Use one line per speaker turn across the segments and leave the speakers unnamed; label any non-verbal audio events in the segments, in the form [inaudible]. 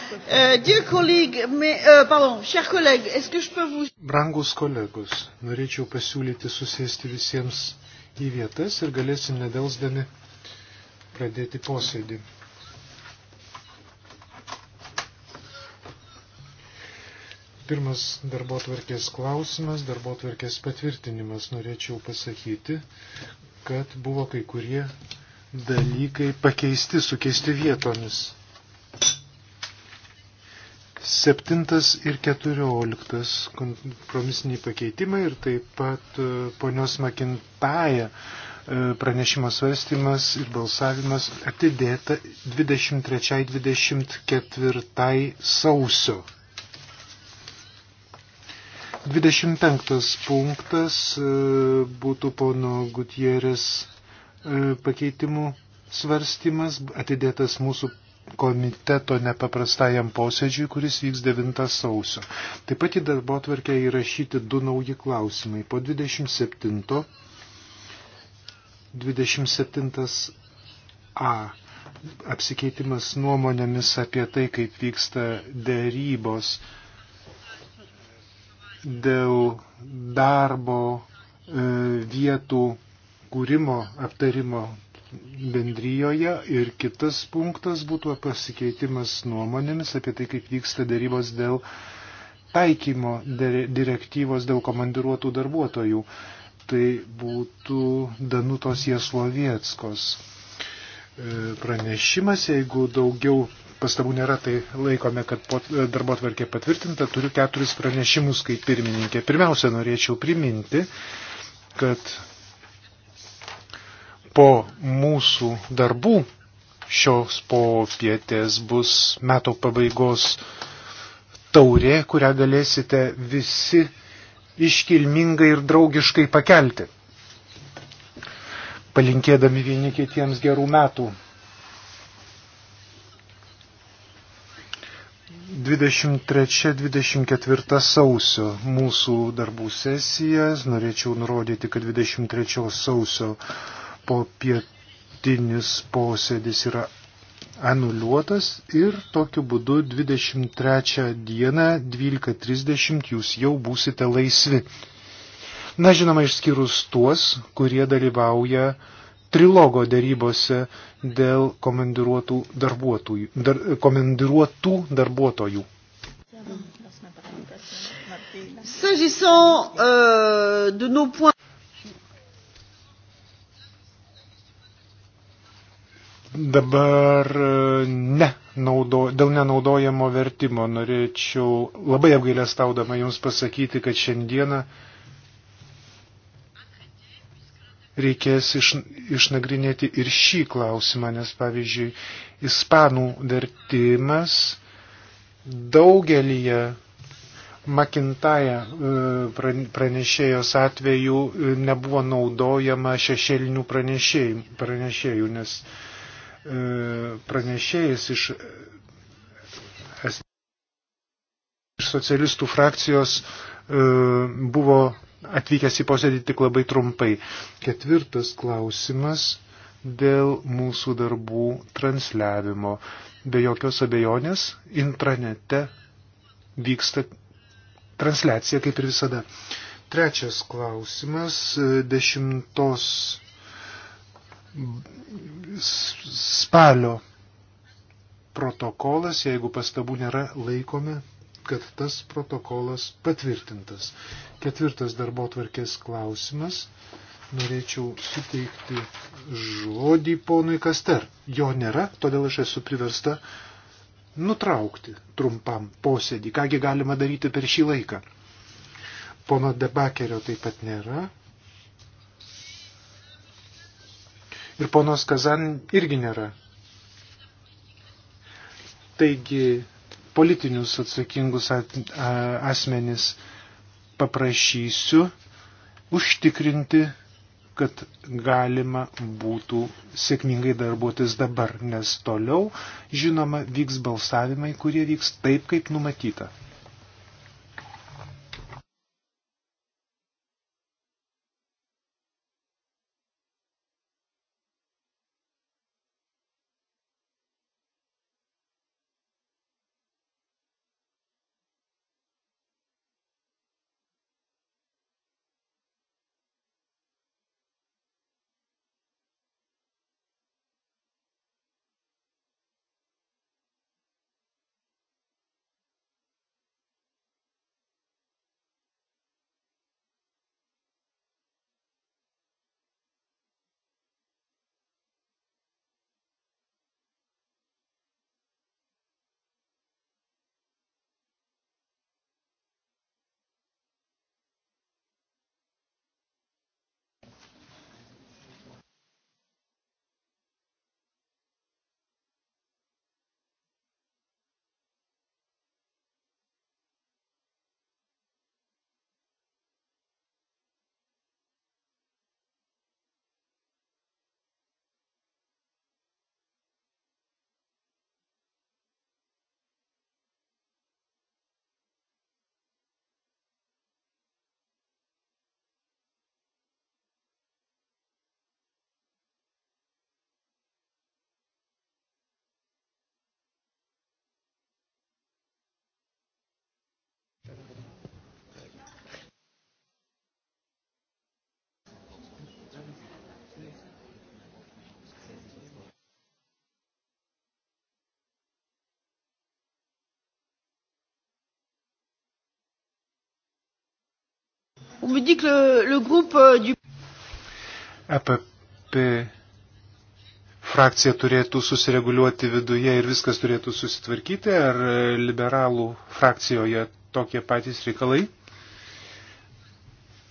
Uh, dear colleague, me, uh, pardon, chers collègues, est-ce que je peux vous... Brangus kolegos, norėčiau pasiūlyti susėsti visiems į vietas ir galėsim nedelsdami pradėti posėdį. Pirmas darbo tvarkės klausimas, darbo tvarkės patvirtinimas. Norėčiau pasakyti, kad buvo kai kurie dalykai pakeisti, sukeisti vietomis. 7 ir 14 kompromisiniai pakeitimai ir taip pat e, ponios Makintaja e, pranešimo svarstymas ir balsavimas atidėta 23-24 sausio. 25 punktas e, būtų pono Gutierės pakeitimų svarstymas, atidėtas mūsų komiteto nepaprastajam posėdžiui, kuris vyks 9 sausio. Taip pat į darbo atverkę įrašyti du nauji klausimai. Po 27. 27a apsikeitimas nuomonėmis apie tai, kaip vyksta dėrybos dėl darbo e, vietų kūrimo, aptarimo bendryjoje ir kitas punktas būtų pasikeitimas nuomonėmis apie tai, kaip vyksta dėrybos dėl taikymo direktyvos dėl komandiruotų darbuotojų. Tai būtų Danutos Jeslovieckos e, pranešimas. Jeigu daugiau pastabų nėra, tai laikome, kad darbo tvarkė patvirtinta. Turiu keturis pranešimus kaip pirmininkė. Pirmiausia, norėčiau priminti, kad po mūsų darbų šios popietės bus metų pabaigos taurė, kurią galėsite visi iškilmingai ir draugiškai pakelti, palinkėdami vieni kitiems gerų metų. 23-24 sausio mūsų darbų sesijas, norėčiau nurodyti, kad 23 sausio popietinis posėdis yra anuliuotas ir tokiu būdu 23 dieną 12.30 jūs jau būsite laisvi. Na, žinoma, išskyrus tuos, kurie dalyvauja trilogo dėrybose dėl komandiruotų darbuotojų. Dar, komandiruotų darbuotojų.
S'agissant euh, de nos
points. Dabar e, ne, naudo, dėl nenaudojamo vertimo norėčiau labai apgailestaudama Jums pasakyti, kad šiandieną reikės iš, išnagrinėti ir šį klausimą, nes pavyzdžiui, ispanų vertimas daugelį Makintaja e, pranešėjos atveju e, nebuvo naudojama šešėlinių pranešėjų, pranešėjų nes uh, E, pranešėjas iš, e, iš socialistų frakcijos e, buvo atvykęs į posėdį tik labai trumpai. Ketvirtas klausimas dėl mūsų darbų transliavimo. Be jokios abejonės, intranete vyksta transliacija kaip ir visada. Trečias klausimas, dešimtos spalio protokolas, jeigu pastabų nėra, laikome, kad tas protokolas patvirtintas. Ketvirtas darbo tvarkės klausimas. Norėčiau suteikti žodį ponui Kaster. Jo nėra, todėl aš esu priversta nutraukti trumpam posėdį. Kągi galima daryti per šį laiką. Pono Debakerio taip pat nėra, ir ponos Kazan irgi nėra. Taigi politinius atsakingus asmenis paprašysiu užtikrinti, kad galima būtų sėkmingai darbuotis dabar, nes toliau, žinoma, vyks balsavimai, kurie vyks taip, kaip numatyta.
On me dit que le, le groupe
euh, du... EPP frakcija turėtų susireguliuoti viduje ir viskas turėtų susitvarkyti, ar e, liberalų frakcijoje tokie patys reikalai?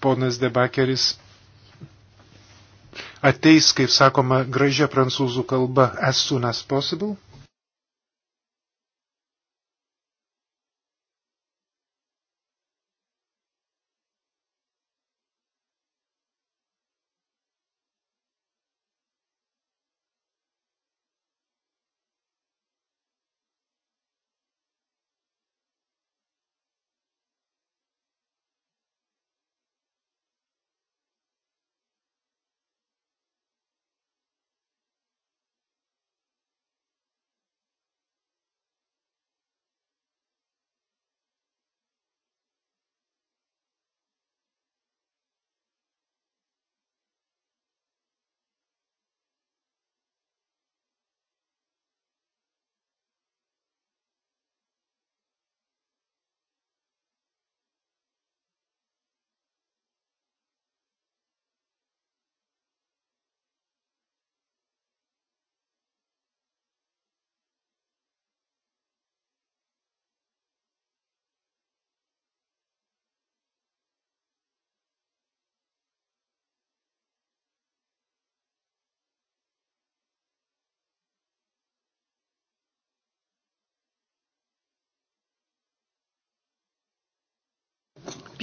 Ponas Debakeris ateis, kaip sakoma, gražia prancūzų kalba as soon as possible.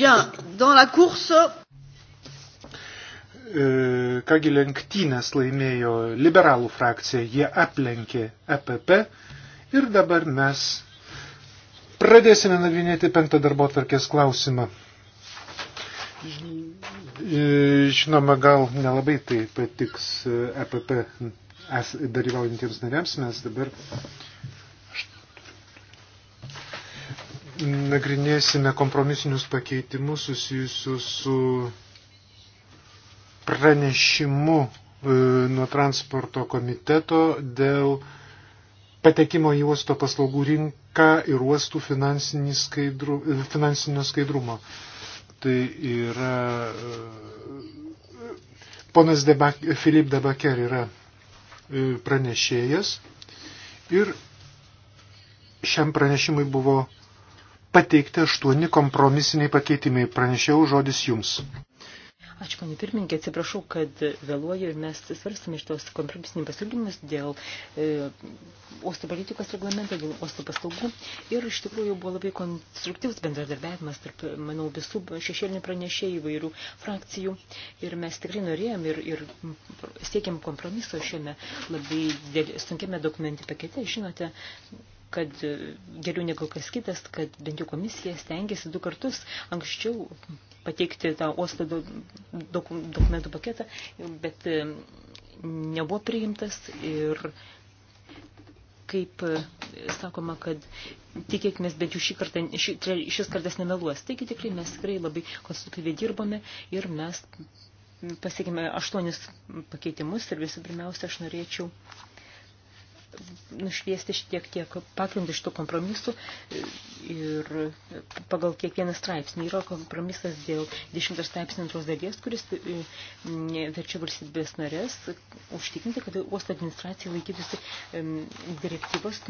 Bien, dans la course. E, kągi lenktynės laimėjo liberalų frakcija, jie aplenkė EPP ir dabar mes pradėsime nagrinėti penktą darbo tvarkės klausimą. E, žinoma, gal nelabai tai patiks EPP dalyvaujantiems nariams, mes dabar nagrinėsime kompromisinius pakeitimus susijusius su pranešimu e, nuo transporto komiteto dėl patekimo į uosto paslaugų rinką ir uostų skaidru, e, finansinio skaidrumo. Tai yra e, ponas Debak, Filip Debaker yra pranešėjas ir šiam pranešimui buvo pateikti aštuoni kompromisiniai pakeitimai. Pranešiau žodis jums.
Ačiū, panė pirmininkė, atsiprašau, kad vėluoju ir mes svarstame iš tos kompromisinių pasiūlymus dėl e, uosto politikos reglamento, dėl uosto paslaugų. Ir iš tikrųjų buvo labai konstruktyvus bendradarbiavimas tarp, manau, visų šešėlinių pranešėjų įvairių frakcijų. Ir mes tikrai norėjom ir, ir siekėm kompromiso šiame labai dėl, sunkiame dokumente pakete. Žinote, kad e, geriau negu kas kitas, kad bent jau komisija stengiasi du kartus anksčiau pateikti tą uosto dokumentų paketą, bet e, nebuvo priimtas ir kaip e, sakoma, kad tikėkime, bet jau šį kartą, šį, šis kartas nemeluos. Taigi tikrai mes tikrai labai konstruktyviai dirbome ir mes pasiekime aštuonis pakeitimus ir visų pirmiausia aš norėčiau nušviesti šiek tiek pagrindų šitų kompromisų ir pagal kiekvieną straipsnį yra kompromisas dėl 10 straipsnio antros dalies, kuris e, verčia valstybės narės užtikrinti, kad uosto administracija laikytųsi direktyvos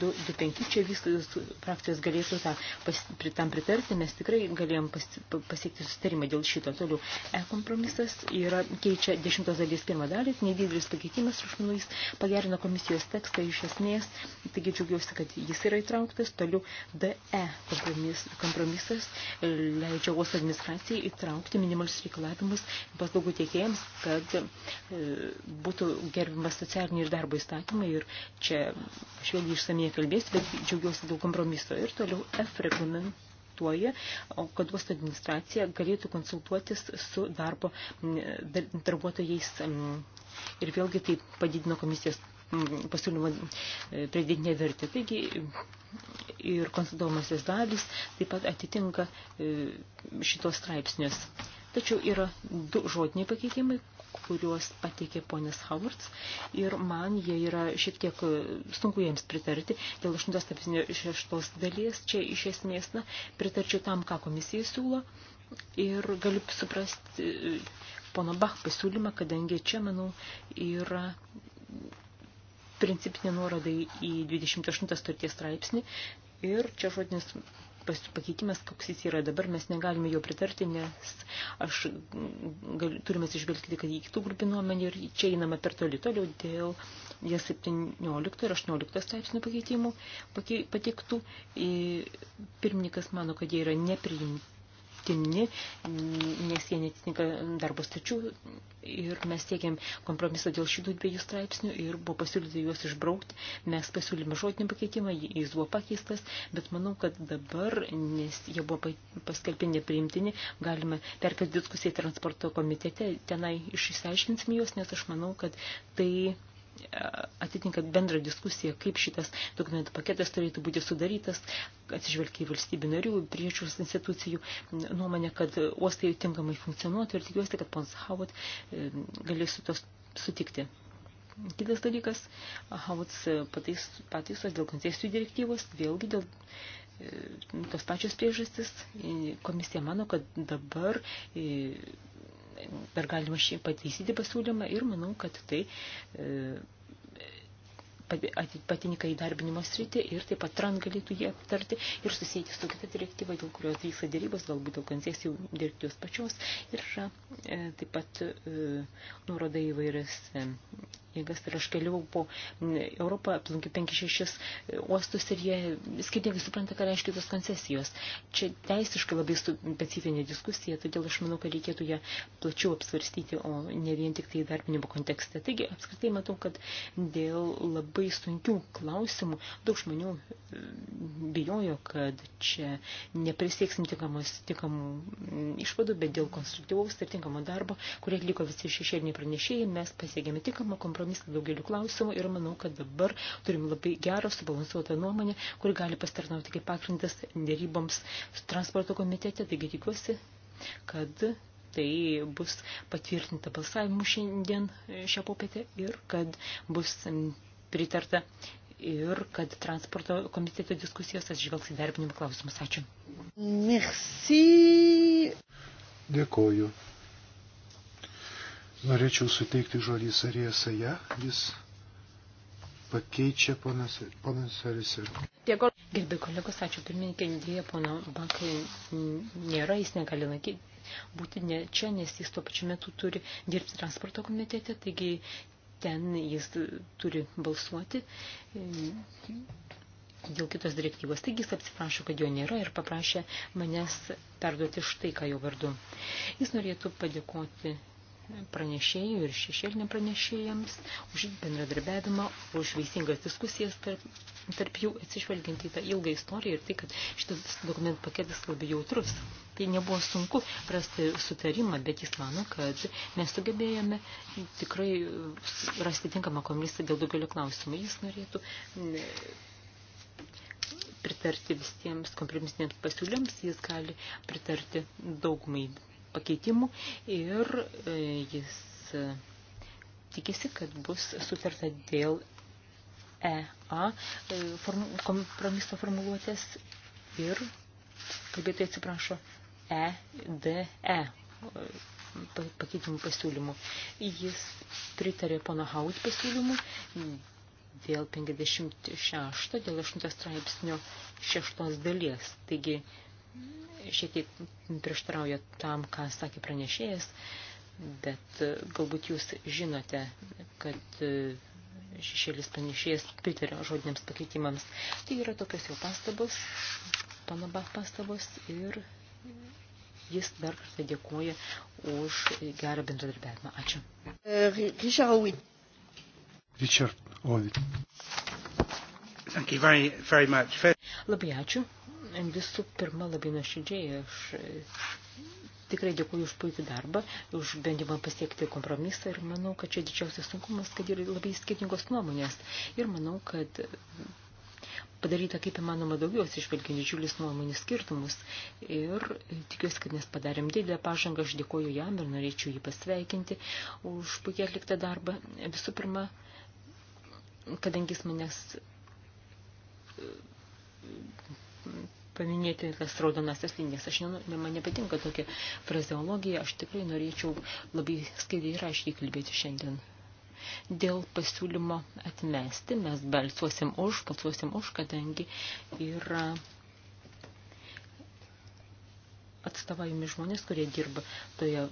025, čia viskas frakcijos galėtų tą, pas, tam pritarti, mes tikrai galėjom pas, pasiekti sustarimą dėl šito. Toliau, e-kompromisas yra keičia 10 dalies pirmą dalį, nedidelis pakeitimas, aš manau, jis pagerina komisijos kompromisinės tekstą iš esmės, taigi džiaugiausi, kad jis yra įtrauktas, toliau DE kompromis, kompromisas leidžia uosto administracijai įtraukti minimalius reikalavimus paslaugų tiekėjams, kad e, būtų gerbimas socialiniai ir darbo įstatymai ir čia aš vėlgi išsamei kalbėsiu, bet džiaugiuosi dėl kompromiso ir toliau F reglamentas konsultuoja, kad uosto administracija galėtų konsultuotis su darbo darbuotojais. Ir vėlgi tai padidino komisijos pasiūlymo e, pridėtinė vertė. Taigi ir konstatuojamasis dalis taip pat atitinka e, šitos straipsnius. Tačiau yra du žodiniai pakeitimai, kuriuos pateikė ponas Howards ir man jie yra šiek tiek e, sunku jiems pritarti. Dėl 8.6 dalies čia iš esmės na, pritarčiau tam, ką komisija siūlo ir galiu suprasti pono Bach pasiūlymą, kadangi čia, manau, yra principinė nuoroda į 28 starties straipsnį ir čia žodinis pakeitimas, koks jis yra dabar, mes negalime jo pritarti, nes aš mm, gal, turime išvelgti, kad į kitų grupių nuomenį ir čia einame per toli toliau dėl 17 ir 18 straipsnių pakeitimų pateiktų. Pirmininkas mano, kad jie yra nepriimti kryptimi, nes jie netitinka darbo stačių ir mes tiekėm kompromisą dėl šitų dviejų straipsnių ir buvo pasiūlyta juos išbraukti. Mes pasiūlėme žodinį pakeitimą, jis buvo pakeistas, bet manau, kad dabar, nes jie buvo paskelbti nepriimtini, galime perkelt diskusiją transporto komitete, tenai išsiaiškinsime juos, nes aš manau, kad tai atitinka bendrą diskusiją, kaip šitas dokumentų paketas turėtų būti sudarytas, atsižvelgia į valstybių narių, priežiūros institucijų nuomonę, kad uostai tinkamai funkcionuotų ir tikiuosi, kad pons Howard e, galės su tos sutikti. Kitas dalykas, Howard's pataisos dėl koncesijų direktyvos, vėlgi dėl e, tos pačios priežastis, e, komisija mano, kad dabar dar galima šį pataisyti pasiūlymą ir manau, kad tai e, patinika įdarbinimo sritį ir taip pat trans galėtų jį aptarti ir susijęti su kita direktyva, dėl kurios vyksta dėrybos, galbūt dėl koncesijų direktyvos pačios ir e, taip pat e, nuroda įvairias knygas ir tai aš keliau po Europą, aplankiu 5-6 e, uostus ir jie skirtingai supranta, ką reiškia tos koncesijos. Čia teisiškai labai specifinė diskusija, todėl aš manau, kad reikėtų ją plačiau apsvarstyti, o ne vien tik tai darbinimo kontekste. Taigi, apskritai matau, kad dėl labai sunkių klausimų daug žmonių e, bijojo, kad čia neprisieksim tinkamų išvadų, bet dėl konstruktyvaus ir tinkamo darbo, kurį atliko visi šešėliniai pranešėjai, mes pasiekėme tinkamą kompromisą kompromisą daugeliu klausimų ir manau, kad dabar turim labai gerą, subalansuotą nuomonę, kuri gali pasitarnauti kaip pagrindas dėryboms transporto komitete. Taigi tikiuosi, kad tai bus patvirtinta balsavimu šiandien e, šią popietę ir kad bus pritarta ir kad transporto komiteto diskusijos atsižvelgs į darbinimo klausimus. Ačiū. Merci.
Dėkoju. Norėčiau suteikti žodį Sariesaja, jis pakeičia ponas, ponas Sarisir.
Gerbė kolegos, ačiū pirmininkė, dėja pono bankai nėra, jis negali lankyti būti ne čia, nes jis tuo pačiu metu turi dirbti transporto komitete, taigi ten jis turi balsuoti e, dėl kitos direktyvos. Taigi jis atsiprašo, kad jo nėra ir paprašė manęs perduoti štai ką jo vardu. Jis norėtų padėkoti pranešėjų ir šešėliniam pranešėjams už bendradarbiavimą, už veisingas diskusijas tarp, tarp jų atsižvelgiant į tą ilgą istoriją ir tai, kad šitas dokumentų paketas labai jautrus. Tai nebuvo sunku rasti sutarimą, bet jis mano, kad mes sugebėjome tikrai rasti tinkamą komisiją dėl daugelio klausimų. Jis norėtų pritarti visiems kompromisiniams pasiūliams, jis gali pritarti daugumai pakeitimų ir e, jis e, tikisi, kad bus sutarta dėl EA e, kompromiso formuluotės ir, kalbėtai atsiprašo, EDE pakeitimų pasiūlymų. Jis pritarė pono Haut pasiūlymų dėl 56, dėl 8 straipsnio 6 dalies. Taigi šiek tiek prieštarauja tam, ką sakė pranešėjas, bet e, galbūt jūs žinote, kad e, šešėlis pranešėjas pritaria žodiniams pakeitimams. Tai yra tokios jo pastabos, panaba pastabos ir jis dar kartą dėkuoja už gerą bendradarbiavimą. Ačiū. E,
Richard Ovid. Richard Ovid. Very, very much.
Labai ačiū Visų pirma, labai nuoširdžiai aš e, tikrai dėkuoju už puikų darbą, už bandymą pasiekti kompromisą ir manau, kad čia didžiausias sunkumas, kad yra labai skirtingos nuomonės. Ir manau, kad padaryta kaip įmanoma daugiau, atsižvelgiant didžiulis nuomonių skirtumus. Ir e, tikiuosi, kad mes padarėm didelę pažangą, aš dėkoju jam ir norėčiau jį pasveikinti už puikiai atliktą darbą. Visų pirma, kadangi jis manęs e, paminėti tas raudonasias linijas. Aš ne, man nepatinka tokia frazeologija, aš tikrai norėčiau labai skaidriai ir aiškiai kalbėti šiandien. Dėl pasiūlymo atmesti mes balsuosim už, balsuosim už, kadangi yra atstovaujami žmonės, kurie dirba toje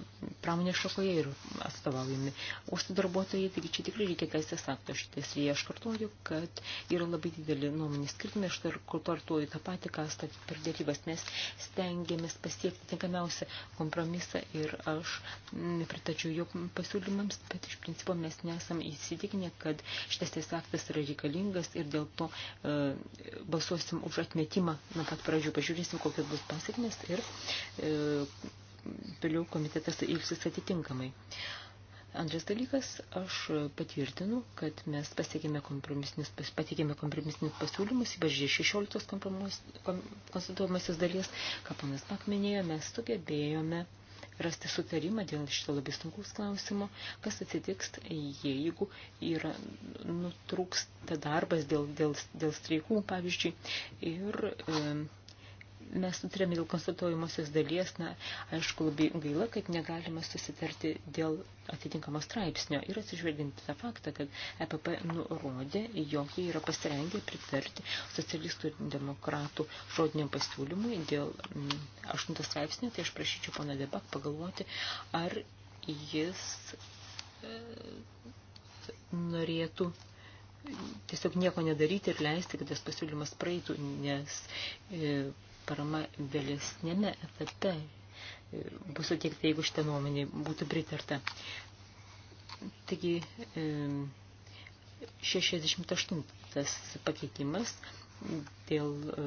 pramonės šakoje ir atstovaujami. Uosto darbuotojai, taigi čia tikrai reikia teisės akto šitės. Ir aš kartuoju, kad yra labai didelį nuomonį skirtumą, aš dar kartuoju tą patį, ką sakė per dėrybas. Mes stengiamės pasiekti tinkamiausią kompromisą ir aš nepritačiau jo pasiūlymams, bet iš principo mes nesam įsitikinę, kad šitas teisės aktas yra reikalingas ir dėl to e, balsuosim už atmetimą nuo pat pradžių. Pažiūrėsim, kokios bus pasiekmes ir vėliau e, komitetas ilgsis atitinkamai. Antras dalykas, aš patvirtinu, kad mes pasiekėme kompromisinius, pateikėme kompromisinius pasiūlymus, ypač 16 konstatuojamasis dalies, ką panas Mak minėjo, mes sugebėjome rasti sutarimą dėl šito labai sunkaus klausimo, kas atsitiks, tai jeigu yra nutrūksta darbas dėl, dėl, dėl streikų, pavyzdžiui, ir e, mes nutarėme dėl konstatuojamosios dalies, na, aišku, labai gaila, kad negalima susitarti dėl atitinkamo straipsnio ir atsižvelginti tą faktą, kad EPP nurodė, jog jie yra pasirengę pritarti socialistų ir demokratų žodiniam pasiūlymui dėl 8 mm, straipsnio, tai aš prašyčiau pana Debak pagalvoti, ar jis e, norėtų tiesiog nieko nedaryti ir leisti, kad tas pasiūlymas praeitų, nes e, parama vėlesnėme etape e, bus suteikta, jeigu šitą nuomonį būtų pritarta. Taigi, 68 e, pakeitimas dėl e,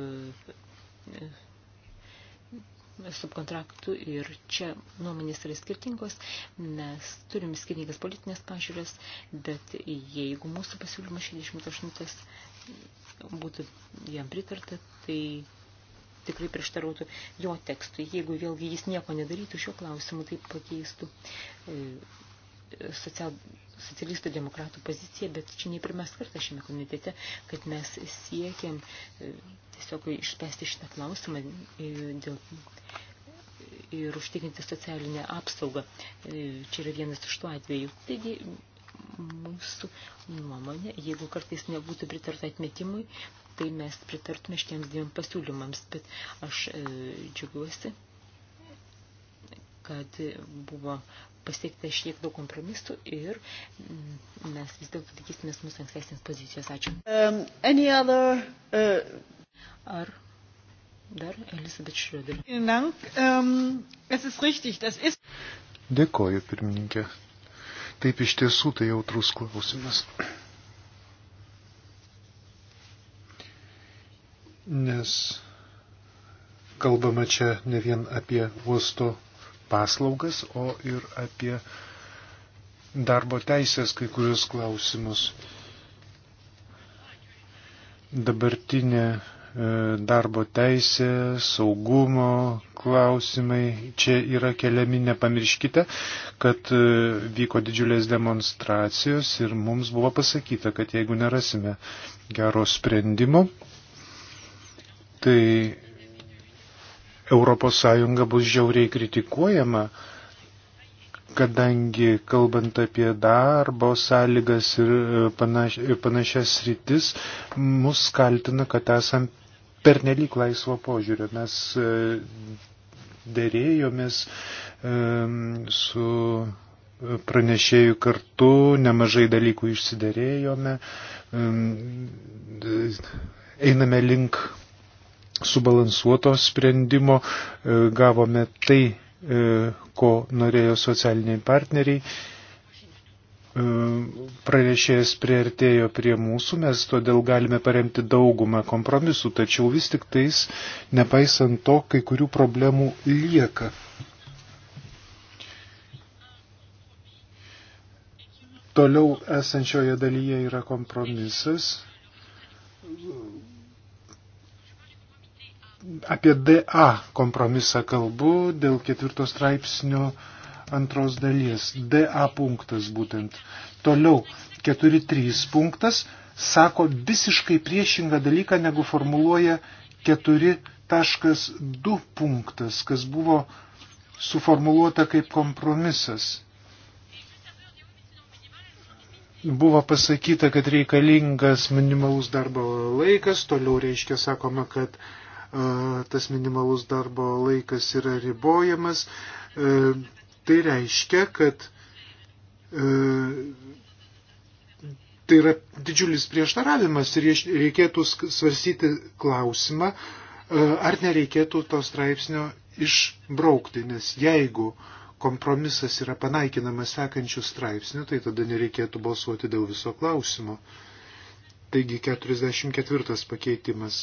subkontraktų ir čia nuomonės yra skirtingos, mes turim skirtingas politinės pažiūrės, bet jeigu mūsų pasiūlymas 68 būtų jam pritarta, tai tikrai prieštarautų jo tekstui, jeigu vėlgi jis nieko nedarytų šiuo klausimu, tai pakeistų e, social, socialistų demokratų poziciją, bet čia ne pirmas kartas šiame komitete, kad mes siekiam e, tiesiog išspręsti šitą klausimą e, dėl ir užtikrinti socialinę apsaugą. Čia yra vienas iš tų atvejų. Taigi, mūsų nuomonė, jeigu kartais nebūtų pritarta atmetimui, tai mes pritartume šitiems dviem pasiūlymams, bet aš e, džiugiuosi, kad buvo pasiekta šiek daug kompromisų ir mm, mes vis dėlto tikysimės mūsų ankstesnės pozicijos. Ačiū. Um, any other, uh... Ar dar Elisabeth Schröder? Dank. Um, es ist richtig, das ist...
Dėkoju, pirmininkė. Taip iš tiesų tai jautrus klausimas. Mm. nes kalbama čia ne vien apie uosto paslaugas, o ir apie darbo teisės kai kurios klausimus. Dabartinė e, darbo teisė, saugumo klausimai čia yra keliami. Nepamirškite, kad e, vyko didžiulės demonstracijos ir mums buvo pasakyta, kad jeigu nerasime gero sprendimo, tai ES bus žiauriai kritikuojama, kadangi kalbant apie darbo sąlygas ir e, e, panašias rytis, mus kaltina, kad esam pernelyg laisvo požiūrio. Mes e, dėrėjomės su pranešėjų kartu, nemažai dalykų išsiderėjome, einame link subalansuoto sprendimo, e, gavome tai, e, ko norėjo socialiniai partneriai. E, pranešėjas prieartėjo prie mūsų, mes todėl galime paremti daugumą kompromisų, tačiau vis tik tais, nepaisant to, kai kurių problemų lieka. Toliau esančioje dalyje yra kompromisas, apie DA kompromisą kalbu dėl ketvirto straipsnio antros dalies. DA punktas būtent. Toliau 4.3 punktas sako visiškai priešingą dalyką, negu formuluoja 4.2 punktas, kas buvo suformuluota kaip kompromisas. Buvo pasakyta, kad reikalingas minimalus darbo laikas, toliau reiškia sakoma, kad uh, tas minimalus darbo laikas yra ribojamas. E, tai reiškia, kad e, tai yra didžiulis prieštaravimas ir reikėtų svarstyti klausimą, e, ar nereikėtų to straipsnio išbraukti, nes jeigu kompromisas yra panaikinamas sekančių straipsnių, tai tada nereikėtų balsuoti dėl viso klausimo. Taigi 44 pakeitimas.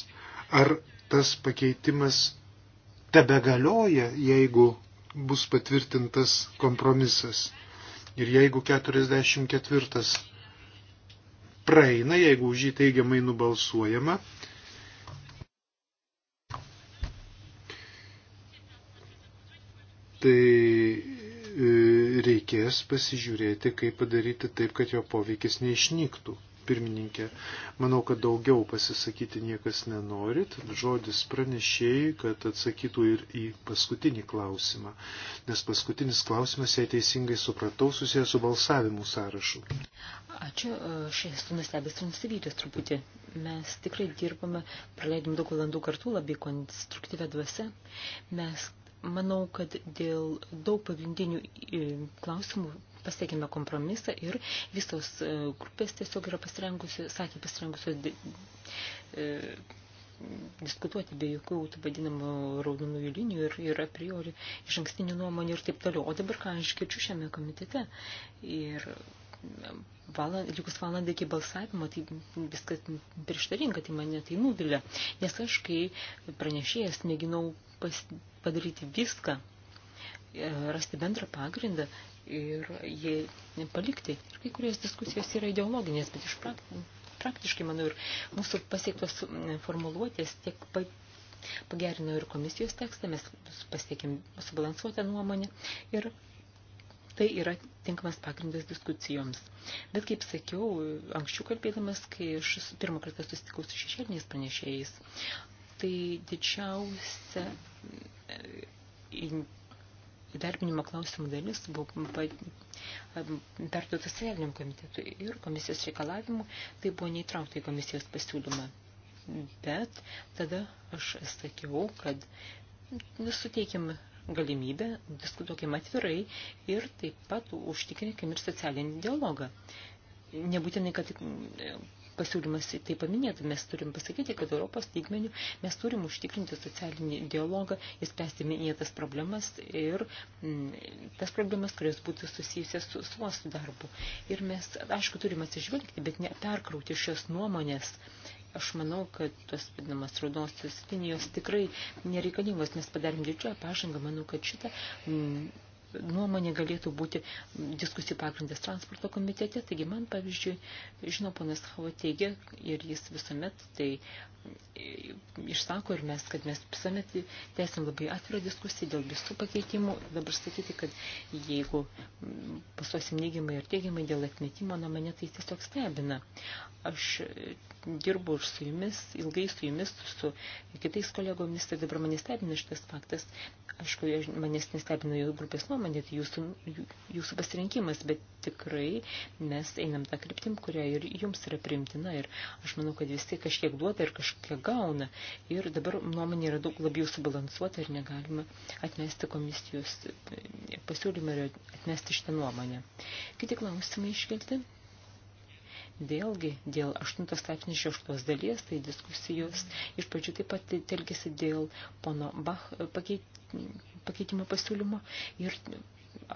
Ar tas pakeitimas tebe galioja, jeigu bus patvirtintas kompromisas. Ir jeigu 44 praeina, jeigu už jį teigiamai nubalsuojama, tai e, reikės pasižiūrėti, kaip padaryti taip, kad jo poveikis neišnyktų pirmininkė. Manau, kad daugiau pasisakyti niekas nenorit. Žodis pranešėjai, kad atsakytų ir į paskutinį klausimą. Nes paskutinis klausimas, jei teisingai supratau, susijęs su balsavimų sąrašu.
Ačiū, aš esu nustebęs ir nusivylęs truputį. Mes tikrai dirbame, praleidom daug valandų kartu labai konstruktyvę dvasę. Mes manau, kad dėl daug pagrindinių e, klausimų pasiekėme kompromisą ir visos e, grupės tiesiog yra pasirengusi, sakė pasirengusios e, diskutuoti be jokių tų vadinamų raudonųjų linijų ir, ir a priori iš ankstinių nuomonių ir taip toliau. O dabar ką aš kirčiu šiame komitete ir valand, likus valandą iki balsavimo, tai viskas prieštaringa, tai mane tai nuvilia. Nes aš, kai pranešėjas, mėginau pas, padaryti viską, e, rasti bendrą pagrindą ir jį palikti. Ir kai kurios diskusijos yra ideologinės, bet iš praktiškai, manau, ir mūsų pasiektos formuluotės tiek pa, pagerino ir komisijos tekstą, mes pasiekėm subalansuotą nuomonę ir tai yra tinkamas pagrindas diskusijoms. Bet kaip sakiau, anksčiau kalbėdamas, kai aš pirmą kartą susitikau su šešėliniais pranešėjais, tai didžiausia e, darbinimo klausimų dalis buvo perduota socialiniam komitetui ir komisijos reikalavimų, tai buvo neįtraukta į komisijos pasiūlymą. Bet tada aš sakiau, kad suteikim galimybę, diskutuokim atvirai ir taip pat užtikrinkim ir socialinį dialogą. Nebūtinai, kad pasiūlymas tai paminėta, mes turim pasakyti, kad Europos lygmenių mes turim užtikrinti socialinį dialogą, įspręsti minėtas problemas ir m, mm, tas problemas, kurios būtų susijusias su suostų darbu. Ir mes, aišku, turim atsižvelgti, bet neperkrauti šios nuomonės. Aš manau, kad tos vadinamas raudonosios linijos tikrai nereikalingos, mes padarėm didžiąją pažangą, manau, kad šitą m, mm, nuomonė galėtų būti diskusijų pagrindas transporto komitete. Taigi man, pavyzdžiui, žino, ponas Havo teigia ir jis visuomet tai e, išsako ir mes, kad mes visuomet tęsim labai atvirą diskusiją dėl visų pakeitimų. Dabar sakyti, kad jeigu pasuosim neigiamai ir teigiamai dėl atmetimo, na mane tai tiesiog stebina. Aš e, dirbu ir su jumis, ilgai su jumis, su kitais kolegomis, tai dabar mane stebina šitas faktas. Aišku, manęs nestebina jų grupės nuomonė nuomonė, tai jūsų, jūsų pasirinkimas, bet tikrai mes einam tą kryptim, kurią ir jums yra primtina ir aš manau, kad vis tiek kažkiek duoda ir kažkiek gauna ir dabar nuomonė yra daug labiau subalansuota ir negalima atmesti komisijos pasiūlymą ir atmesti šitą nuomonę. Kiti klausimai iškelti? Vėlgi, dėl 8 straipsnio 6 dalies, tai diskusijos iš pradžių taip pat telkėsi dėl pono Bach pakeit, pakeitimo pasiūlymo ir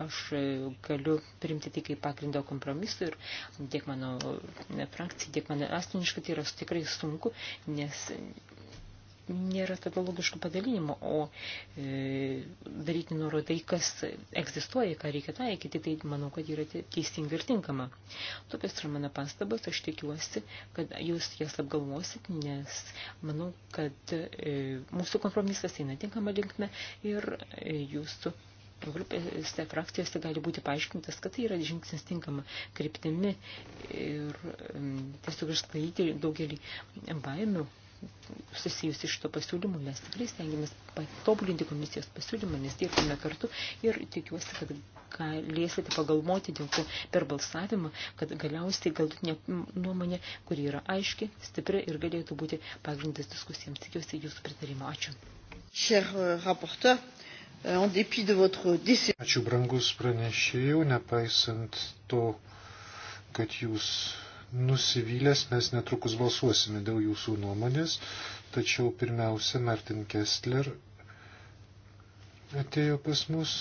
aš e, galiu primti tai kaip pagrindo kompromisu ir tiek mano frakcija, tiek mano asmeniškai tai yra tikrai sunku, nes nėra tada logiškų padalinimų, o e, daryti nurodai, kas egzistuoja, ką reikia taikyti, tai manau, kad yra teisinga ir tinkama. Tokios yra mano pastabas, aš tikiuosi, kad jūs jas apgalvosit, nes manau, kad e, mūsų kompromisas eina tinkama linkme ir e, jūsų grupėse, frakcijose gali būti paaiškintas, kad tai yra žingsnis tinkama kryptimi ir e, tiesiog išsklaidyti daugelį baimių susijusi iš to pasiūlymų. Mes tikrai stengiamės patobulinti komisijos pasiūlymą, nes dirbame kartu ir tikiuosi, kad galėsite pagalvoti dėl ko per balsavimą, kad galiausiai galutinė nuomonė, kuri yra aiški, stipri ir galėtų būti pagrindas diskusijams. Tikiuosi jūsų pritarimo. Ačiū. Cher euh, rapporteur, euh, en dépit de votre décision.
Ačiū brangus pranešėjų, nepaisant to, kad jūs nusivylęs, mes netrukus balsuosime dėl jūsų nuomonės, tačiau pirmiausia, Martin Kessler atėjo pas mus.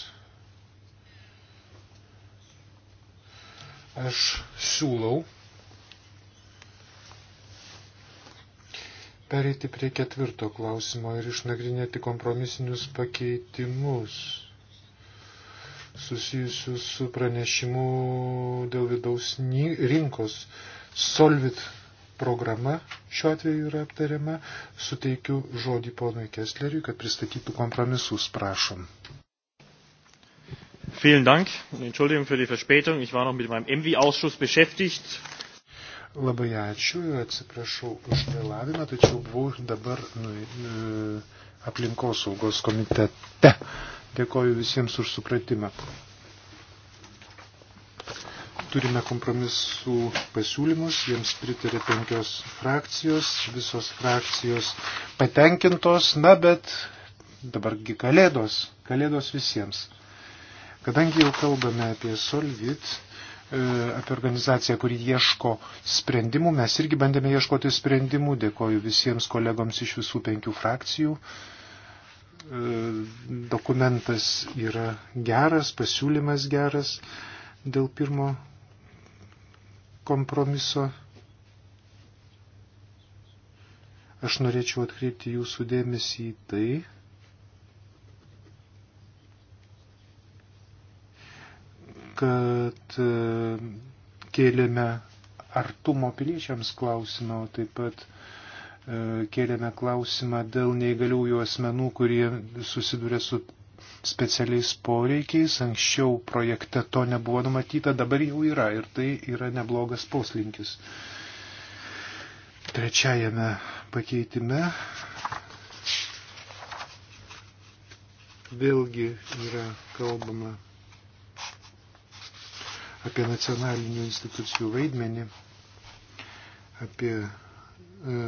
Aš siūlau pereiti prie ketvirto klausimo ir išnagrinėti kompromisinius pakeitimus susijusių su pranešimu dėl vidaus rinkos. Solvit programa šiuo atveju yra aptariama. Suteikiu žodį ponui Kessleriui, kad pristatytų kompromisus, prašom. Vielen Dank. Entschuldigung für die Verspätung. Ich war noch mit meinem MV-Ausschuss beschäftigt. Labai ačiū ir atsiprašau už vėlavimą, tačiau buvau dabar nu, e, aplinkosaugos komitete. Dėkoju visiems už supratimą. Turime kompromisų pasiūlymus, jiems pritarė penkios frakcijos, visos frakcijos patenkintos, na bet dabargi kalėdos, kalėdos visiems. Kadangi jau kalbame apie Solvit, e, apie organizaciją, kuri ieško sprendimų, mes irgi bandėme ieškoti sprendimų, dėkoju visiems kolegoms iš visų penkių frakcijų. E, dokumentas yra geras, pasiūlymas geras dėl pirmo kompromiso. Aš norėčiau atkreipti jūsų dėmesį į tai, kad e, kėlėme artumo piliečiams klausimą, o taip pat E, kėlėme klausimą dėl neįgaliųjų asmenų, kurie susiduria su specialiais poreikiais. Anksčiau projekte to nebuvo numatyta, dabar jau yra ir tai yra neblogas poslinkis. Trečiajame pakeitime vėlgi yra kalbama apie nacionalinių institucijų vaidmenį, apie e,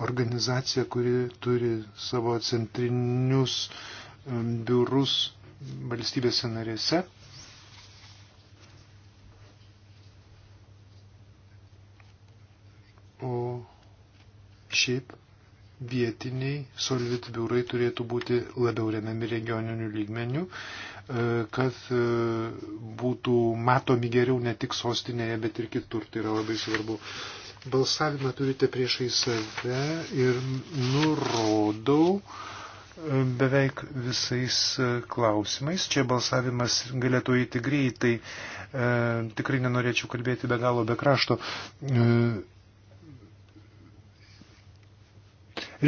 organizacija, kuri turi savo centrinius biurus valstybėse narėse. O šiaip vietiniai solvit biurai turėtų būti labiau remiami regioninių lygmenių, e, kad e, būtų matomi geriau ne tik sostinėje, bet ir kitur. Tai yra labai svarbu. Balsavimą turite priešai save ir nurodau e, beveik visais e, klausimais. Čia balsavimas galėtų eiti greitai. E, tikrai nenorėčiau kalbėti be galo, be krašto. E,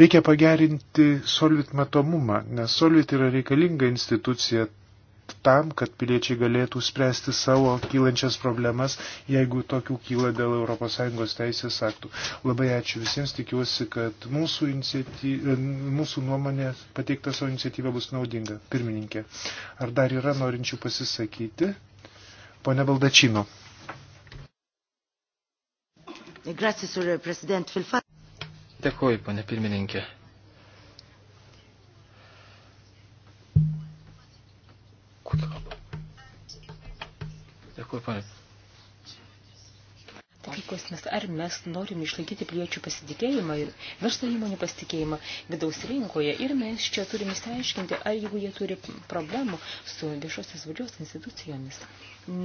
reikia pagerinti solvit matomumą, nes solvit yra reikalinga institucija tam, kad piliečiai galėtų spręsti savo kylančias problemas, jeigu tokių kyla dėl ES teisės aktų. Labai ačiū visiems, tikiuosi, kad mūsų, mūsų nuomonė pateikta savo iniciatyva bus naudinga. Pirmininkė, ar dar yra norinčių pasisakyti? Pone Baldačino.
Dėkuoju, pane pirmininkė. Dėkui, panė.
Taigi klausimas, ar mes norim išlaikyti piliečių pasitikėjimą ir verslo įmonių pasitikėjimą vidaus rinkoje ir mes čia turim įsiaiškinti, ar jeigu jie turi problemų su viešosios valdžios institucijomis.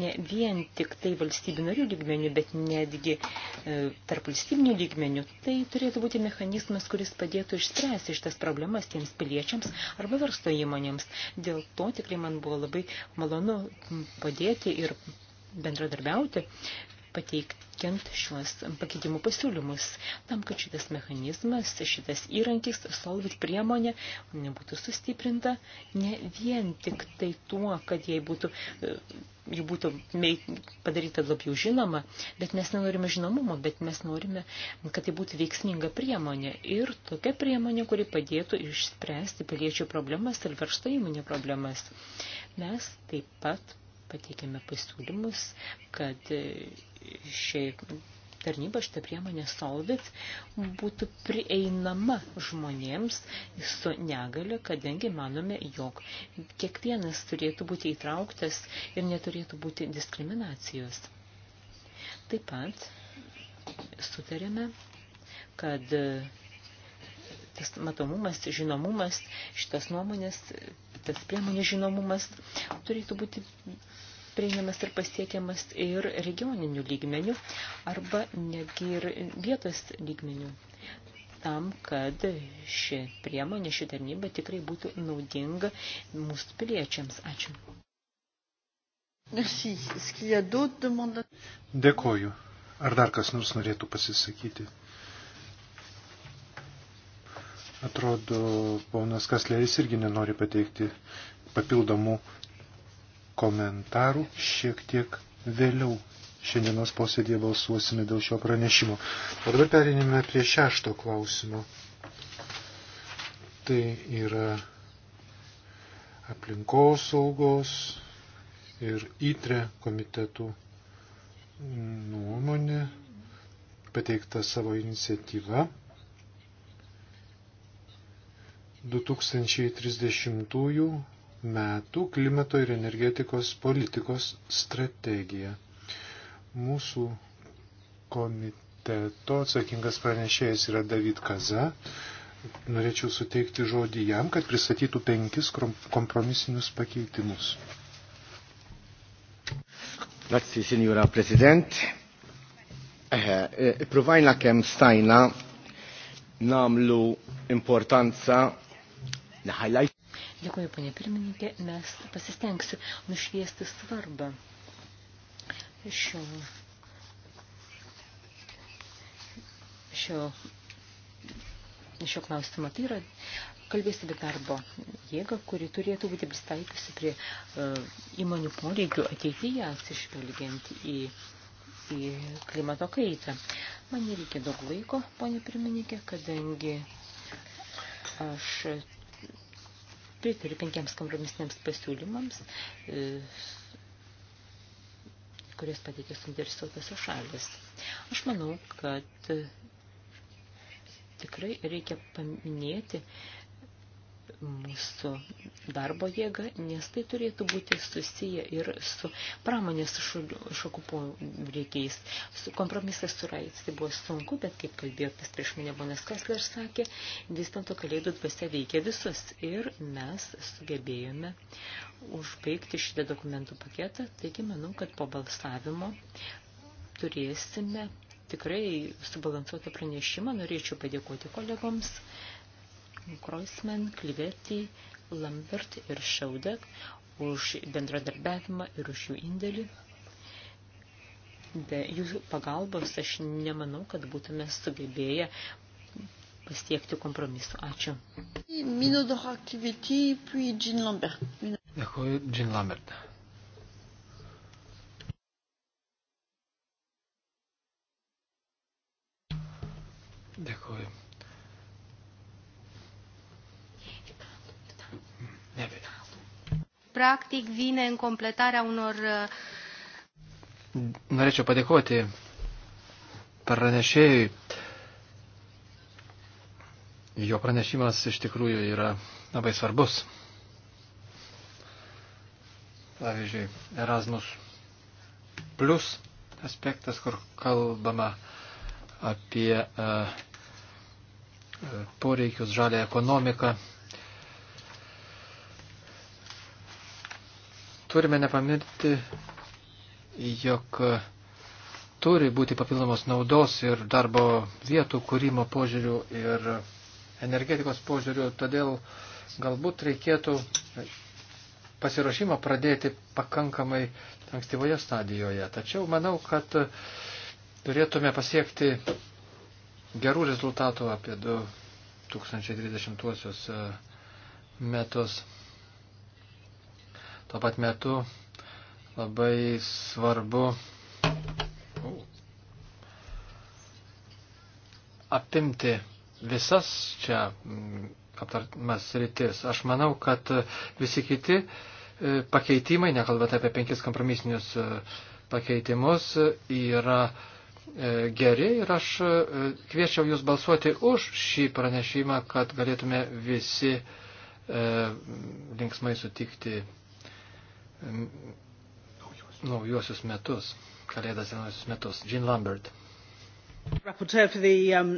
Ne vien tik tai valstybių narių lygmenių, bet netgi e, tarp valstybinių lygmenių. Tai turėtų būti mechanizmas, kuris padėtų išspręsti šitas problemas tiems piliečiams arba verslo įmonėms. Dėl to tikrai man buvo labai malonu padėti ir bendradarbiauti, pateikiant šiuos pakeitimų pasiūlymus, tam, kad šitas mechanizmas, šitas įrankis, solvit priemonė būtų sustiprinta ne vien tik tai tuo, kad jai būtų, e, jai būtų padaryta labiau žinoma, bet mes nenorime žinomumo, bet mes norime, kad tai būtų veiksminga priemonė ir tokia priemonė, kuri padėtų išspręsti piliečių problemas ir veršto įmonė problemas. Mes taip pat pateikėme pasiūlymus, kad e, šiai tarnyba, šitą priemonę Solvit būtų prieinama žmonėms su negale, kadangi manome, jog kiekvienas turėtų būti įtrauktas ir neturėtų būti diskriminacijos. Taip pat sutarėme, kad e, tas matomumas, žinomumas, šitas nuomonės, tas priemonės žinomumas turėtų būti prieinamas ir pasiekiamas ir regioninių lygmenių arba netgi ir vietos lygmenių tam, kad ši priemonė, ši tarnyba tikrai būtų naudinga mūsų piliečiams. Ačiū.
Dėkoju. Ar dar kas nors norėtų pasisakyti? Atrodo, ponas Kasleris irgi nenori pateikti papildomų komentarų šiek tiek vėliau. Šiandienos posėdėje balsuosime dėl šio pranešimo. O dabar perinime prie šešto klausimo. Tai yra aplinkos saugos ir įtre komitetų nuomonė pateikta savo iniciatyva 2030 metų klimato ir energetikos politikos strategiją. Mūsų komiteto atsakingas pranešėjas yra David Kaza. Norėčiau suteikti žodį jam, kad pristatytų penkis kompromisinius pakeitimus. Grazie, signora Presidente. Eh, eh, provajna
kem stajna namlu importanza na highlight
Dėkuoju, ponė pirmininkė, mes pasistengsiu nušviesti svarbą šio, šio, šio klausimo. Tai yra, kalbėsiu apie darbo jėgą, kuri turėtų būti pristaikusi prie uh, įmonių poreikių ateityje, atsižvelgiant į į klimato kaitą. Man nereikia daug laiko, ponė pirmininkė, kadangi aš Pritariu penkiams kompromisiniams pasiūlymams, e, kurios pateikė suinteresuotas šalis. Aš manau, kad e, tikrai reikia paminėti, mūsų darbo jėgą, nes tai turėtų būti susiję ir su pramonės šakų poreikiais. Kompromisas su Raits tai buvo sunku, bet kaip kalbėjo tas prieš mane Bonas Kasler sakė, vis dėlto kalėdų dvasia veikia visus ir mes sugebėjome užbaigti šitą dokumentų paketą, taigi manau, kad po balsavimo turėsime tikrai subalansuotą pranešimą, norėčiau padėkoti kolegoms Kreuzmann, Klivetį, Lambert ir Šaudek už bendradarbiavimą ir už jų indėlį. Be jų pagalbos aš nemanau, kad būtume sugebėję pasiekti kompromisu. Ačiū.
Dėkuoju, Jean
Lambert. Dėkuoju. practic vine în completarea unor. Uh,
Norėčiau padėkoti pranešėjui. Jo pranešimas iš tikrųjų yra labai svarbus. Pavyzdžiui, Erasmus plus aspektas, kur kalbama apie uh, uh poreikius žalę ekonomiką turime nepamirti, jog turi būti papildomos naudos ir darbo vietų kūrimo požiūrių ir energetikos požiūrių, todėl galbūt reikėtų pasiruošimą pradėti pakankamai ankstyvoje stadijoje. Tačiau manau, kad turėtume pasiekti gerų rezultatų apie 2030 metus. Tuo pat metu labai svarbu apimti visas čia mm, aptartimas rytis. Aš manau, kad visi kiti e, pakeitimai, nekalbant apie penkis kompromisinius e, pakeitimus, yra e, geri ir aš kviečiau jūs balsuoti už šį pranešimą, kad galėtume visi linksmai sutikti naujuosius metus, kalėdas ir naujuosius metus. Jean Lambert.
Um,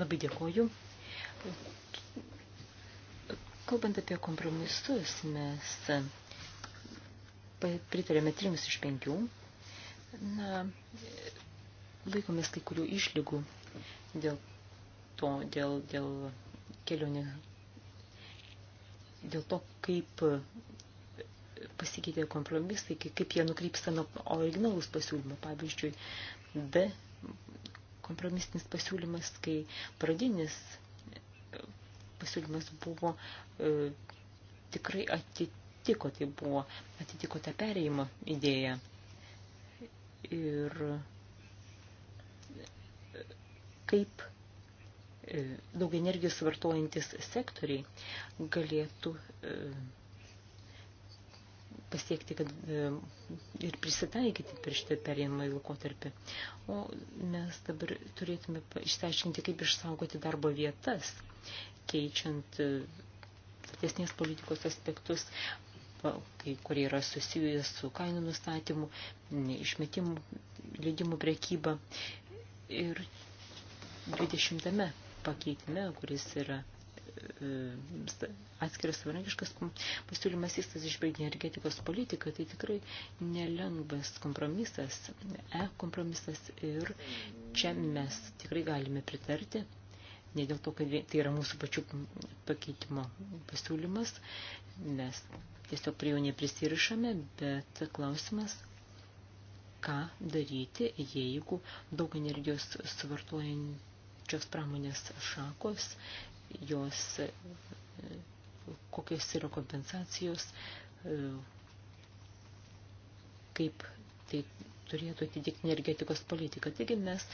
Labai dėkuoju. Kalbant apie kompromisus, mes pritarėme trims iš penkių. Na, laikomės kai kurių išlygų dėl to, dėl, dėl kelionė, dėl to, kaip pasikeitė kompromisai, kaip jie nukrypsta nuo originalus pasiūlymo. Pavyzdžiui, D kompromisinis pasiūlymas, kai pradinis pasiūlymas buvo e, tikrai atitiko, tai buvo atitiko tą perėjimo idėją. Ir e, kaip e, daug energijos vartojantis sektoriai galėtų e, pasiekti kad, e, ir prisitaikyti per šitą perėjimą į laikotarpį. O mes dabar turėtume išsiaiškinti, kaip išsaugoti darbo vietas, keičiant e, platesnės politikos aspektus, kai kurie yra susijęs su kainų nustatymu, išmetimų, leidimų prekyba. Ir 20 pakeitime, kuris yra E, atskiras savarankiškas pasiūlymas įstas išbaigia energetikos politiką, tai tikrai nelengvas kompromisas, e-kompromisas ir čia mes tikrai galime pritarti, ne dėl to, kad tai yra mūsų pačių pakeitimo pasiūlymas, mes tiesiog prie jo neprisirišame, bet klausimas, ką daryti, jeigu daug energijos suvartojant šios pramonės šakos jos, e, kokios yra kompensacijos, e, kaip tai turėtų atitikti energetikos politiką. Taigi mes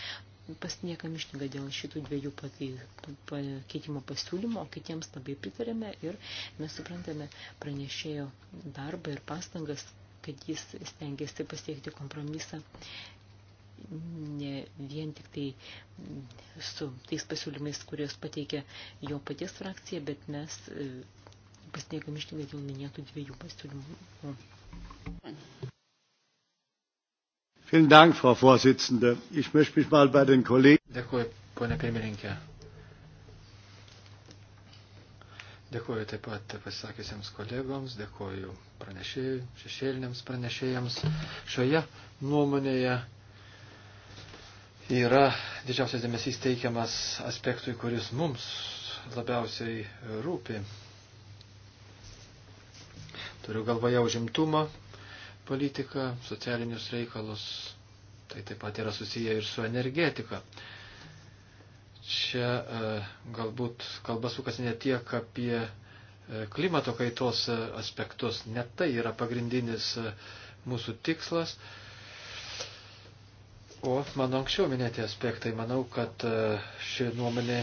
pasniekam išlygą dėl šitų dviejų pakeitimo pasiūlymo, o kitiems labai pritarėme ir mes suprantame pranešėjo darbą ir pastangas, kad jis stengiasi pasiekti kompromisą ne vien tik tai su tais pasiūlymais, kuriuos pateikė jo paties frakcija, bet mes e, pasiniekam ištingai dėl minėtų dviejų pasiūlymų.
Vielen Dank, Frau Vorsitzende. Ich möchte mich mal bei den Kollegen.
Dėkuoju, ponia pirmininkė. Dėkuoju taip pat pasisakiusiems kolegoms, dėkuoju pranešėjui, šešėliniams pranešėjams. Šioje nuomonėje yra didžiausias dėmesys teikiamas aspektui, kuris mums labiausiai rūpi. Turiu galvoje užimtumą, politiką, socialinius reikalus. Tai taip pat yra susiję ir su energetika. Čia e, galbūt kalba sukasi ne tiek apie e, klimato kaitos e, aspektus, net tai yra pagrindinis e, mūsų tikslas. E, o mano anksčiau minėti aspektai. Manau, kad e, ši nuomonė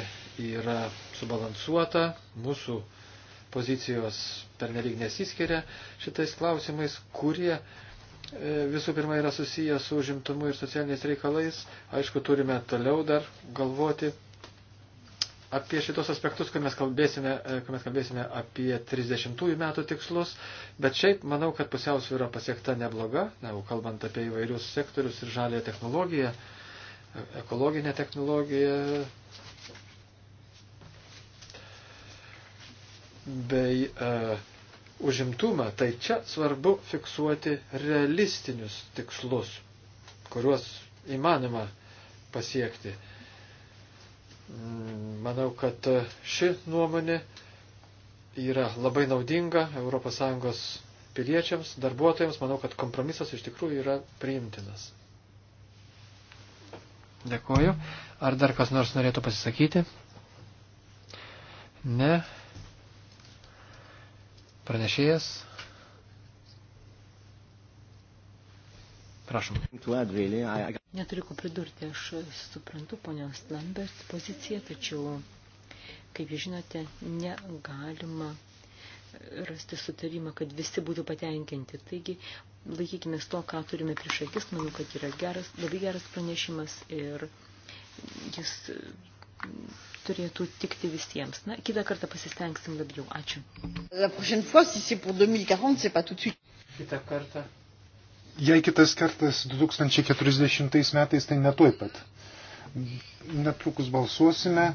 yra subalansuota, mūsų pozicijos pernelyg nesiskiria šitais klausimais, kurie e, visų pirma yra susiję su užimtumu ir socialiniais reikalais. Aišku, turime toliau dar galvoti apie šitos aspektus, kai mes kalbėsime, e, kai mes kalbėsime apie 30-ųjų metų tikslus, bet šiaip manau, kad pusiausvyrą pasiekta nebloga, na, jau kalbant apie įvairius sektorius ir žalę technologiją, e, ekologinę technologiją, bei e, užimtumą, tai čia svarbu fiksuoti realistinius tikslus, kuriuos įmanoma pasiekti. Mm, manau, kad e, ši nuomonė yra labai naudinga ES piliečiams, darbuotojams. Manau, kad kompromisas iš tikrųjų yra priimtinas. Dėkuoju. Ar dar kas nors norėtų pasisakyti? Ne. Pranešėjas. Prašom.
Neturiu ko pridurti, aš suprantu ponios Lambert poziciją, tačiau, kaip jūs žinote, negalima rasti sutarimą, kad visi būtų patenkinti. Taigi, laikykime to, ką turime prieš akis, manau, kad yra geras, labai geras pranešimas ir jis turėtų tikti visiems. Na, kitą kartą pasistengsim labiau. Ačiū.
Kitą kartą
Jei kitas kartas 2040 metais, tai netoj pat. Netrukus balsuosime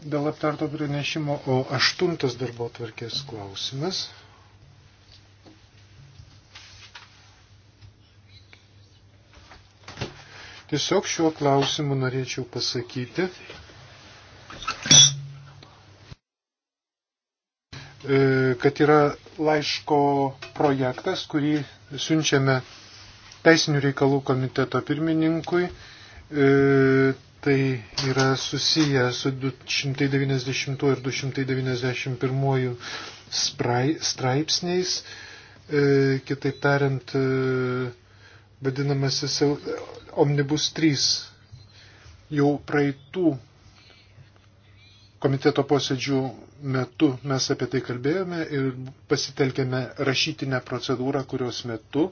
dėl aptarto pranešimo, o aštuntas darbo tvarkės klausimas. Tiesiog šiuo klausimu norėčiau pasakyti, e, kad yra laiško projektas, kurį siunčiame Teisinių reikalų komiteto pirmininkui. E, tai yra susiję su 290 ir 291 sprai, straipsniais. E, kitaip tariant, e, vadinamasis Omnibus 3 jau praeitų komiteto posėdžių metu mes apie tai kalbėjome ir pasitelkėme rašytinę procedūrą, kurios metu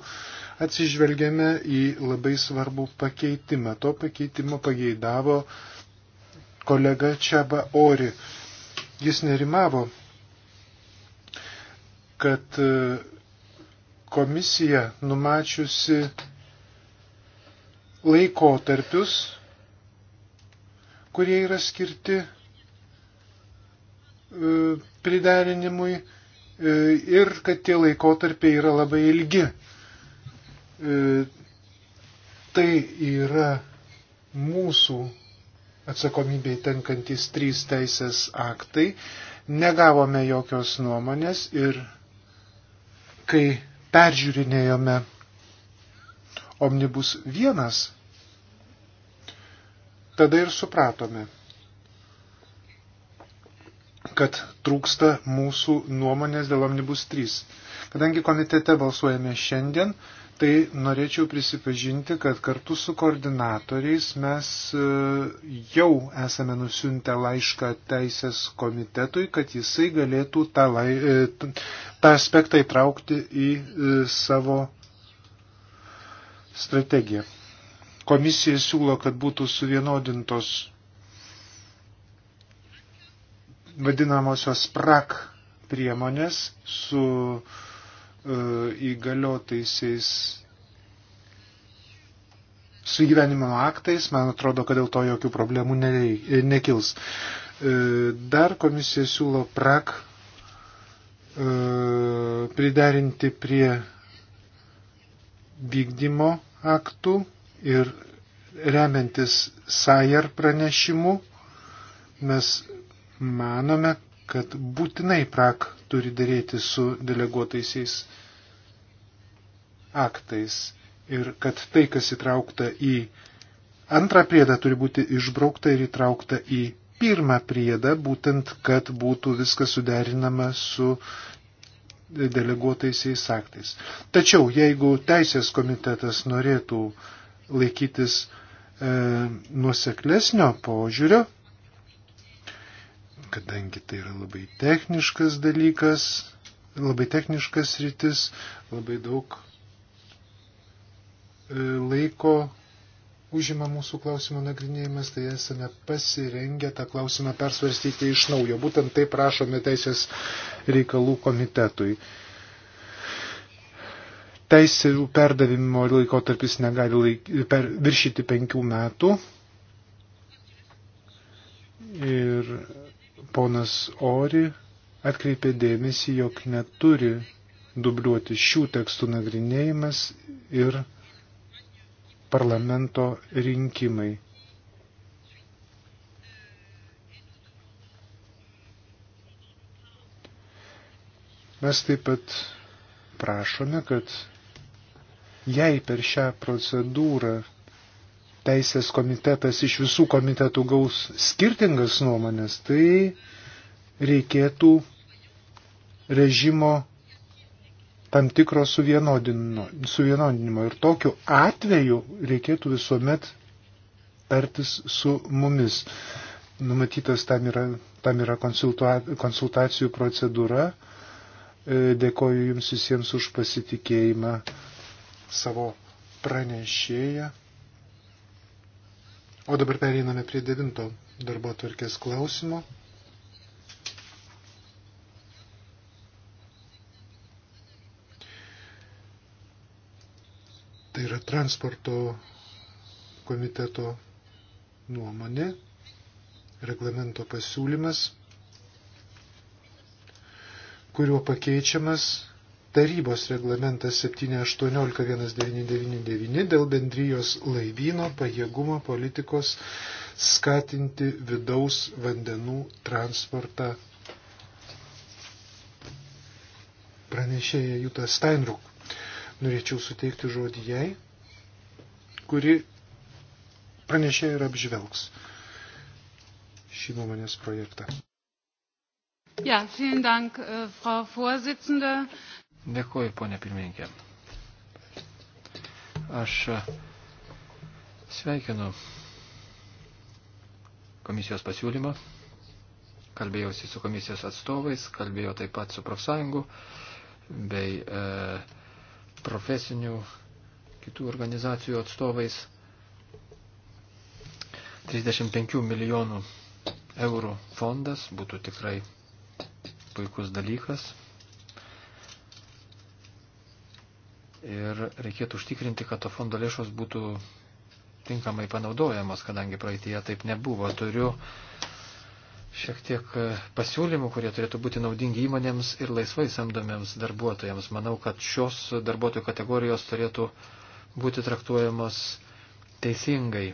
atsižvelgėme į labai svarbų pakeitimą. To pakeitimo pageidavo kolega Čiaba Ori. Jis nerimavo, kad e, komisija numačiusi laikotarpius, kurie yra skirti E, priderinimui e, ir kad tie laikotarpiai yra labai ilgi. E, tai yra mūsų atsakomybėj tenkantis trys teisės aktai. Negavome jokios nuomonės ir kai peržiūrinėjome Omnibus vienas, tada ir supratome, kad trūksta mūsų nuomonės dėl Omnibus 3. Kadangi komitete balsuojame šiandien, tai norėčiau prisipažinti, kad kartu su koordinatoriais mes e, jau esame nusiuntę laišką teisės komitetui, kad jisai galėtų tą, lai, e, tą aspektą įtraukti į e, savo strategiją. Komisija siūlo, kad būtų suvienodintos vadinamosios prak priemonės su e, įgaliotaisiais su gyvenimo aktais, man atrodo, kad dėl to jokių problemų e, nekils. E, dar komisija siūlo prak priderinti prie vykdymo aktų ir remiantis Sajer pranešimu mes manome, kad būtinai prak turi dėrėti su deleguotaisiais aktais ir kad tai, kas įtraukta į antrą priedą, turi būti išbraukta ir įtraukta į pirmą priedą, būtent, kad būtų viskas suderinama su deleguotaisiais aktais. Tačiau, jeigu teisės komitetas norėtų laikytis e, nuoseklesnio požiūrio, kadangi tai yra labai techniškas dalykas, labai techniškas rytis, labai daug e, laiko užima mūsų klausimo nagrinėjimas, tai esame pasirengę tą klausimą persvarstyti iš naujo. Būtent tai prašome Teisės reikalų komitetui. Teisėjų perdavimo laikotarpis negali laik, per, viršyti penkių metų. Ir ponas Ori atkreipė dėmesį, jog neturi dubliuoti šių tekstų nagrinėjimas ir parlamento rinkimai. Mes taip pat prašome, kad jei per šią procedūrą teisės komitetas iš visų komitetų gaus skirtingas nuomonės, tai reikėtų režimo tam tikro suvienodinimo. Ir tokiu atveju reikėtų visuomet tartis su mumis. Numatytas tam yra, tam yra konsultacijų procedūra. E, dėkoju Jums visiems už pasitikėjimą savo pranešėją. O dabar pereiname prie devinto darbo tvarkės klausimo. Tai yra transporto komiteto nuomonė, reglamento pasiūlymas, kuriuo pakeičiamas tarybos reglamentas 7181999 dėl bendrijos laivyno pajėgumo politikos skatinti vidaus vandenų transportą. Pranešėja Juta Steinruk. Norėčiau suteikti žodį jai, kuri pranešėja ir apžvelgs šį nuomonės projektą. Ja, vielen Dank, äh, Frau Vorsitzende.
Dėkuoju, ponė pirmininkė. Aš e, sveikinu komisijos pasiūlymą, kalbėjausi su komisijos atstovais, kalbėjau taip pat su profsąjungų bei e, profesinių kitų organizacijų atstovais. 35 milijonų eurų fondas būtų tikrai puikus dalykas, ir reikėtų užtikrinti, kad to fondo lėšos būtų tinkamai panaudojamos, kadangi praeitie taip nebuvo. Turiu šiek tiek e, pasiūlymų, kurie turėtų būti naudingi įmonėms ir laisvai samdomiems darbuotojams. Manau, kad šios darbuotojų kategorijos turėtų būti traktuojamos teisingai.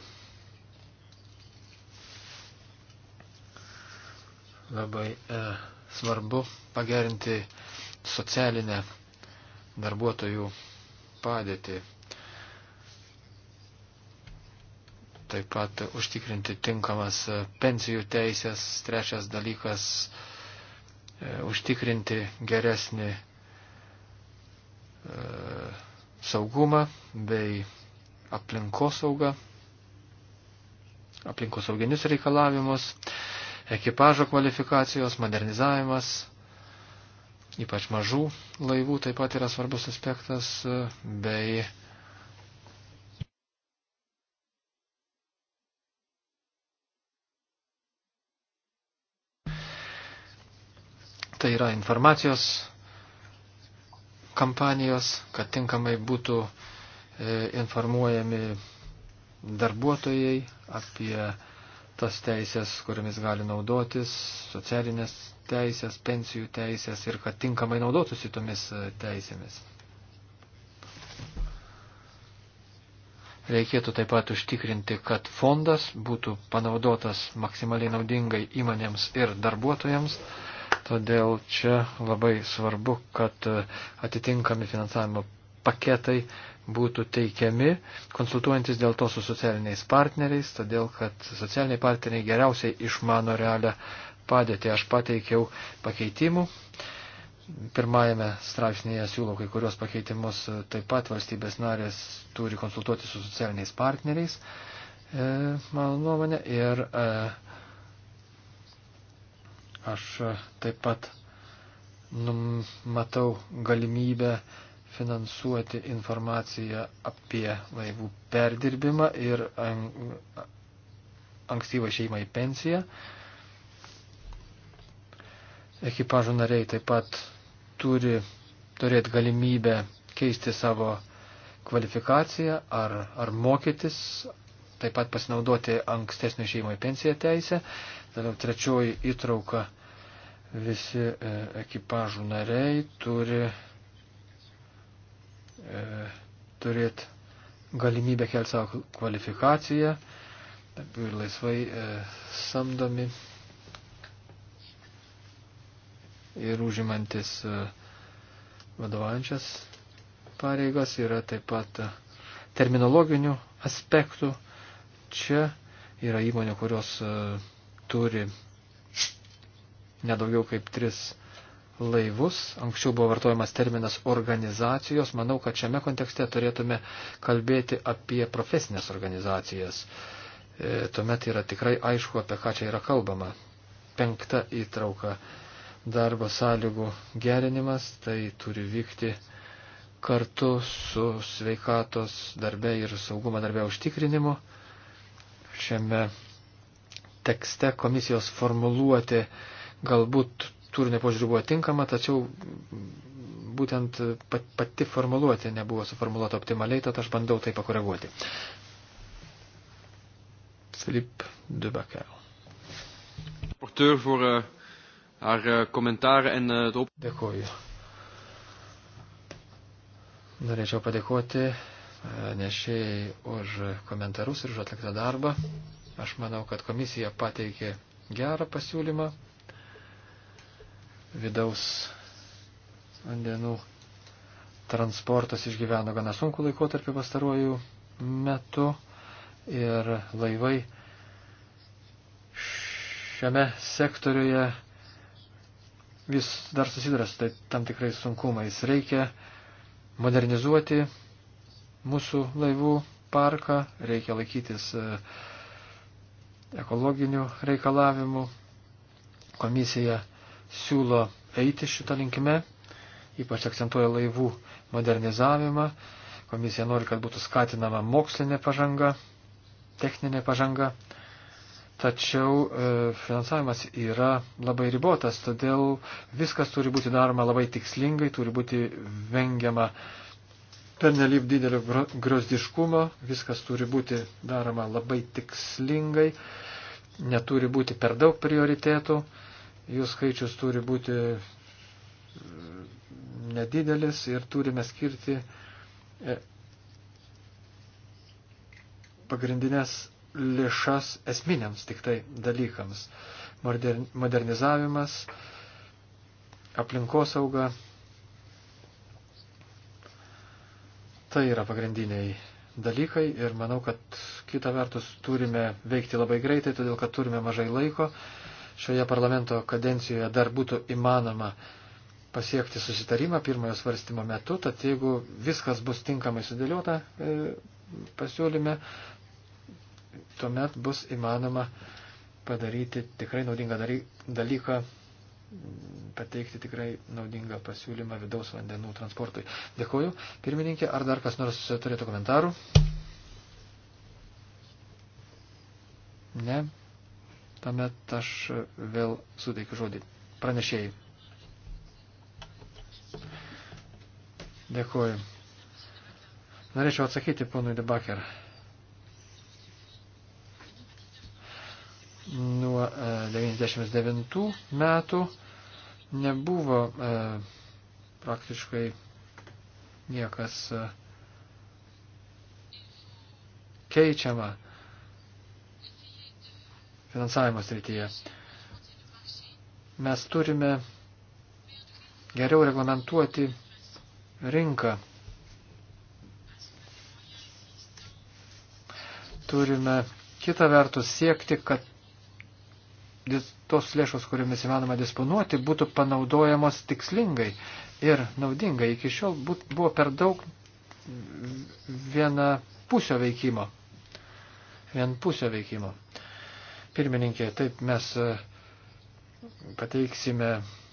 Labai e, svarbu pagerinti socialinę darbuotojų padėtį. Taip pat užtikrinti tinkamas pensijų teisės. Trečias dalykas e, - užtikrinti geresnį e, saugumą bei aplinkosaugą, aplinkosauginius reikalavimus, ekipažo kvalifikacijos, modernizavimas, ypač mažų laivų taip pat yra svarbus aspektas, bei tai yra informacijos kampanijos, kad tinkamai būtų e, informuojami darbuotojai apie tas teisės, kuriamis gali naudotis, socialinės teisės, pensijų teisės ir kad tinkamai naudotųsi tomis e, teisėmis. Reikėtų taip pat užtikrinti, kad fondas būtų panaudotas maksimaliai naudingai įmonėms ir darbuotojams, todėl čia labai svarbu, kad e, atitinkami finansavimo paketai būtų teikiami, konsultuojantis dėl to su socialiniais partneriais, todėl kad socialiniai partneriai geriausiai išmano realią padėtį. Aš pateikiau pakeitimų. Pirmajame straipsnėje siūlau kai kurios pakeitimus, taip pat valstybės narės turi konsultuoti su socialiniais partneriais, e, mano nuomonė, ir e, aš taip pat num, matau galimybę finansuoti informaciją apie laivų perdirbimą ir ankstyvą šeimą į pensiją. Ekipažų nariai taip pat turi turėti galimybę keisti savo kvalifikaciją ar, ar mokytis, taip pat pasinaudoti ankstesnio šeimo į pensiją teisę. Toliau trečioji įtrauka visi e, ekipažų nariai turi E, turėti galimybę kelti savo kvalifikaciją ir laisvai e, samdomi ir užimantis e, vadovaujančias pareigas yra taip pat e, terminologinių aspektų. Čia yra įmonė, kurios e, turi nedaugiau kaip tris laivus. Anksčiau buvo vartojamas terminas organizacijos. Manau, kad šiame kontekste turėtume kalbėti apie profesinės organizacijas. E, tuomet yra tikrai aišku, apie ką čia yra kalbama. Penkta įtrauka - darbo sąlygų gerinimas. Tai turi vykti kartu su sveikatos darbe ir saugumo darbe užtikrinimu. Šiame tekste komisijos formuluoti galbūt turinio požiūrių buvo tinkama, tačiau būtent pati formuluotė nebuvo suformuluota optimaliai, tad aš bandau tai pakoreguoti. Filip Dubakel. Rapporteur voor uh, haar uh, eh, commentaren en uh, de op... Dėkoju. Norėčiau padėkoti nešėjai už komentarus ir už atliktą darbą. Aš manau, kad komisija pateikė gerą pasiūlymą, vidaus vandenų transportas išgyveno gana sunku laikotarpį pastaruoju metu ir laivai šiame sektoriuje vis dar susiduria su tai, tam tikrais sunkumais. Reikia modernizuoti mūsų laivų parką, reikia laikytis e, ekologinių reikalavimų. Komisija siūlo eiti šitą linkime, ypač akcentuoja laivų modernizavimą. Komisija nori, kad būtų skatinama mokslinė pažanga, techninė pažanga, tačiau e, finansavimas yra labai ribotas, todėl viskas turi būti daroma labai tikslingai, turi būti vengiama pernelyg didelio grozdiškumo, viskas turi būti daroma labai tikslingai, neturi būti per daug prioritėtų. E, jų skaičius turi būti mm, nedidelis ir turime skirti e, pagrindinės lėšas esminiams tik tai dalykams. Modernizavimas, aplinkosauga. Tai yra pagrindiniai dalykai ir manau, kad kita vertus turime veikti labai greitai, todėl kad turime mažai laiko šioje parlamento kadencijoje dar būtų įmanoma pasiekti susitarimą pirmojo svarstymo metu, tad jeigu viskas bus tinkamai sudėliota e, pasiūlyme, tuomet bus įmanoma padaryti tikrai naudingą dalyką, pateikti tikrai naudingą pasiūlymą vidaus vandenų transportui. Dėkuoju. Pirmininkė, ar dar kas nors turėtų komentarų? Ne. Tuomet aš vėl suteikiu žodį pranešėjai. Dėkuoju. Norėčiau atsakyti ponui Debaker. Nuo 99 e, metų nebuvo e, praktiškai niekas e, keičiama. E, finansavimo srityje. Mes turime geriau reglamentuoti rinką. Turime kitą vertus siekti, kad tos lėšos, kuriomis įmanoma disponuoti, būtų panaudojamos tikslingai ir naudingai. Iki šiol buvo per daug viena pusio veikimo. Vien pusio veikimo. Pirmininkė, taip mes e, pateiksime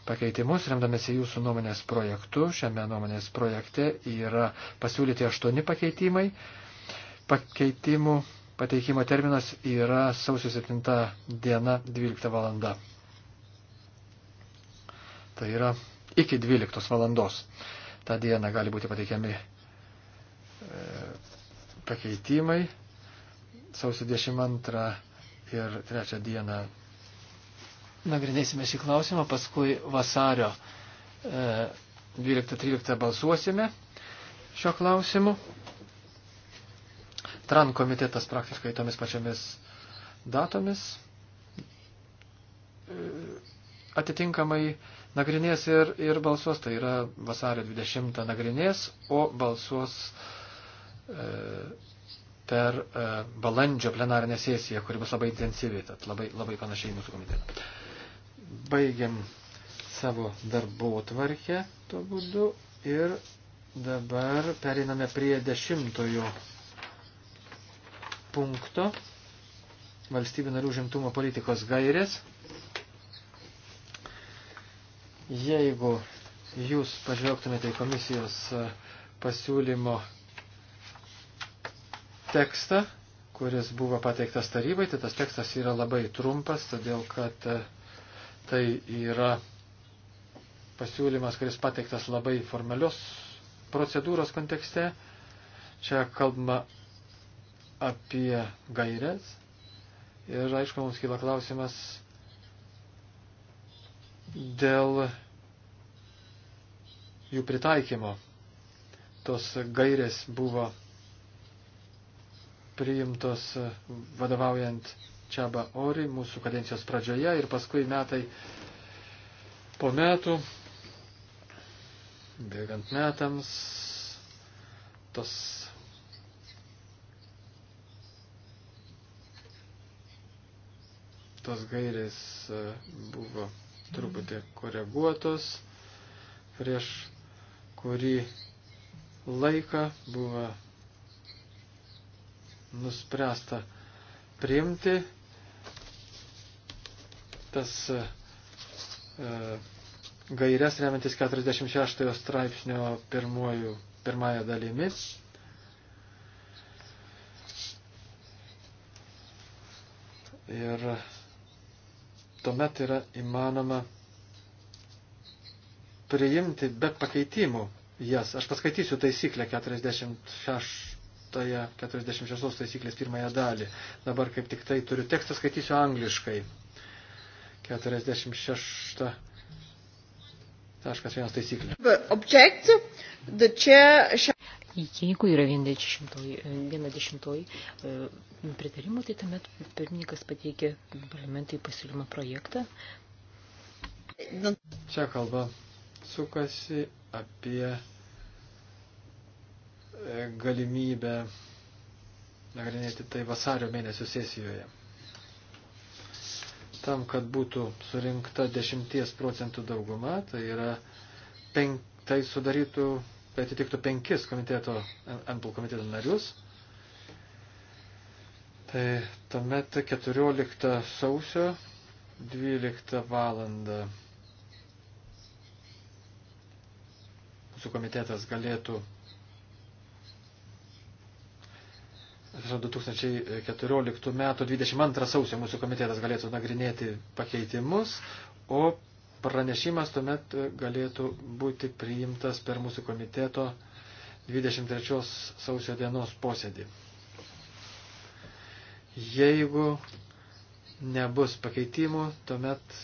pakeitimus, remdamėsi jūsų nuomonės projektu. Šiame nuomonės projekte yra pasiūlyti aštuoni pakeitimai. Pakeitimų pateikimo terminas yra sausio 7 diena 12 valanda. Tai yra iki 12 valandos. Ta diena gali būti pateikiami e, pakeitimai. Sausio 22 ir trečią dieną nagrinėsime šį klausimą, paskui vasario 12-13 e, balsuosime šio klausimu. TRAN komitetas praktiškai tomis pačiamis datomis e, atitinkamai nagrinės ir, ir balsuos, tai yra vasario 20 nagrinės, o balsuos e, per e, balandžio plenarinę sesiją, kuri bus labai intensyvi, tad labai, labai panašiai mūsų komitetą. Baigiam savo darbo tvarkę tuo būdu ir dabar pereiname prie dešimtojo punkto valstybių narių žimtumo politikos gairės. Jeigu jūs pažvelgtumėte į komisijos pasiūlymo tekstą, kuris buvo pateiktas tarybai, tai tas tekstas yra labai trumpas, todėl kad e, tai yra pasiūlymas, kuris pateiktas labai formalios procedūros kontekste. Čia kalbama apie gairės. Ir aišku, mums kyla klausimas dėl jų pritaikymo. Tos gairės buvo priimtos e, vadovaujant Čiaba Ori mūsų kadencijos pradžioje ir paskui metai po metų, bėgant metams, tos tos gairės e, buvo truputį koreguotos. Prieš kurį laiką buvo nuspręsta priimti tas e, e gairias remiantis 46 straipsnio pirmojų, pirmąją dalimi. Ir tuomet yra įmanoma priimti be pakeitimų jas. Aš paskaitysiu taisyklę 46 46 taisyklės pirmąją dalį. Dabar kaip tik tai turiu tekstą, skaitysiu angliškai. 46. Taškas vienas taisyklė.
Object, the chair shall... Jeigu yra 10 e, e, pritarimų, tai tuomet pirmininkas pateikė parlamentai pasiūlymą projektą. Nu-
Čia kalba sukasi apie E, galimybę nagrinėti tai vasario mėnesio sesijoje. Tam, kad būtų surinkta 10 procentų dauguma, tai yra penk, tai sudarytų, tai atitiktų penkis komiteto, NPL komiteto narius. Tai tuomet 14 sausio 12 valandą mūsų komitetas galėtų 2014 metų 22 sausio mūsų komitetas galėtų nagrinėti pakeitimus, o pranešimas tuomet galėtų būti priimtas per mūsų komiteto 23 sausio dienos posėdį. Jeigu nebus pakeitimų, tuomet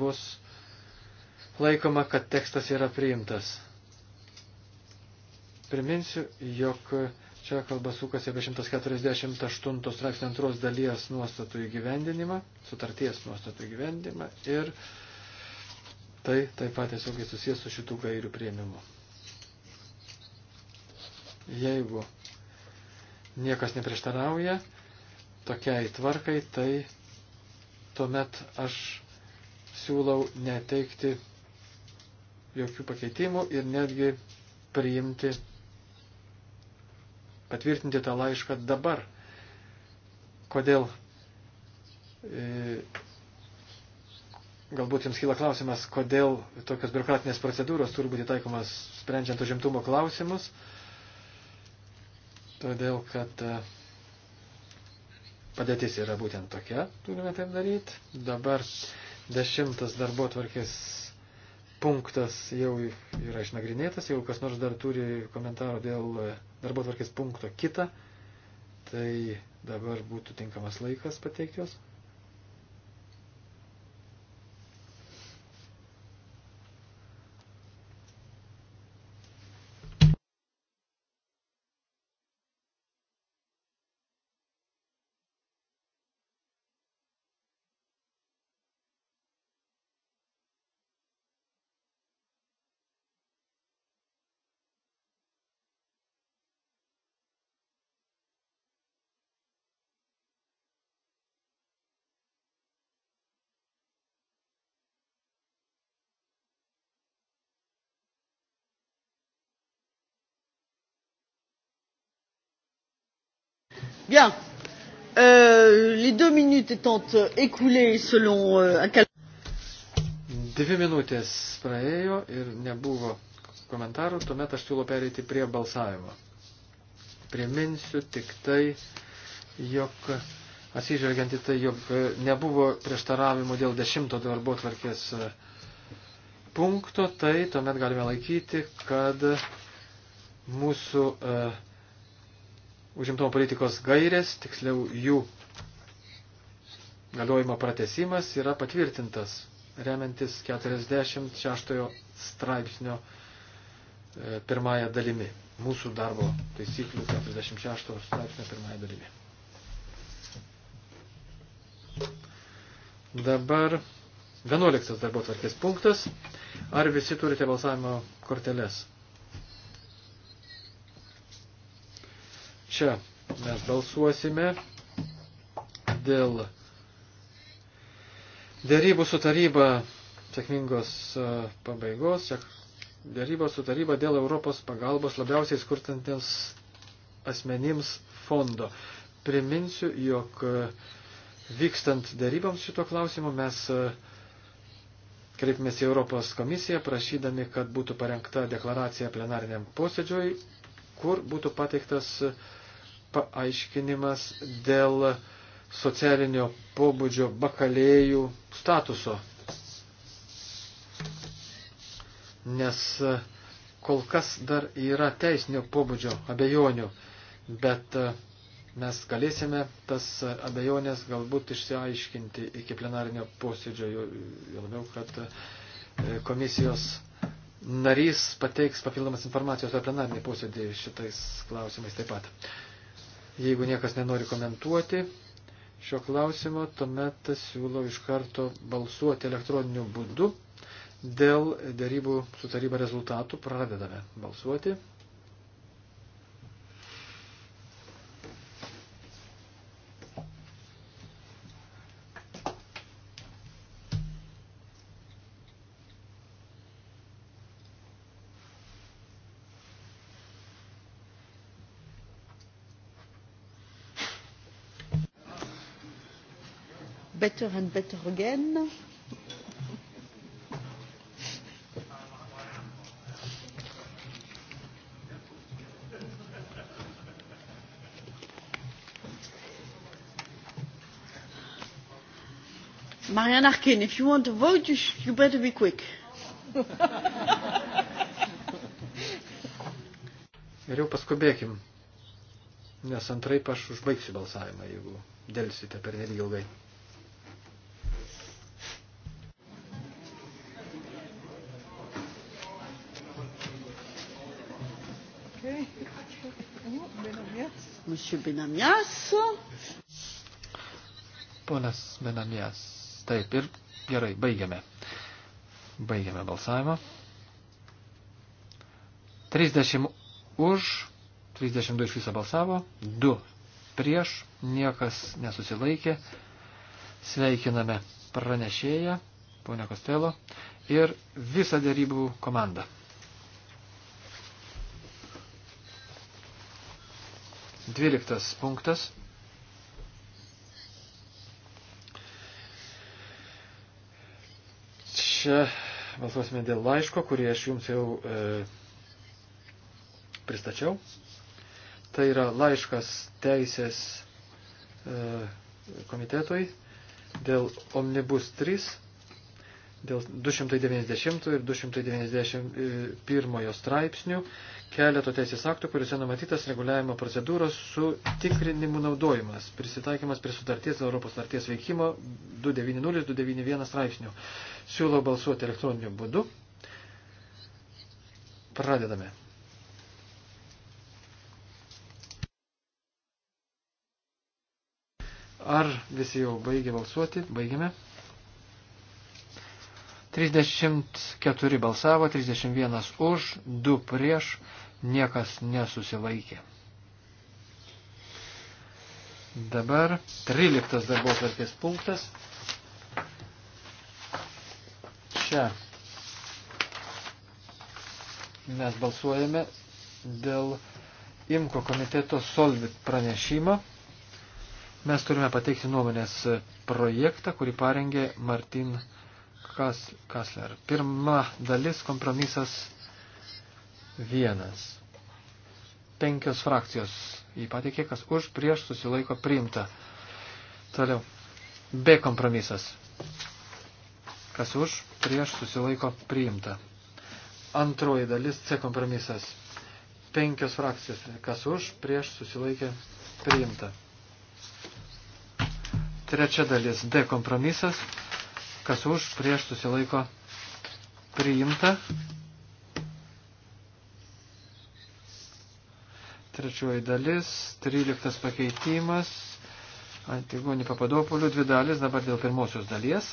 bus laikoma, kad tekstas yra priimtas. Priminsiu, jog Čia kalba sukasi apie 148 straipsnio antros dalies nuostatų įgyvendinimą, sutarties nuostatų įgyvendinimą ir tai taip pat tiesiogiai susijęs su šitų gairių prieimimu. Jeigu niekas neprieštarauja tokiai tvarkai, tai tuomet aš siūlau neteikti jokių pakeitimų ir netgi priimti patvirtinti tą laišką dabar. Kodėl? E, galbūt jums kyla klausimas, kodėl tokios biurokratinės procedūros turi būti taikomas sprendžiant užimtumo klausimus. Todėl, kad e, padėtis yra būtent tokia, turime taip daryti. Dabar dešimtas darbo tvarkės punktas jau yra išnagrinėtas, jeigu kas nors dar turi komentarų dėl e, darbo tvarkės punkto kitą, tai dabar būtų tinkamas laikas pateikti jos.
Bien. Euh, les deux minutes étant
écoulées selon euh, un calendrier.
Dvi minutės praėjo ir nebuvo komentarų, tuomet aš siūlau pereiti prie balsavimo. Priminsiu tik tai, jog atsižvelgiant į tai, jog e, nebuvo prieštaravimų dėl dešimto darbo tvarkės e, punkto, tai tuomet galime laikyti, kad mūsų uh, užimtumo politikos gairės, tiksliau jų galiojimo pratesimas yra patvirtintas, remiantis 46 straipsnio e, pirmąją dalimi. Mūsų darbo taisyklių 46 straipsnio pirmąją dalimi. Dabar 11 darbo tvarkės punktas. Ar visi turite balsavimo korteles? Čia mes balsuosime dėl dėrybų su taryba sėkmingos e, pabaigos, dėrybos su taryba dėl Europos pagalbos labiausiai skurtantiems asmenims fondo. Priminsiu, jog e, vykstant dėryboms šito klausimu mes e, kreipmės į Europos komisiją, prašydami, kad būtų parengta deklaracija plenariniam posėdžiui, kur būtų pateiktas uh, paaiškinimas dėl socialinio pobūdžio bakalėjų statuso. Nes kol kas dar yra teisinio pobūdžio abejonių, bet mes galėsime tas abejonės galbūt išsiaiškinti iki plenarinio posėdžio, jau labiau, kad e, komisijos narys pateiks papildomas informacijos apie plenarinį posėdį šitais klausimais taip pat. Jeigu niekas nenori komentuoti šio klausimo, tuomet siūlau iš karto balsuoti elektroniniu būdu. Dėl darybų su taryba rezultatų pradedame balsuoti.
better and better again.
Marianne Arkin, if you want to vote, you, sh- you better be quick. [laughs] Geriau paskubėkim, nes antraip aš užbaigsiu balsavimą, jeigu dėlsite per nelgi ilgai.
Benamias.
Ponas Benamias. Taip, ir gerai, baigiame. Baigiame balsavimą. 30 už, 32 iš viso balsavo, 2 prieš, niekas nesusilaikė. Sveikiname pranešėją, ponia Kostelo, ir visą dėrybų komandą. Dvyliktas punktas. Čia balsuosime dėl laiško, kurį aš jums jau e, pristačiau. Tai yra laiškas teisės e, komitetui dėl Omnibus 3 dėl 290 ir 291 straipsnių keleto teisės aktų, kuriuose numatytas reguliavimo procedūros su tikrinimu naudojimas, prisitaikymas prie sutarties Europos sutarties veikimo 290-291 straipsnių. Siūlau balsuoti elektroniniu būdu. Pradedame. Ar visi jau baigė balsuoti? Baigėme. 34 balsavo, 31 už, 2 prieš, niekas nesusilaikė. Dabar 13 darbo tvarkės punktas. Čia mes balsuojame dėl IMKO komiteto Solvit pranešimo. Mes turime pateikti nuomonės projektą, kurį parengė Martin kas, Kasler. Pirma dalis kompromisas vienas. Penkios frakcijos jį patikė, kas už prieš susilaiko priimta. Toliau. B kompromisas. Kas už prieš susilaiko priimta. Antroji dalis C kompromisas. Penkios frakcijos. Kas už prieš susilaikė priimta. Trečia dalis D kompromisas kas už, prieš susilaiko priimta. Trečioji dalis, 13 pakeitimas, Antigonį Papadopolių, dvi dalis, dabar dėl pirmosios dalies.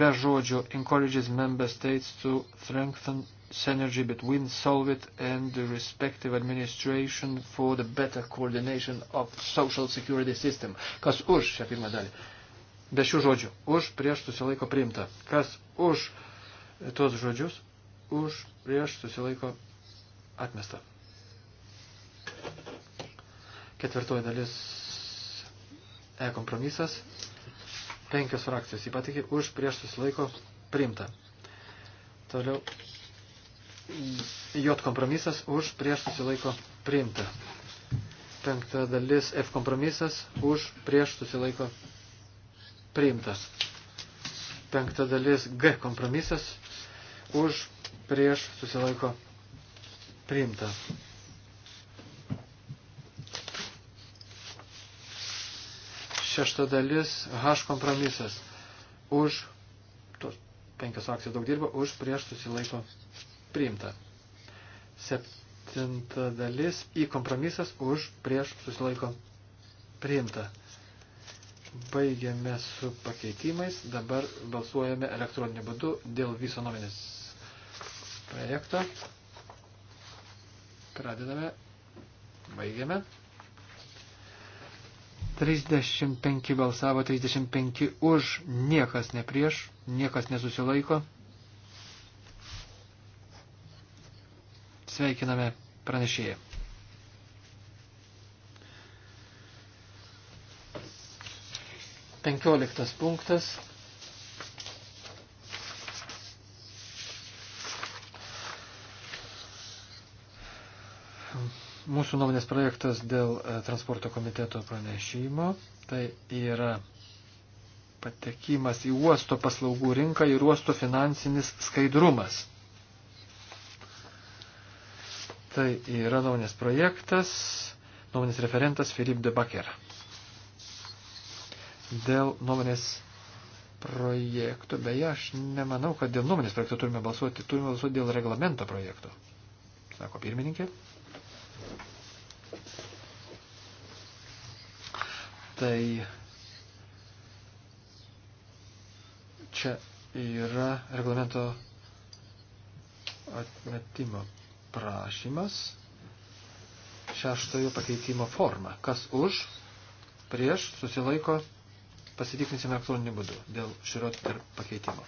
Be žodžių, encourages member states to strengthen synergy between Solvit and the respective administration for the better coordination of social security system. Kas už šią pirmą dalį? be šių žodžių. Už prieš susilaiko priimta. Kas už tuos žodžius, už prieš susilaiko atmesta. Ketvirtoji dalis E kompromisas. Penkios frakcijos ypatikė už prieš susilaiko priimta. Toliau J kompromisas už prieš susilaiko priimta. Penkta dalis F kompromisas už prieš susilaiko priimta priimtas. Penkta dalis G kompromisas už prieš susilaiko priimta. Šešta dalis H kompromisas už tos penkios akcijos daug dirba, už prieš susilaiko priimta. Septinta dalis į kompromisas už prieš susilaiko priimta. Baigėme su pakeitimais. Dabar balsuojame elektroniniu būdu dėl viso nuomenės projekto. Pradedame. Baigėme. 35 balsavo, 35 už, niekas ne prieš, niekas nesusilaiko. Sveikiname pranešėją. 15 punktas. Mūsų nuomonės projektas dėl e, transporto komiteto pranešimo. Tai yra patekimas į uosto paslaugų rinką ir uosto finansinis skaidrumas. Tai yra nuomonės projektas, nuomonės referentas Filip de Baker dėl nuomonės projekto. Beje, aš nemanau, kad dėl nuomonės projekto turime balsuoti, turime balsuoti dėl reglamento projekto. Sako pirmininkė. Tai čia yra reglamento atmetimo prašymas šeštojo pakeitimo forma. Kas už, prieš, susilaiko, pasitikrinsime elektroniniu būdu dėl širot ir pakeitimo.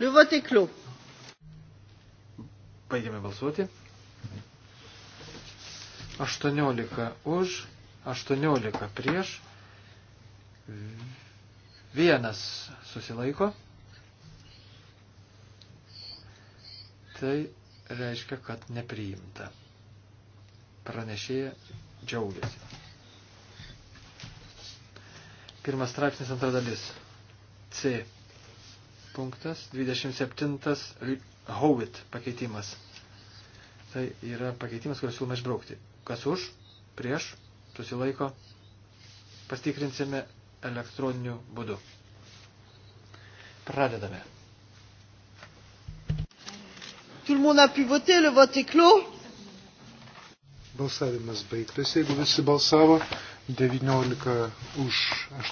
Le vote est clos.
Baigiame balsuoti. 18 už, 18 prieš, vienas susilaiko. Tai reiškia, kad nepriimta. Pranešėja džiaugiasi. Pirmas straipsnis antra dalis. C. Punktas 27. Howitt pakeitimas. Tai yra pakeitimas, kuris siūloma išbraukti. Kas už, prieš, susilaiko, pastikrinsime elektroniniu būdu. Pradedame.
Tout le monde a pu voter, le vote est clos. Balsavimas baigtas, jeigu visi balsavo, 19 už,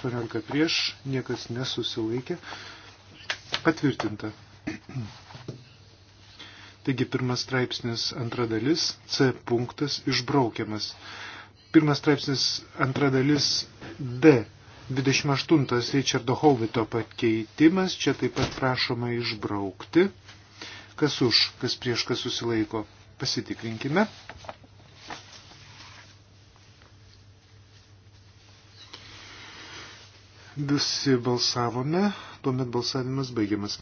18 prieš, niekas nesusilaikė. Patvirtinta. Taigi pirmas straipsnis antra dalis, C punktas išbraukiamas. Pirmas straipsnis antra dalis D 28 Richardo Hovito pakeitimas, čia taip pat prašoma išbraukti. Kas už, kas prieš, kas susilaiko. Pasitikrinkime. Visi balsavome, tuomet balsavimas baigiamas.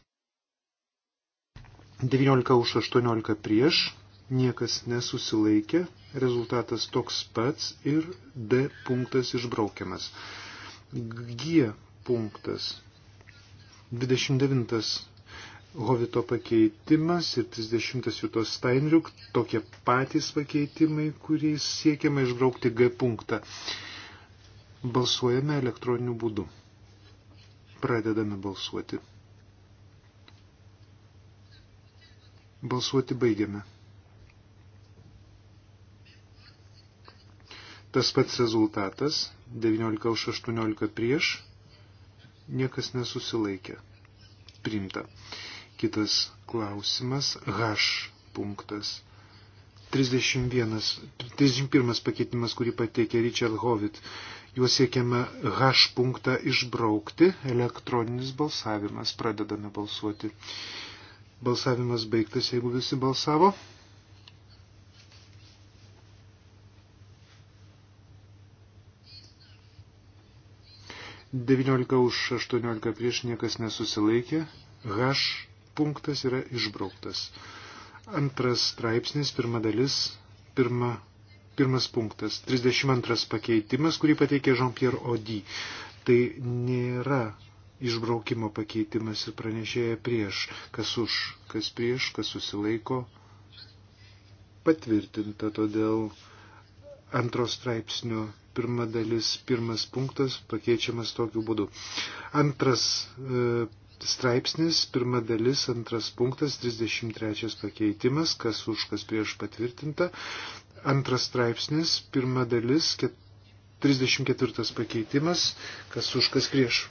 19 už 18 prieš, niekas nesusilaikė, rezultatas toks pats ir D punktas išbraukiamas. G punktas. 29 Hovito pakeitimas ir 30 Jutos Steinriuk, tokie patys pakeitimai, kuriais siekiama išbraukti G punktą. Balsuojame elektroniniu būdu. Pradedame balsuoti. Balsuoti baigiame. Tas pats rezultatas - 19 už 18 prieš, niekas nesusilaikė. Primta. Kitas klausimas H punktas. 31, 31 pakeitimas, kurį pateikė Richard Hovit. Juos siekiame H punktą išbraukti. Elektroninis balsavimas. Pradedame balsuoti. Balsavimas baigtas, jeigu visi balsavo. Devyniolika už aštuoniolika prieš niekas nesusilaikė. H punktas yra išbrauktas. Antras straipsnis, pirma dalis, pirma, pirmas punktas, 32 pakeitimas, kurį pateikė Jean-Pierre Audy. Tai nėra išbraukimo pakeitimas ir pranešėja prieš, kas už, kas prieš, kas susilaiko. Patvirtinta todėl antros straipsnio pirma dalis, pirmas punktas pakeičiamas tokiu būdu. Antras e, straipsnis, pirma dalis, antras punktas, 33 pakeitimas, kas už, kas prieš patvirtinta. Antras straipsnis, pirma dalis, 34 pakeitimas, kas už, kas prieš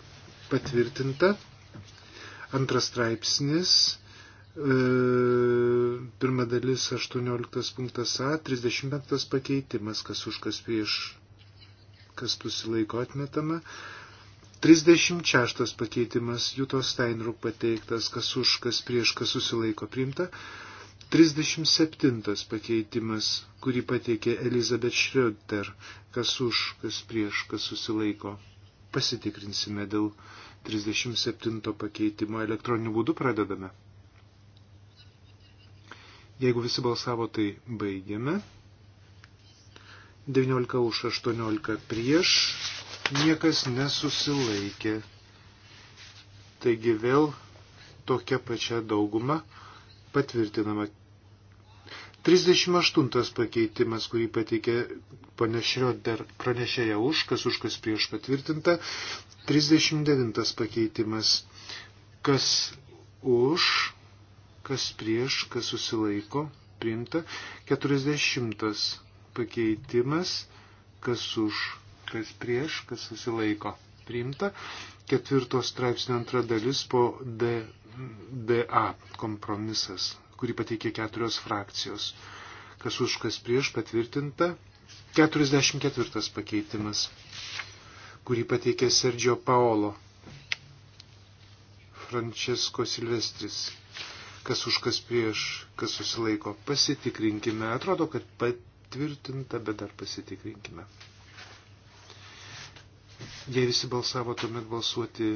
patvirtinta. Antras straipsnis, e, pirma dalis, 18 punktas A, 35 pakeitimas, kas už, kas prieš, kas pusilaiko atmetama. 36 pakeitimas Juto Steinruk pateiktas, kas už, kas prieš, kas susilaiko priimta. 37 pakeitimas, kurį pateikė Elizabeth Schroeder, kas už, kas prieš, kas susilaiko. Pasitikrinsime dėl 37 pakeitimo elektroniniu būdu pradedame. Jeigu visi balsavo, tai baigiame. 19 už 18 prieš niekas nesusilaikė. Taigi vėl tokia pačia dauguma patvirtinama. 38 pakeitimas, kurį pateikė panešėjo dar pranešėja už, kas už, kas prieš patvirtinta. 39 pakeitimas, kas už, kas prieš, kas susilaiko, priimta. 40 pakeitimas, kas už, kas prieš, kas susilaiko priimta. Ketvirto straipsnio antra dalis po D, DA kompromisas, kurį pateikė keturios frakcijos. Kas už, kas prieš patvirtinta. 44 pakeitimas, kurį pateikė Sergio Paolo. Francesco Silvestris. Kas už kas prieš, kas susilaiko. Pasitikrinkime. Atrodo, kad patvirtinta, bet dar pasitikrinkime. Jei visi balsavo, tuomet balsuoti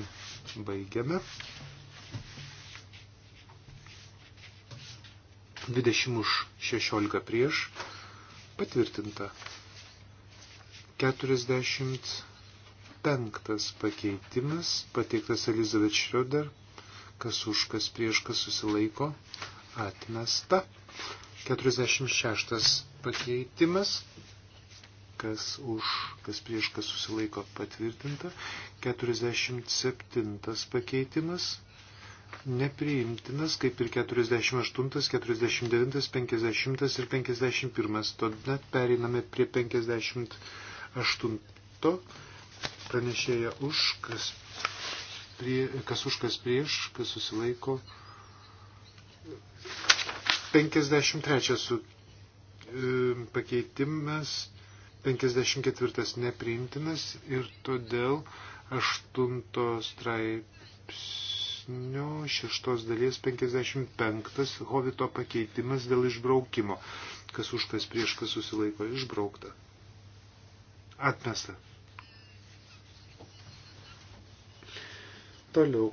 baigiame. 20 už 16 prieš. Patvirtinta. 45 pakeitimas, pateiktas Elizabeth Schroeder, kas už, kas prieš, kas susilaiko, atmesta. 46 pakeitimas, kas už, kas prieš, kas susilaiko patvirtinta. 47 pakeitimas nepriimtinas, kaip ir 48, 49, 50 ir 51. Tuomet pereiname prie 58 pranešėja už, kas, prie, kas už, kas prieš, kas susilaiko. 53 su e, pakeitimas 54 nepriimtinas ir todėl 8 straipsnio 6 dalies 55 Hovito pakeitimas dėl išbraukimo. Kas už kas prieš kas susilaiko išbraukta. Atmesta. Toliau.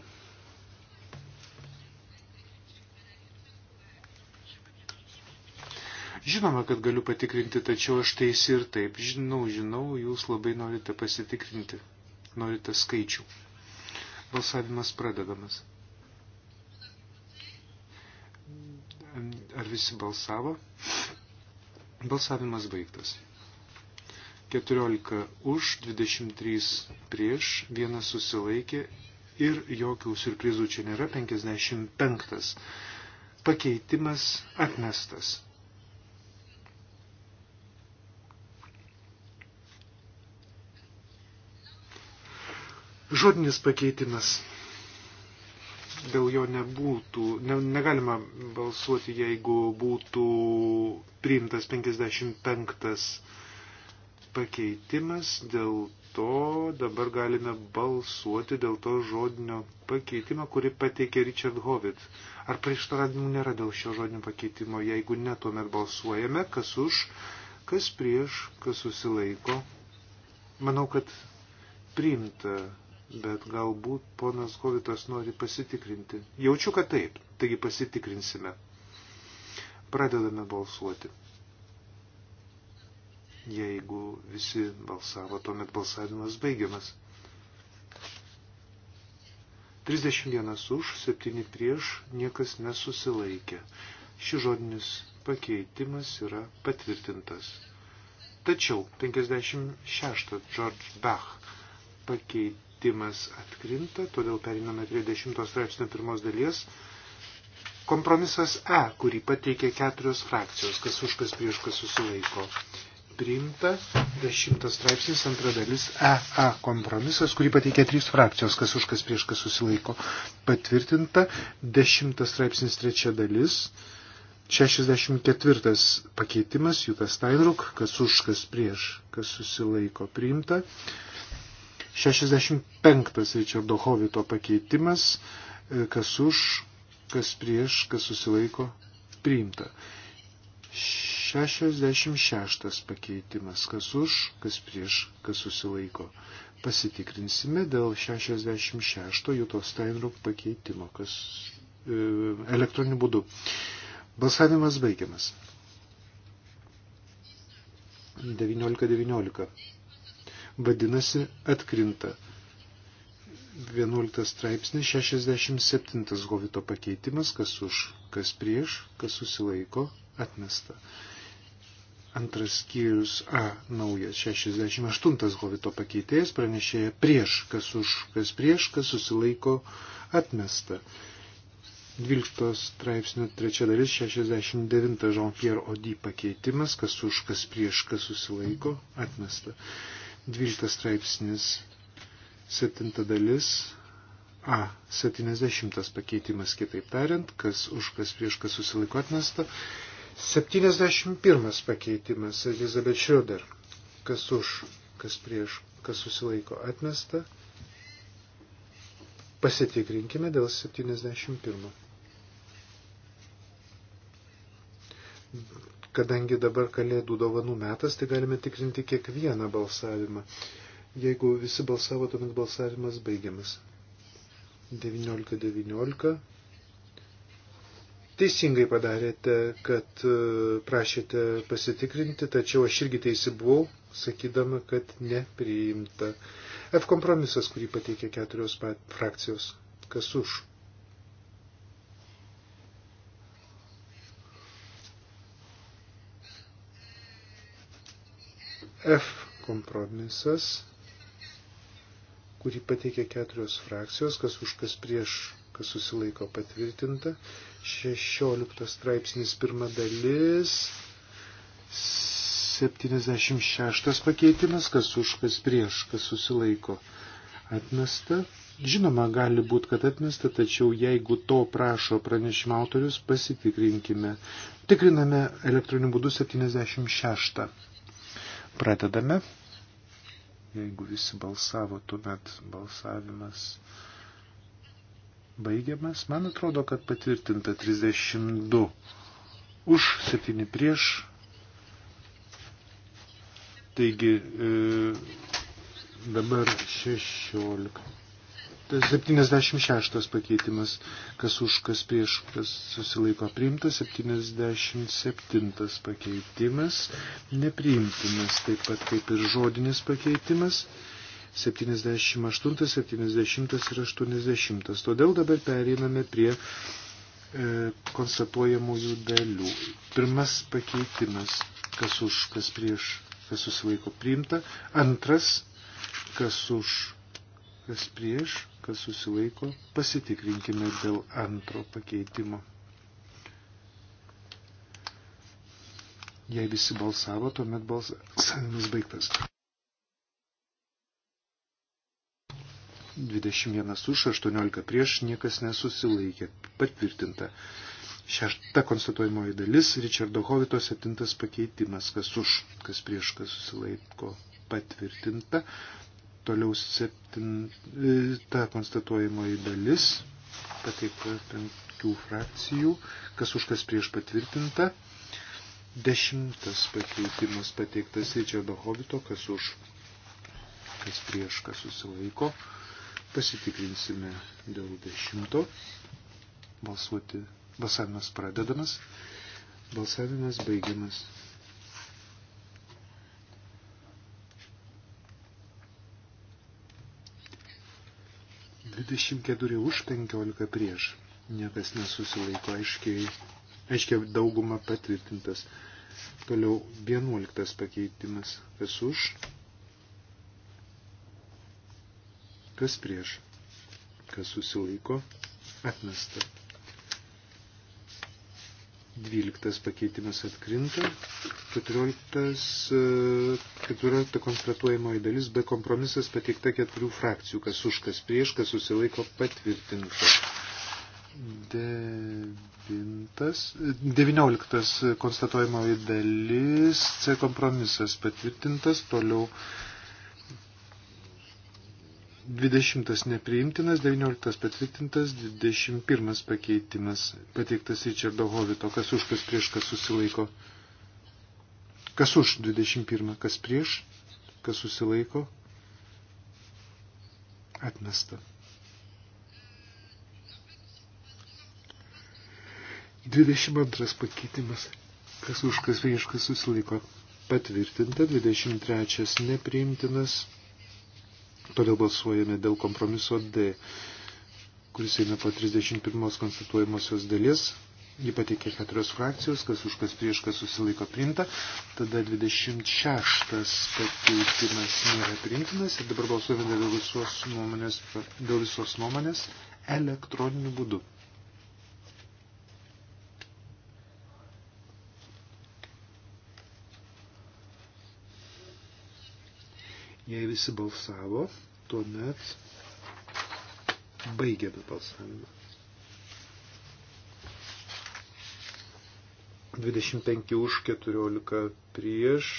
Žinoma, kad galiu patikrinti, tačiau aš teisi tai ir taip. Žinau, žinau, jūs labai norite pasitikrinti. Norite skaičių. Balsavimas pradedamas. Ar visi balsavo? Balsavimas baigtas. 14 už, 23 prieš, vienas susilaikė ir jokių surprizų čia nėra, 55 pakeitimas atmestas. Žodinis pakeitimas. Dėl jo nebūtų, ne, negalima balsuoti, jeigu būtų priimtas 55 pakeitimas, dėl to dabar galime balsuoti dėl to žodinio pakeitimo, kurį pateikė Richard Hovitt. Ar prieštaravimų nėra dėl šio žodinio pakeitimo? Jeigu ne, tuomet balsuojame, kas už, kas prieš, kas susilaiko. Manau, kad priimta bet galbūt ponas Kovitas nori pasitikrinti. Jaučiu, kad taip, taigi pasitikrinsime. Pradedame balsuoti. Jeigu visi balsavo, tuomet balsavimas baigiamas. 31 už, 7 prieš, niekas nesusilaikė. Ši žodinis pakeitimas yra patvirtintas. Tačiau 56 George Bach pakeitimas pakeitimas atkrinta, todėl periname prie 10 straipsnio pirmos dalies. Kompromisas E, kurį pateikė keturios frakcijos, kas už kas prieš kas susilaiko. Priimta 10 straipsnis antra dalis EA kompromisas, kurį pateikė trys frakcijos, kas už kas prieš kas susilaiko. Patvirtinta 10 straipsnis trečia dalis. 64 pakeitimas, Jutas Steinruk, kas už, kas prieš, kas susilaiko priimta. 65 Richardo Hovito pakeitimas, e, kas už, kas prieš, kas susilaiko, priimta. 66 pakeitimas, kas už, kas prieš, kas susilaiko. Pasitikrinsime dėl 66 Juto Steinruk pakeitimo, kas e, elektroniniu būdu. Balsavimas baigiamas. 19.19. 19. 19 vadinasi atkrinta. 11 straipsnis 67 govito pakeitimas, kas už, kas prieš, kas susilaiko, atmesta. Antras skyrius A, naujas 68 govito pakeitėjas pranešėja prieš, kas už, kas prieš, kas susilaiko, atmesta. 12 straipsnio trečia dalis 69 Jean-Pierre Odi pakeitimas, kas už, kas prieš, kas susilaiko, atmesta. 12 straipsnis, 7 dalis, A, 70 pakeitimas, kitaip tariant, kas už, kas prieš, kas susilaiko atmesta. 71 pakeitimas, Elizabeth Schroeder, kas už, kas prieš, kas susilaiko atmesta. Pasitikrinkime dėl 71 kadangi dabar kalėdų dovanų metas, tai galime tikrinti kiekvieną balsavimą. Jeigu visi balsavo, tuomet balsavimas baigiamas. 19.19. 19. Teisingai padarėte, kad e, prašėte pasitikrinti, tačiau aš irgi teisi buvau, sakydama, kad nepriimta. F kompromisas, kurį pateikė keturios frakcijos. Kas už? F kompromisas, kurį pateikė keturios frakcijos, kas už kas prieš, kas susilaiko patvirtinta. 16 straipsnis pirma dalis, 76 pakeitimas, kas už kas prieš, kas susilaiko atmesta. Žinoma, gali būti, kad atmesta, tačiau jeigu to prašo pranešimo autorius, pasitikrinkime. Tikriname elektroniniu būdu 76. Pradedame. Jeigu visi balsavo, tuomet balsavimas baigiamas. Man atrodo, kad patvirtinta 32 už 7 prieš. Taigi e, dabar 16. 76 pakeitimas, kas už, kas prieš, kas susilaiko priimtas, 77 pakeitimas, nepriimtinas taip pat kaip ir žodinis pakeitimas, 78, 70 ir 80. Todėl dabar pereiname prie e, konstatuojamųjų dalių. Pirmas pakeitimas, kas už, kas prieš, kas susilaiko priimta, antras, kas už, kas prieš, kas susilaiko, pasitikrinkime dėl antro pakeitimo. Jei visi balsavo, tuomet balsavimas baigtas. 21 už, 18 prieš, niekas nesusilaikė. Patvirtinta. Šešta konstatuojamoji dalis, Richardo Hovito septintas pakeitimas, kas už, kas prieš, kas susilaiko patvirtinta. Toliau septinta e, konstatuojamoji dalis, pateikta penkių frakcijų, kas už kas prieš patvirtinta. Dešimtas pakeitimas pateiktas Ričardo Hovito, kas už, kas prieš, kas susilaiko. Pasitikrinsime dėl dešimto. Balsuoti. Balsavimas pradedamas. Balsavimas baigiamas. 24 už 15 prieš. Niekas nesusilaiko aiškiai. Aiškiai dauguma patvirtintas. Toliau 11 pakeitimas. Kas už? Kas prieš? Kas susilaiko? Atmesta. 12 pakeitimas atkrinta, 14, 14 e, konstatuojamoji dalis, be kompromisas pateikta keturių frakcijų, kas už, kas prieš, kas susilaiko patvirtinta. 19 e, konstatuojamoji dalis, C kompromisas patvirtintas, toliau 20 nepriimtinas, 19 patvirtintas, 21 pakeitimas pateiktas Richardo Hovito, kas už, kas prieš, kas susilaiko. Kas už 21, kas prieš, kas susilaiko. Atmesta. 22 pakeitimas, kas už, kas prieš, kas susilaiko. Patvirtinta, 23 nepriimtinas, Toliau balsuojame dėl kompromiso D, kuris eina po 31 konstatuojamosios dalies. Jį pateikė keturios frakcijos, kas už kas prieš kas susilaiko priimta. Tada 26 pakeitimas nėra priimtinas ir dabar balsuojame dėl visos nuomonės, dėl visos nuomonės elektroniniu būdu. Jei visi balsavo, tuomet baigėme balsavimą. 25 už 14 prieš.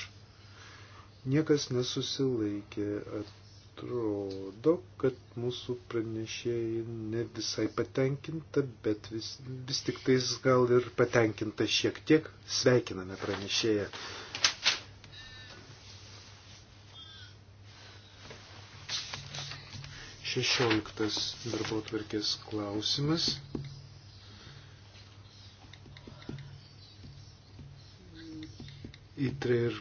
Niekas nesusilaikė. Atrodo, kad mūsų pranešėjai ne visai patenkinta, bet vis, vis tik tais gal ir patenkinta šiek tiek. Sveikiname pranešėją. 16 darbo tvarkės klausimas. Įtre ir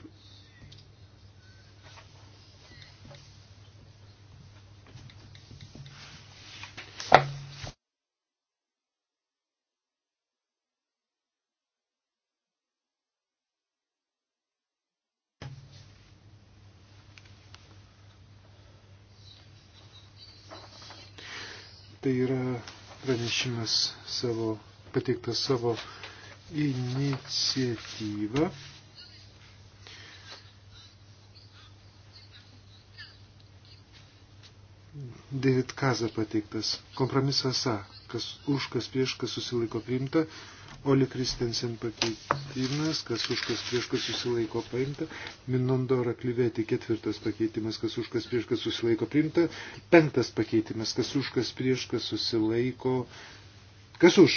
pranešimas savo, pateiktas savo iniciatyvą. David Kaza pateiktas. Kompromisas A. Kas už, kas prieš, kas susilaiko priimta. Oli Kristensen pakeitimas, kas už kas prieš kas susilaiko paimta. Minondora Klyvėti ketvirtas pakeitimas, kas už kas prieš kas susilaiko priimta. Penktas pakeitimas, kas už kas prieš kas susilaiko. Kas už?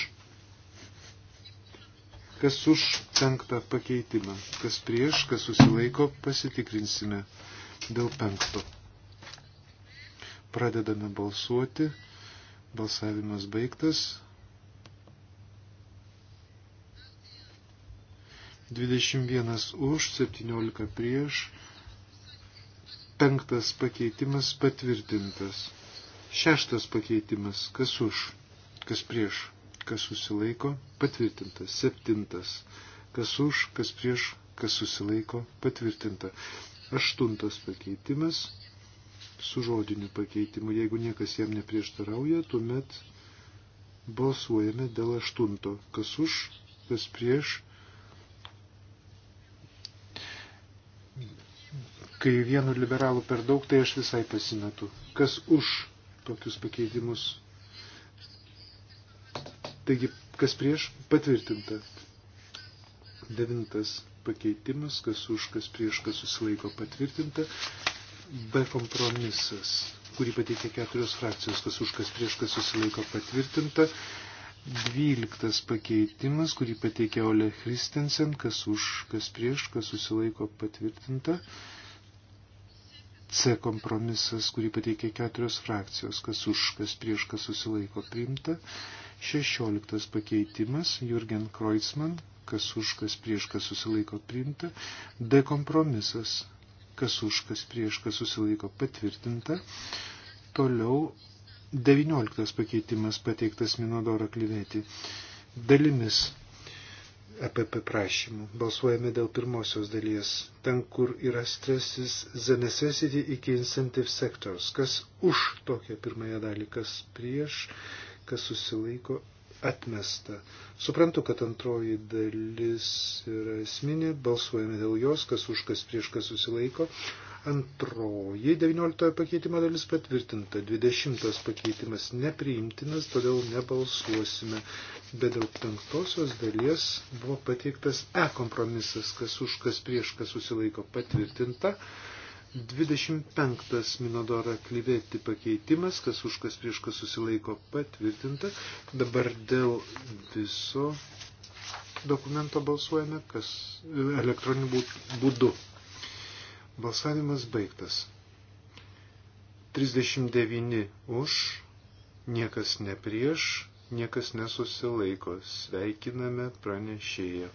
Kas už penktą pakeitimą? Kas prieš kas susilaiko pasitikrinsime dėl penkto. Pradedame balsuoti. Balsavimas baigtas. 21 už, 17 prieš, penktas pakeitimas patvirtintas, šeštas pakeitimas kas už, kas prieš, kas susilaiko, patvirtintas, septintas, kas už, kas prieš, kas susilaiko, patvirtinta, aštuntas pakeitimas su žodiniu pakeitimu, jeigu niekas jam neprieštarauja, tuomet balsuojame dėl aštunto, kas už, kas prieš, Kai vienu liberalu per daug, tai aš visai pasimetu. Kas už tokius pakeitimus? Taigi, kas prieš? Patvirtinta. Devintas pakeitimas, kas už, kas prieš, kas susilaiko patvirtinta. B kompromisas, kurį pateikė keturios frakcijos, kas už, kas prieš, kas susilaiko patvirtinta. Dvyliktas pakeitimas, kurį pateikė Ole Christensen, kas už, kas prieš, kas susilaiko patvirtinta. C kompromisas, kurį pateikė keturios frakcijos, kas už, kas prieš, kas susilaiko priimta. Šešioliktas pakeitimas, Jurgen Kreutzmann, kas už, kas prieš, kas susilaiko priimta. D kompromisas, kas už, kas prieš, kas susilaiko patvirtinta. Toliau 19 pakeitimas pateiktas Minodoro klyvėti. Dalimis EPP prašymų. Balsuojame dėl pirmosios dalies, ten, kur yra stresis the necessity iki incentive sectors. Kas už tokią pirmąją dalį, kas prieš, kas susilaiko atmesta. Suprantu, kad antroji dalis yra esminė, balsuojame dėl jos, kas už, kas prieš, kas susilaiko, Antroji 19 pakeitimo dalis patvirtinta, 20 pakeitimas nepriimtinas, todėl nebalsuosime. Bet dėl penktosios dalies buvo pateiktas E kompromisas, kas už, kas prieš, kas susilaiko patvirtinta. 25 Minodora klyvėti pakeitimas, kas už kas prieš kas susilaiko patvirtinta. Dabar dėl viso dokumento balsuojame, kas elektroniniu būdu. Balsavimas baigtas. 39 už, niekas ne prieš, niekas nesusilaiko. Sveikiname pranešėją.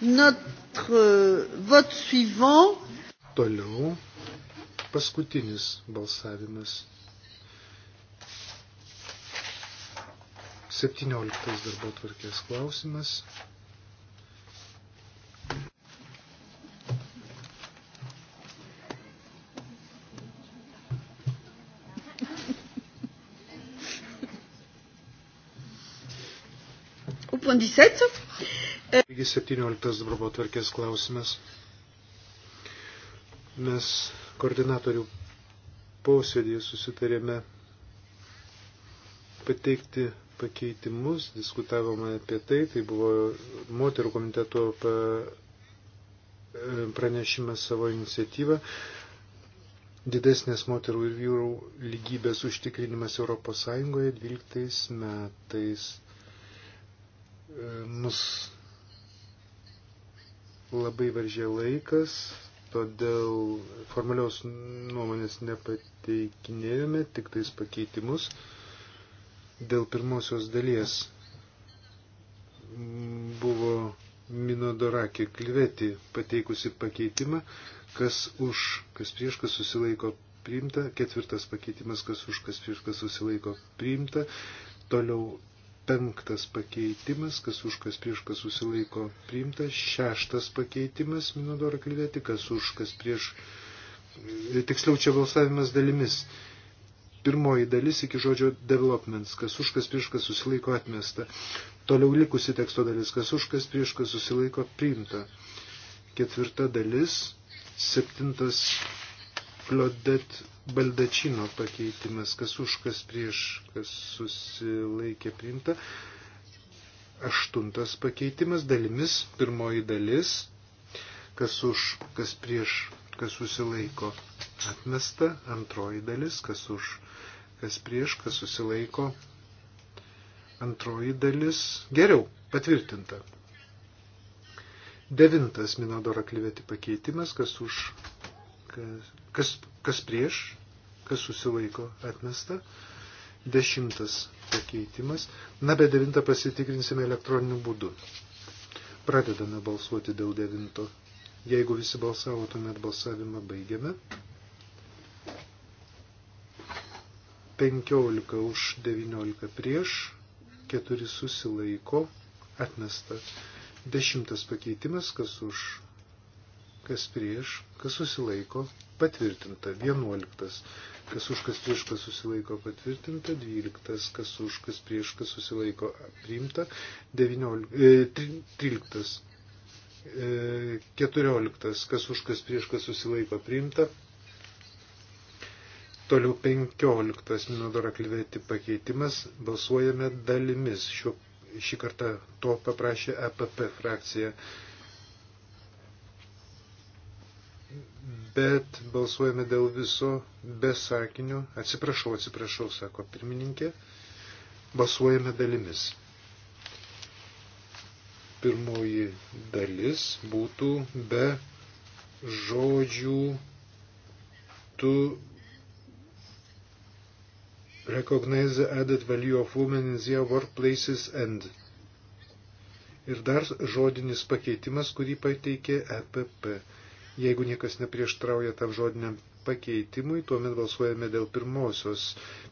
Notre vote suivant. Toliau paskutinis balsavimas. 17 darbo tvarkės klausimas. Upon 17. Taigi 17 darbo tvarkės klausimas. Mes koordinatorių posėdėje susitarėme pateikti pakeitimus, diskutavome apie tai, tai buvo moterų komiteto pranešimas savo iniciatyvą, didesnės moterų ir vyrų lygybės užtikrinimas Europos Sąjungoje 12 metais. E, mus labai varžė laikas, todėl formalios nuomonės nepateikinėjome, tik tais pakeitimus. Dėl pirmosios dalies buvo Minodorakė Kliveti pateikusi pakeitimą, kas už, kas prieš, kas susilaiko priimta, ketvirtas pakeitimas, kas už, kas prieš, kas susilaiko priimta, toliau Penktas pakeitimas, kas už, kas prieš, kas susilaiko priimtas. Šeštas pakeitimas, Minodora kalbėti, kas už, kas prieš. Tiksliau čia balsavimas dalimis. Pirmoji dalis iki žodžio developments, kas už, kas prieš, kas susilaiko atmesta. Toliau likusi teksto dalis, kas už, kas prieš, kas susilaiko priimta. Ketvirta dalis, septintas Klodet Baldačino pakeitimas, kas už, kas prieš, kas susilaikė priimta. Aštuntas pakeitimas dalimis, pirmoji dalis, kas už, kas prieš, kas susilaiko atmesta, antroji dalis, kas už, kas prieš, kas susilaiko antroji dalis, geriau, patvirtinta. Devintas Minodoro klyvėti pakeitimas, kas už, kas, Kas, kas prieš, kas susilaiko atmesta. Dešimtas pakeitimas. Na, bet devintą pasitikrinsime elektroniniu būdu. Pradedame balsuoti dėl devinto. Jeigu visi balsavo, tuomet balsavimą baigiame. 15 už 19 prieš, 4 susilaiko, atmesta. Dešimtas pakeitimas, kas už, kas prieš, kas susilaiko, patvirtinta. 11. Kas už kas prieš kas susilaiko patvirtinta. 12. Kas už kas prieš kas susilaiko priimta. 19, e, 13. E, 14. Kas už kas prieš kas susilaiko priimta. Toliau 15. Minodora Klivėti pakeitimas. Balsuojame dalimis. Šiuo, šį kartą to paprašė EPP frakcija. E, bet balsuojame dėl viso be sakinio. Atsiprašau, atsiprašau, sako pirmininkė. Balsuojame dalimis. Pirmoji dalis būtų be žodžių to recognize the added value of women in their workplaces and ir dar žodinis pakeitimas, kurį pateikė EPP Jeigu niekas neprieštrauja tam žodiniam pakeitimui, tuomet balsuojame dėl pirmosios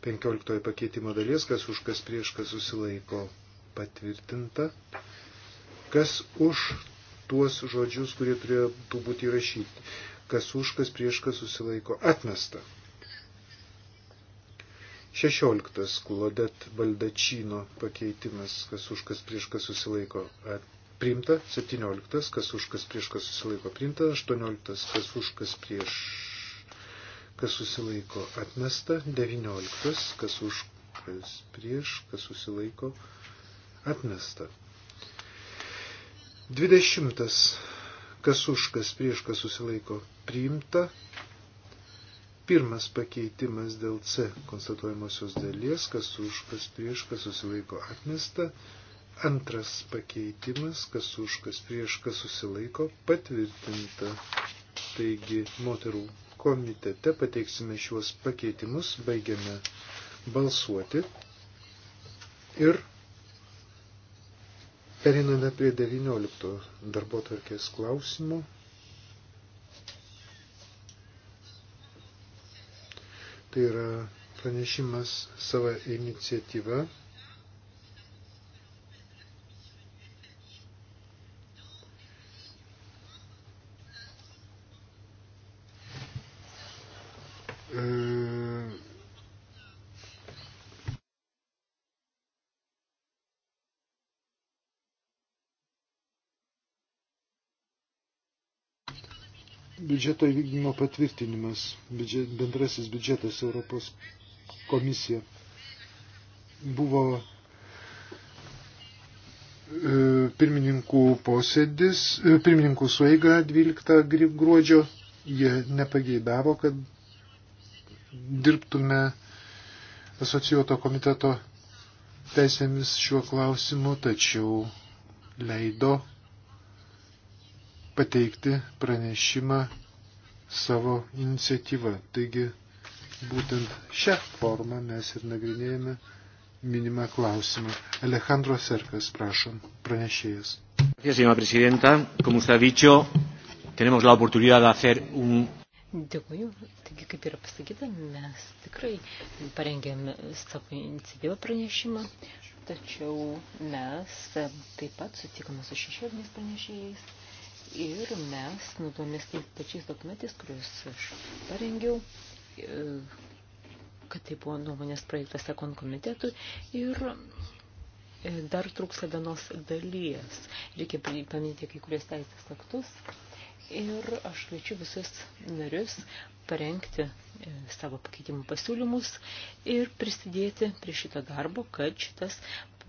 15 pakeitimo dalies, kas už kas prieš kas susilaiko patvirtinta. Kas už tuos žodžius, kurie turėtų būti įrašyti. Kas už kas prieš kas susilaiko atmesta. 16. Klodet Baldačino pakeitimas, kas už kas prieš kas susilaiko atmesta priimta, 17, kas už, kas prieš, kas susilaiko priimta, 18, kas už, kas prieš, kas susilaiko atmesta, 19, kas už, kas prieš, kas susilaiko atmesta. 20, kas už, kas prieš, kas susilaiko priimta, pirmas pakeitimas dėl C konstatuojamosios dalies, kas už, kas prieš, kas susilaiko atmesta, 21, Antras pakeitimas, kas už, kas prieš, kas susilaiko, patvirtinta. Taigi, moterų komitete pateiksime šiuos pakeitimus, baigiame balsuoti ir periname prie 19 darbo tvarkės klausimų. Tai yra pranešimas savo iniciatyva biudžeto įvykdymo patvirtinimas, biudžet, bendrasis biudžetas Europos komisija buvo e, pirmininkų posėdis, e, pirmininkų sueiga 12 gruodžio, jie nepageidavo, kad dirbtume asocijuoto komiteto teisėmis šiuo klausimu, tačiau leido pateikti pranešimą savo iniciatyvą. Taigi būtent šią formą mes ir nagrinėjame minimą klausimą. Alejandro Serkas, prašom, pranešėjas.
Señora presidenta, como usted ha dicho, tenemos la oportunidad de hacer un
Dėkuoju. Taigi, kaip yra pasakyta, mes tikrai parengėme savo iniciatyvą pranešimą, tačiau mes taip pat sutikome su šešėliniais pranešėjais ir mes naudojamės tais pačiais dokumentais, kuriuos aš parengiau, e, kad tai buvo nuomonės projektas ekon komitetų ir e, dar trūksta vienos dalies. Reikia paminėti kai kurias teisės aktus ir aš kviečiu visus narius parengti e, savo pakeitimų pasiūlymus ir prisidėti prie šito darbo, kad šitas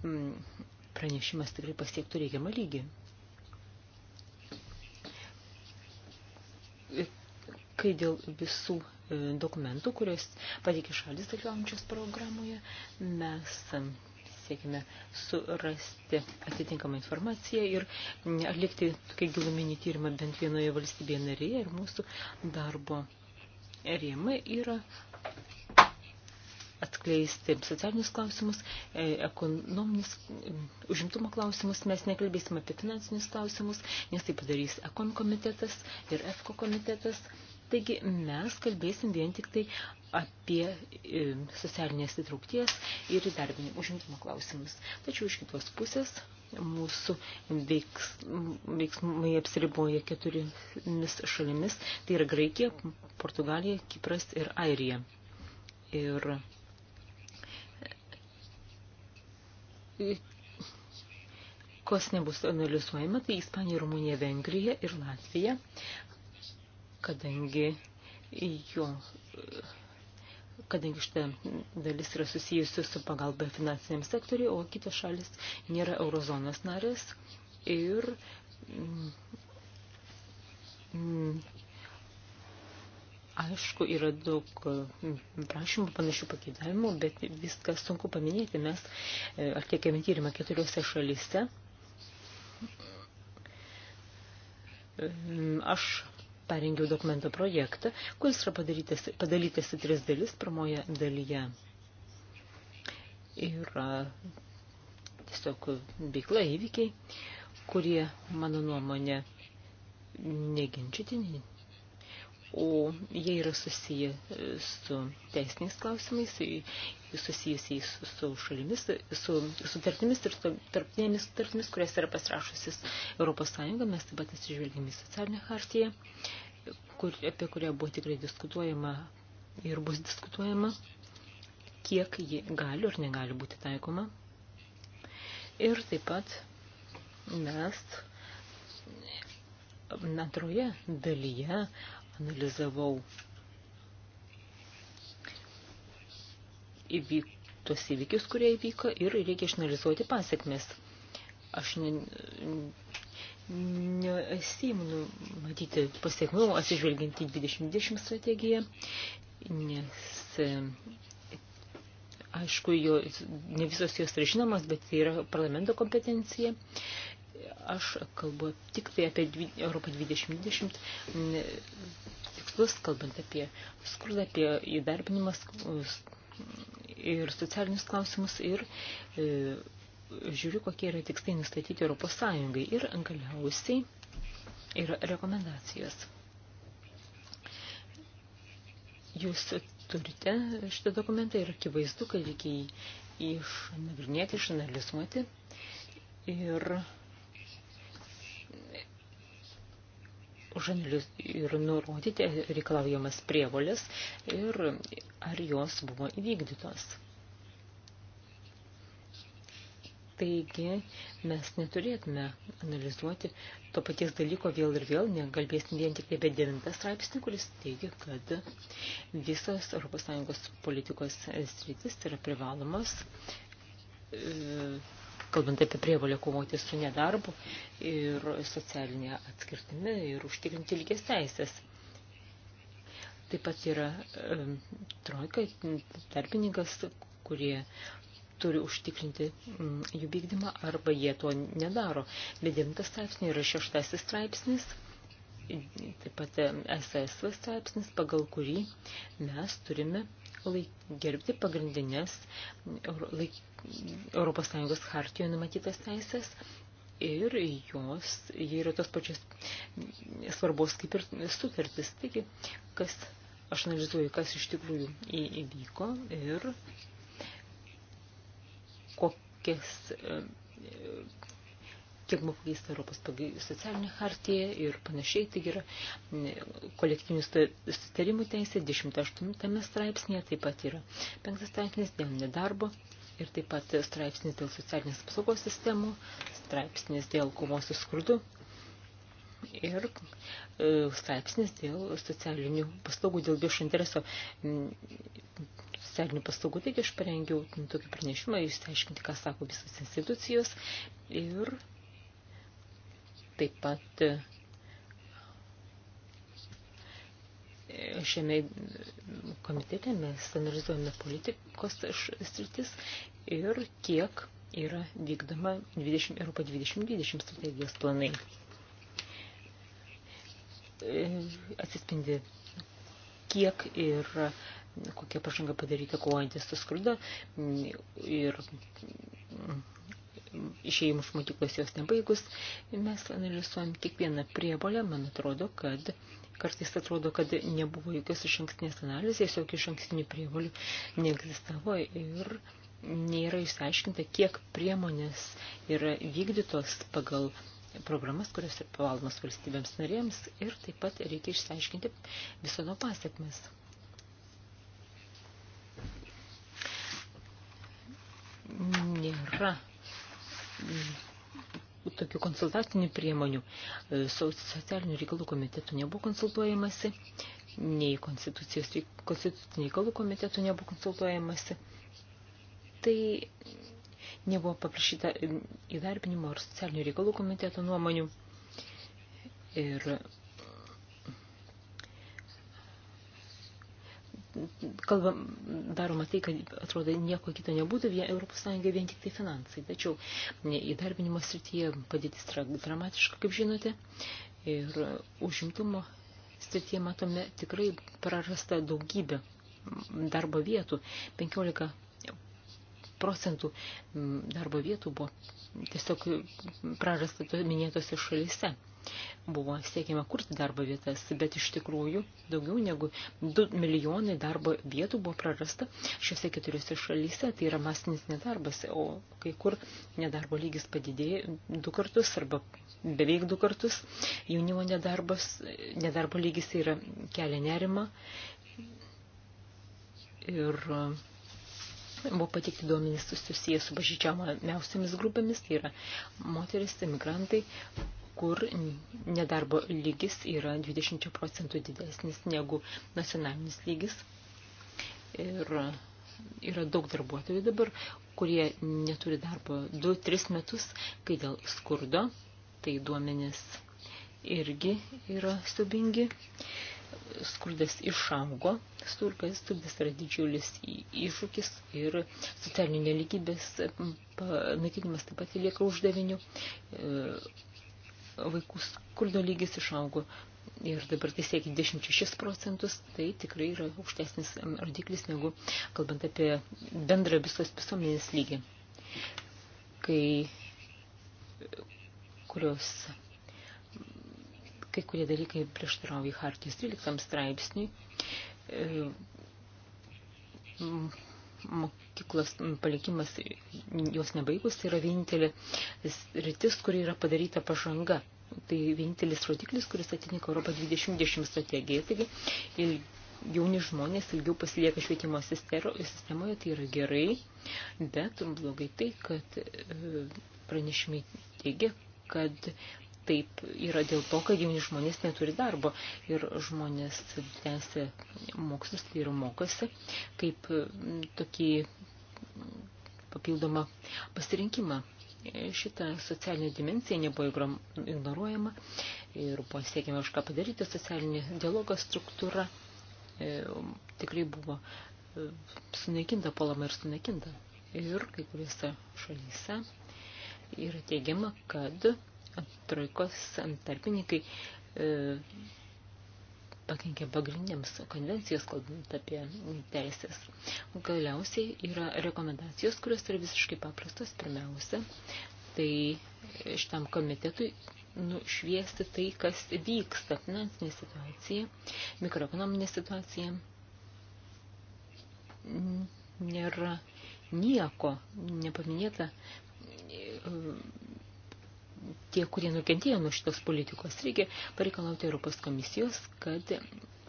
pranešimas tikrai pasiektų reikiamą lygį. kai dėl visų e, dokumentų, kurios pateikė šalis dalyvaujančios programoje, mes e, siekime surasti atitinkamą informaciją ir atlikti tokį giluminį tyrimą bent vienoje valstybėje narėje ir mūsų darbo rėmai yra atskleisti socialinius klausimus, e, ekonominius užimtumo klausimus. Mes nekalbėsim apie finansinius klausimus, nes tai padarys ekon komitetas ir EFKO komitetas. Taigi mes kalbėsim vien tik tai apie e, socialinės įtraukties ir įdarbinimo užimtumo klausimus. Tačiau iš kitos pusės mūsų veiks, veiksmai apsiriboja keturiomis šalimis, tai yra Graikija, Portugalija, Kipras ir Airija. Ir e, kas nebus analizuojama, tai Ispanija, Rumunija, Vengrija ir Latvija kadangi jo kadangi šita dalis yra susijusi su pagalba finansiniam sektoriui, o kitos šalis nėra eurozonos narės ir mm, aišku, yra daug mm, prašymų panašių pakeidavimų, bet viską sunku paminėti. Mes e, atliekėme tyrimą keturiose šalyse. E, aš parengiau dokumento projektą, kuris yra padarytas, padalytas į tris dalis. Pirmoje dalyje yra tiesiog veikla įvykiai, kurie, mano nuomonė, neginčytini, o jie yra susiję e, su teisiniais klausimais, susijusiais su šalimis, su sutartimis ir tarptinėmis sutartimis, kurias yra pasirašusis Europos Sąjunga. Mes taip pat atsižvelgėme į socialinę hartiją, kur, apie kurią buvo tikrai diskutuojama ir bus diskutuojama, kiek ji gali ir negali būti taikoma. Ir taip pat mes antroje dalyje analizavau įvyk, tuos įvykius, kurie įvyko ir reikia išanalizuoti pasiekmes. Aš ne, nesimnu matyti pasiekmių atsižvelgiant į 2020 strategiją, nes aišku, jo, ne visos jos yra žinomas, bet tai yra parlamento kompetencija. Aš kalbu tik tai apie Europą 2020 tikslus, kalbant apie skurdą, apie įdarbinimą ir socialinius klausimus ir e, žiūriu, kokie yra tikslai nustatyti Europos Sąjungai ir galiausiai yra rekomendacijos. Jūs turite šitą dokumentą ir akivaizdu, kad reikia jį išnagrinėti, išanalizuoti ir žanlius ir nurodyti reikalaujamas prievolės ir ar jos buvo įvykdytos. Taigi mes neturėtume analizuoti to paties dalyko vėl ir vėl, negalbėsim vien tik apie devintą straipsnį, kuris teigia, kad visos ES politikos sritis yra privalomos. E, kalbant apie prievalę kovoti su nedarbu ir socialinė atskirtimi ir užtikrinti lygės teisės. Taip pat yra e, trojka, tarpininkas, kurie turi užtikrinti jų vykdymą arba jie to nedaro. Bet devintas straipsnis yra šeštasis straipsnis, taip pat SS straipsnis, pagal kurį mes turime laik, gerbti pagrindinės laik, Europos Sąjungos hartijoje numatytas teisės ir jos, jie yra tos pačios svarbos kaip ir sutartis. Taigi, kas, aš analizuoju, kas iš tikrųjų įvyko ir kokias kiek buvo pakeista Europos socialinė hartija ir panašiai. Tai yra kolektyvinių sutarimų teisė 28 straipsnėje, taip pat yra 5 straipsnis dėl nedarbo ir taip pat straipsnis dėl socialinės apsaugos sistemų, straipsnis dėl kovos su skurdu ir e, straipsnis dėl socialinių paslaugų, dėl viešo intereso socialinių paslaugų. Taigi aš parengiau tokį pranešimą, jūs aiškinti, ką sako visos institucijos ir Taip pat e, šiame komitete mes analizuojame politikos sritis ir kiek yra vykdoma 20, Europa 2020 strategijos planai. E, atsispindi, kiek ir kokia pažanga padaryta kovojantis su skurda ir išėjimų iš mokyklos jos nebaigus, mes analizuojam kiekvieną prievolę, man atrodo, kad kartais atrodo, kad nebuvo jokios iš ankstinės analizės, jokių iš ankstinių prievolių neegzistavo ir nėra išsiaiškinta, kiek priemonės yra vykdytos pagal programas, kurios yra pavalomas valstybėms narėms ir taip pat reikia išsiaiškinti viso nuo pasiekmes. Nėra Mm. tokių konsultacinių priemonių. E, socialinių reikalų komitetų nebuvo konsultuojamasi, nei konstitucijos konstitucinių reikalų komitetų nebuvo konsultuojamasi. Tai nebuvo paprašyta įdarbinimo ar socialinių reikalų komiteto nuomonių. Ir kalbam, daroma tai, kad atrodo nieko kito nebūtų, vien Europos Sąjunga vien tik tai finansai. Tačiau įdarbinimo srityje padėtis yra dramatiška, kaip žinote, ir užimtumo srityje matome tikrai prarasta daugybė darbo vietų. 15 procentų darbo vietų buvo tiesiog prarasta minėtose šalise. Buvo siekiama kurti darbo vietas, bet iš tikrųjų daugiau negu 2 milijonai darbo vietų buvo prarasta šiuose keturiuose šalyse, tai yra masinis nedarbas, o kai kur nedarbo lygis padidėjo du kartus arba beveik du kartus, jaunimo nedarbas, nedarbo lygis yra kelia nerima ir e, buvo patikti duomenys susijęs su pažydžiamiausiamis grupėmis, tai yra moteris, emigrantai, kur nedarbo lygis yra 20 procentų didesnis negu nacionalinis lygis. Ir yra daug darbuotojų dabar, kurie neturi darbo 2-3 metus, kai dėl skurdo, tai duomenės irgi yra stubingi. Skurdas išaugo, skurdas, skurdas yra didžiulis iššūkis ir socialinių neligybės panaikinimas taip pat lieka uždaviniu. E, vaikų skurdo lygis išaugo ir dabar tai siekia 26 procentus, tai tikrai yra aukštesnis rodiklis negu kalbant apie bendrą visos visuomenės lygį, kai kurios kai kurie dalykai prieštarauja Hartijos 13 straipsniui. E, mokyklos palikimas jos nebaigus tai yra vienintelė rytis, kuri yra padaryta pažanga. Tai vienintelis rodiklis, kuris atitinka Europą 2020 strategiją. Taigi, jauni žmonės ilgiau pasilieka švietimo sistemoje, tai yra gerai, bet blogai tai, kad e, pranešimai teigia, kad taip yra dėl to, kad jauni žmonės neturi darbo ir žmonės tęsia mokslus, tai yra mokosi, kaip tokį papildomą pasirinkimą. Šitą socialinę dimenciją nebuvo ignoruojama ir buvo siekiama kažką padaryti. Socialinė dialogo struktūra e, tikrai buvo e, sunaikinta, polama ir sunaikinta. Ir kai kuriuose šalyse yra teigiama, kad trojkos tarpininkai e, pakenkia pagrindiniams konvencijos, kalbant apie teisės. Galiausiai yra rekomendacijos, kurios yra visiškai paprastos. Pirmiausia, tai šitam komitetui nušviesti tai, kas vyksta finansinė situacija, mikroekonominė situacija. Nėra nieko nepaminėta tie, kurie nukentėjo nuo šitos politikos. Reikia pareikalauti Europos komisijos, kad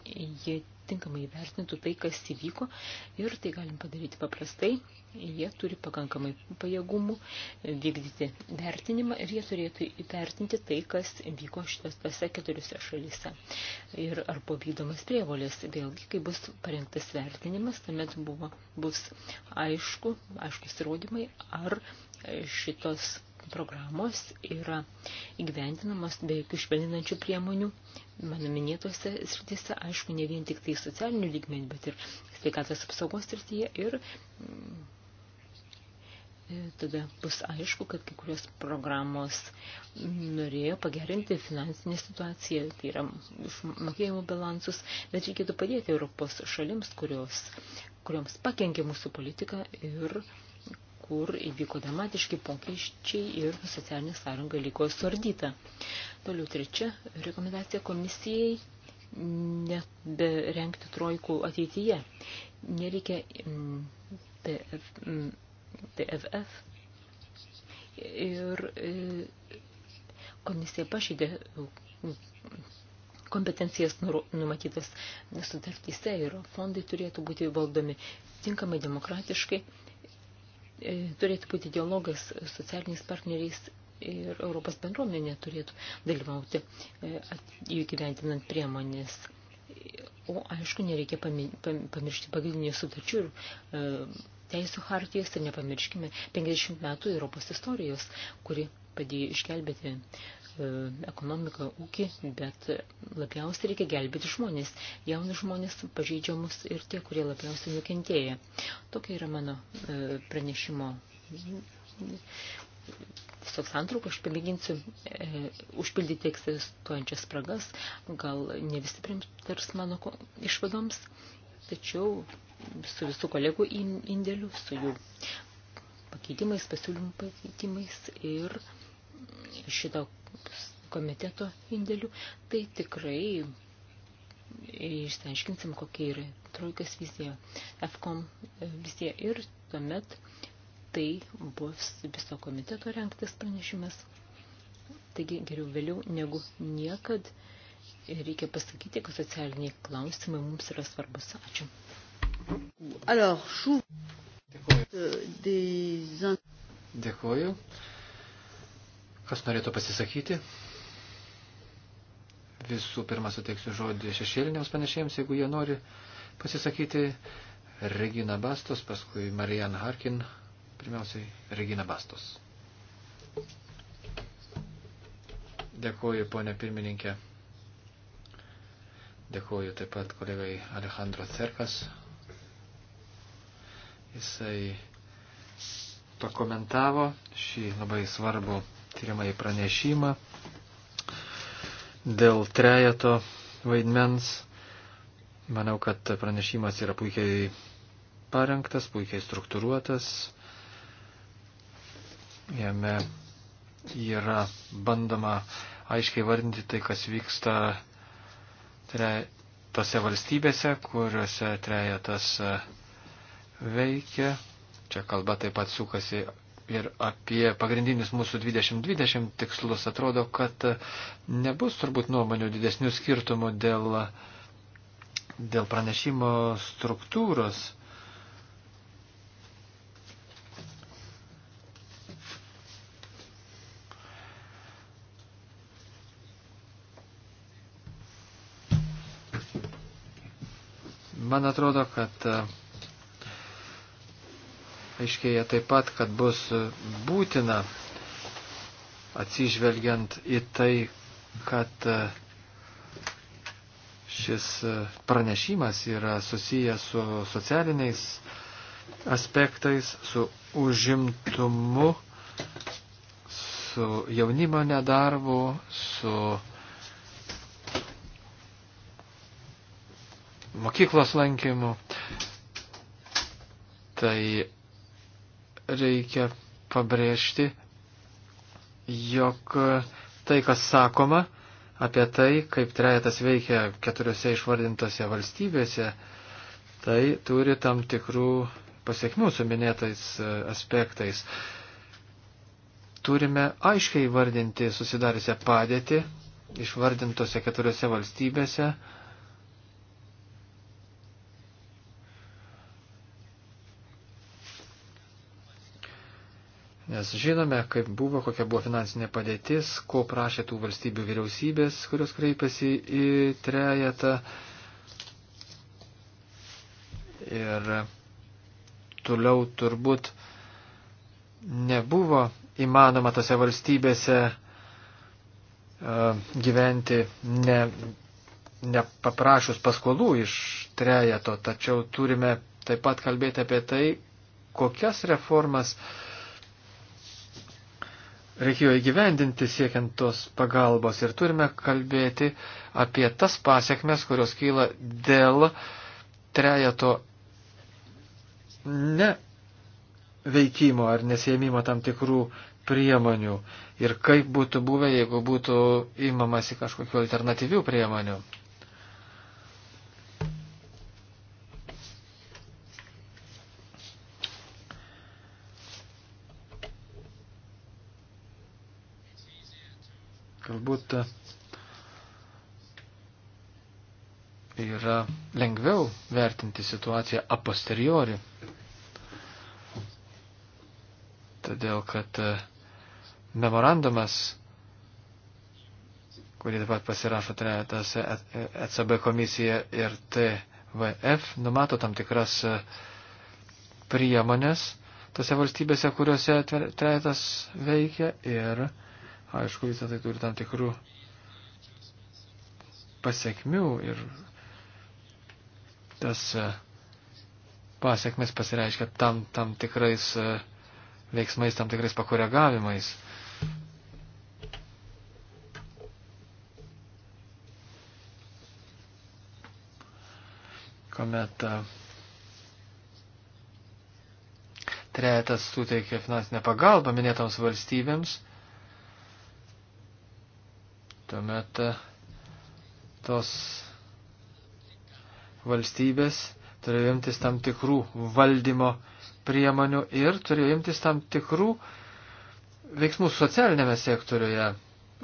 jie tinkamai vertintų tai, kas įvyko ir tai galim padaryti paprastai. Jie turi pakankamai pajėgumų vykdyti vertinimą ir jie turėtų įvertinti tai, kas vyko šitose keturiose šalyse. Ir ar buvo vykdomas prievolės, vėlgi, kai bus parengtas vertinimas, tuomet buvo, bus aišku, aiškus įrodymai, ar šitos programos yra įgyventinamas be jokių švelninančių priemonių, mano minėtose srityse, aišku, ne vien tik tai socialinių lygmenį, bet ir sveikatos apsaugos srityje ir e, tada bus aišku, kad kai kurios programos norėjo pagerinti finansinę situaciją, tai yra mokėjimų balansus, bet reikėtų padėti Europos šalims, kurios, kurioms pakenkė mūsų politika ir uh, kur įvyko dramatiški pokyčiai ir socialinė sąranga liko suardyta. Toliau trečia rekomendacija komisijai neberengti trojkų ateityje. Nereikia PF, mm, PFF mm, ir e, komisija pažydė mm, kompetencijas numatytas sutartyse ir fondai turėtų būti valdomi tinkamai demokratiškai turėtų būti dialogas socialiniais partneriais ir Europos bendruomenė turėtų dalyvauti e, jų gyventinant priemonės. O aišku, nereikia pamiršti pagrindinių sutarčių ir e, teisų hartijos ir nepamirškime 50 metų Europos istorijos, kuri padėjo išgelbėti e, ekonomiką, ūkį, bet labiausiai reikia gelbėti žmonės, jaunus žmonės pažeidžiamus ir tie, kurie labiausiai nukentėja. Tokia yra mano e, pranešimo tiesiog santrauką, aš pamėginsiu e, užpildyti egzistuojančias spragas, gal ne visi primtars mano išvadoms, tačiau su visų kolegų indėliu, su jų pakeitimais, pasiūlymų pakeitimais ir e, šito komiteto indėlių, tai tikrai išsiaiškinsim, kokia yra trojkas vizija, FCOM vizija ir tuomet tai bus viso komiteto renktas pranešimas. Taigi geriau vėliau negu niekad reikia pasakyti, kad socialiniai klausimai mums yra svarbus. Ačiū. Alors, šū...
Dėkuoju.
Dėkuoju. Kas norėtų pasisakyti? Visų pirma, suteiksiu žodį šešėliniams panešėjams, jeigu jie nori pasisakyti. Regina Bastos, paskui Marian Harkin, pirmiausiai Regina Bastos. Dėkuoju, ponė pirmininkė. Dėkuoju taip pat kolegai Alejandro Cerkas. Jisai pakomentavo šį labai svarbų tyrimą į pranešimą dėl trejato vaidmens. Manau, kad pranešimas yra puikiai parengtas, puikiai struktūruotas. Jame yra bandoma aiškiai vardinti tai, kas vyksta tre, tose valstybėse, kuriuose trejatas veikia. Čia kalba taip pat sukasi ir apie pagrindinius mūsų 2020 tikslus, atrodo, kad nebus turbūt nuomonių didesnių skirtumų dėl, dėl pranešimo struktūros. Man atrodo, kad aiškėja taip pat, kad bus būtina atsižvelgiant į tai, kad e, šis e, pranešimas yra susijęs su socialiniais aspektais, su užimtumu, su jaunimo nedarbu, su mokyklos lankymu. Tai reikia pabrėžti, jog tai, kas sakoma apie tai, kaip trejetas veikia keturiose išvardintose valstybėse, tai turi tam tikrų pasiekmių su minėtais e, aspektais. Turime aiškiai vardinti susidariusią padėtį išvardintose keturiose valstybėse Nes žinome, kaip buvo, kokia buvo finansinė padėtis, ko prašė tų valstybių vyriausybės, kurios kreipėsi į trejetą. Ir toliau turbūt nebuvo įmanoma tose valstybėse e, gyventi ne, nepaprašus paskolų iš trejeto, tačiau turime taip pat kalbėti apie tai, kokias reformas uh, reikėjo įgyvendinti siekiant tos pagalbos ir turime kalbėti apie tas pasiekmes, kurios kyla dėl trejato neveikimo ar nesėmimo tam tikrų priemonių ir kaip būtų buvę, jeigu būtų įmamasi kažkokiu alternatyvių priemonių. turbūt yra lengviau vertinti situaciją a posteriori. Todėl, kad e, memorandumas, kurį taip pat pasirašo trejatas ECB e, e komisija ir TVF, numato tam tikras priemonės tose valstybėse, kuriuose trejatas veikia ir Aišku, visą tai turi tam tikrų pasiekmių ir tas e, pasiekmes pasireiškia tam, tam tikrais e, veiksmais, tam tikrais pakoregavimais. Komet e, trejetas suteikia finansinę pagalbą minėtoms valstybėms Tuomet e, tos valstybės turėjo imtis tam tikrų valdymo priemonių ir turėjo imtis tam tikrų veiksmų socialinėme sektoriuje.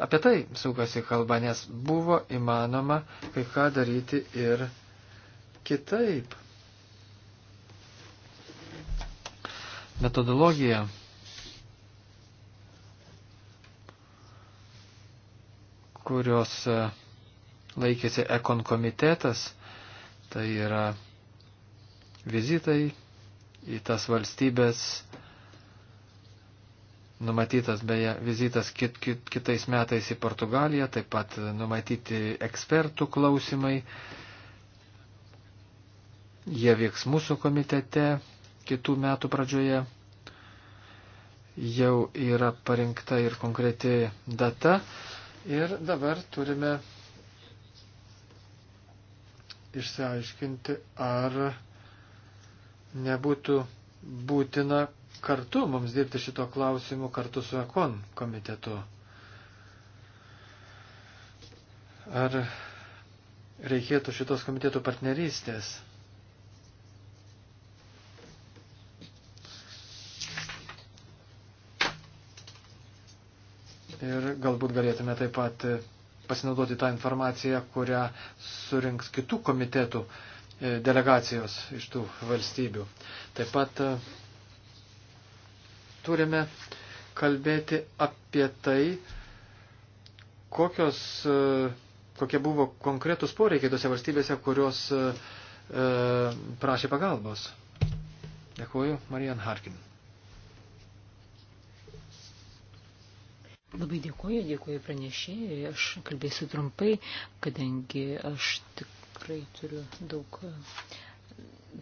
Apie tai sukasi kalba, nes buvo įmanoma kai ką daryti ir kitaip. Metodologija kurios e, laikėsi ekon komitetas, tai yra vizitai į tas valstybės, numatytas beje vizitas kit, kit, kitais metais į Portugaliją, taip pat numatyti ekspertų klausimai. Jie vyks mūsų komitete kitų metų pradžioje. Jau yra parinkta ir konkreti data. Ir dabar turime išsiaiškinti, ar nebūtų būtina kartu mums dirbti šito klausimu kartu su Ekon komitetu. Ar reikėtų šitos komitetų partnerystės? ir galbūt galėtume taip pat e, pasinaudoti tą informaciją, kurią surinks kitų komitetų e, delegacijos iš tų valstybių. Taip pat e, turime kalbėti apie tai, kokios, kokie buvo konkretus poreikiai tose valstybėse, kurios prašė pagalbos. Dėkuoju, Marian Harkin.
Labai dėkuoju, dėkuoju pranešėjai. Aš kalbėsiu trumpai, kadangi aš tikrai turiu daug e,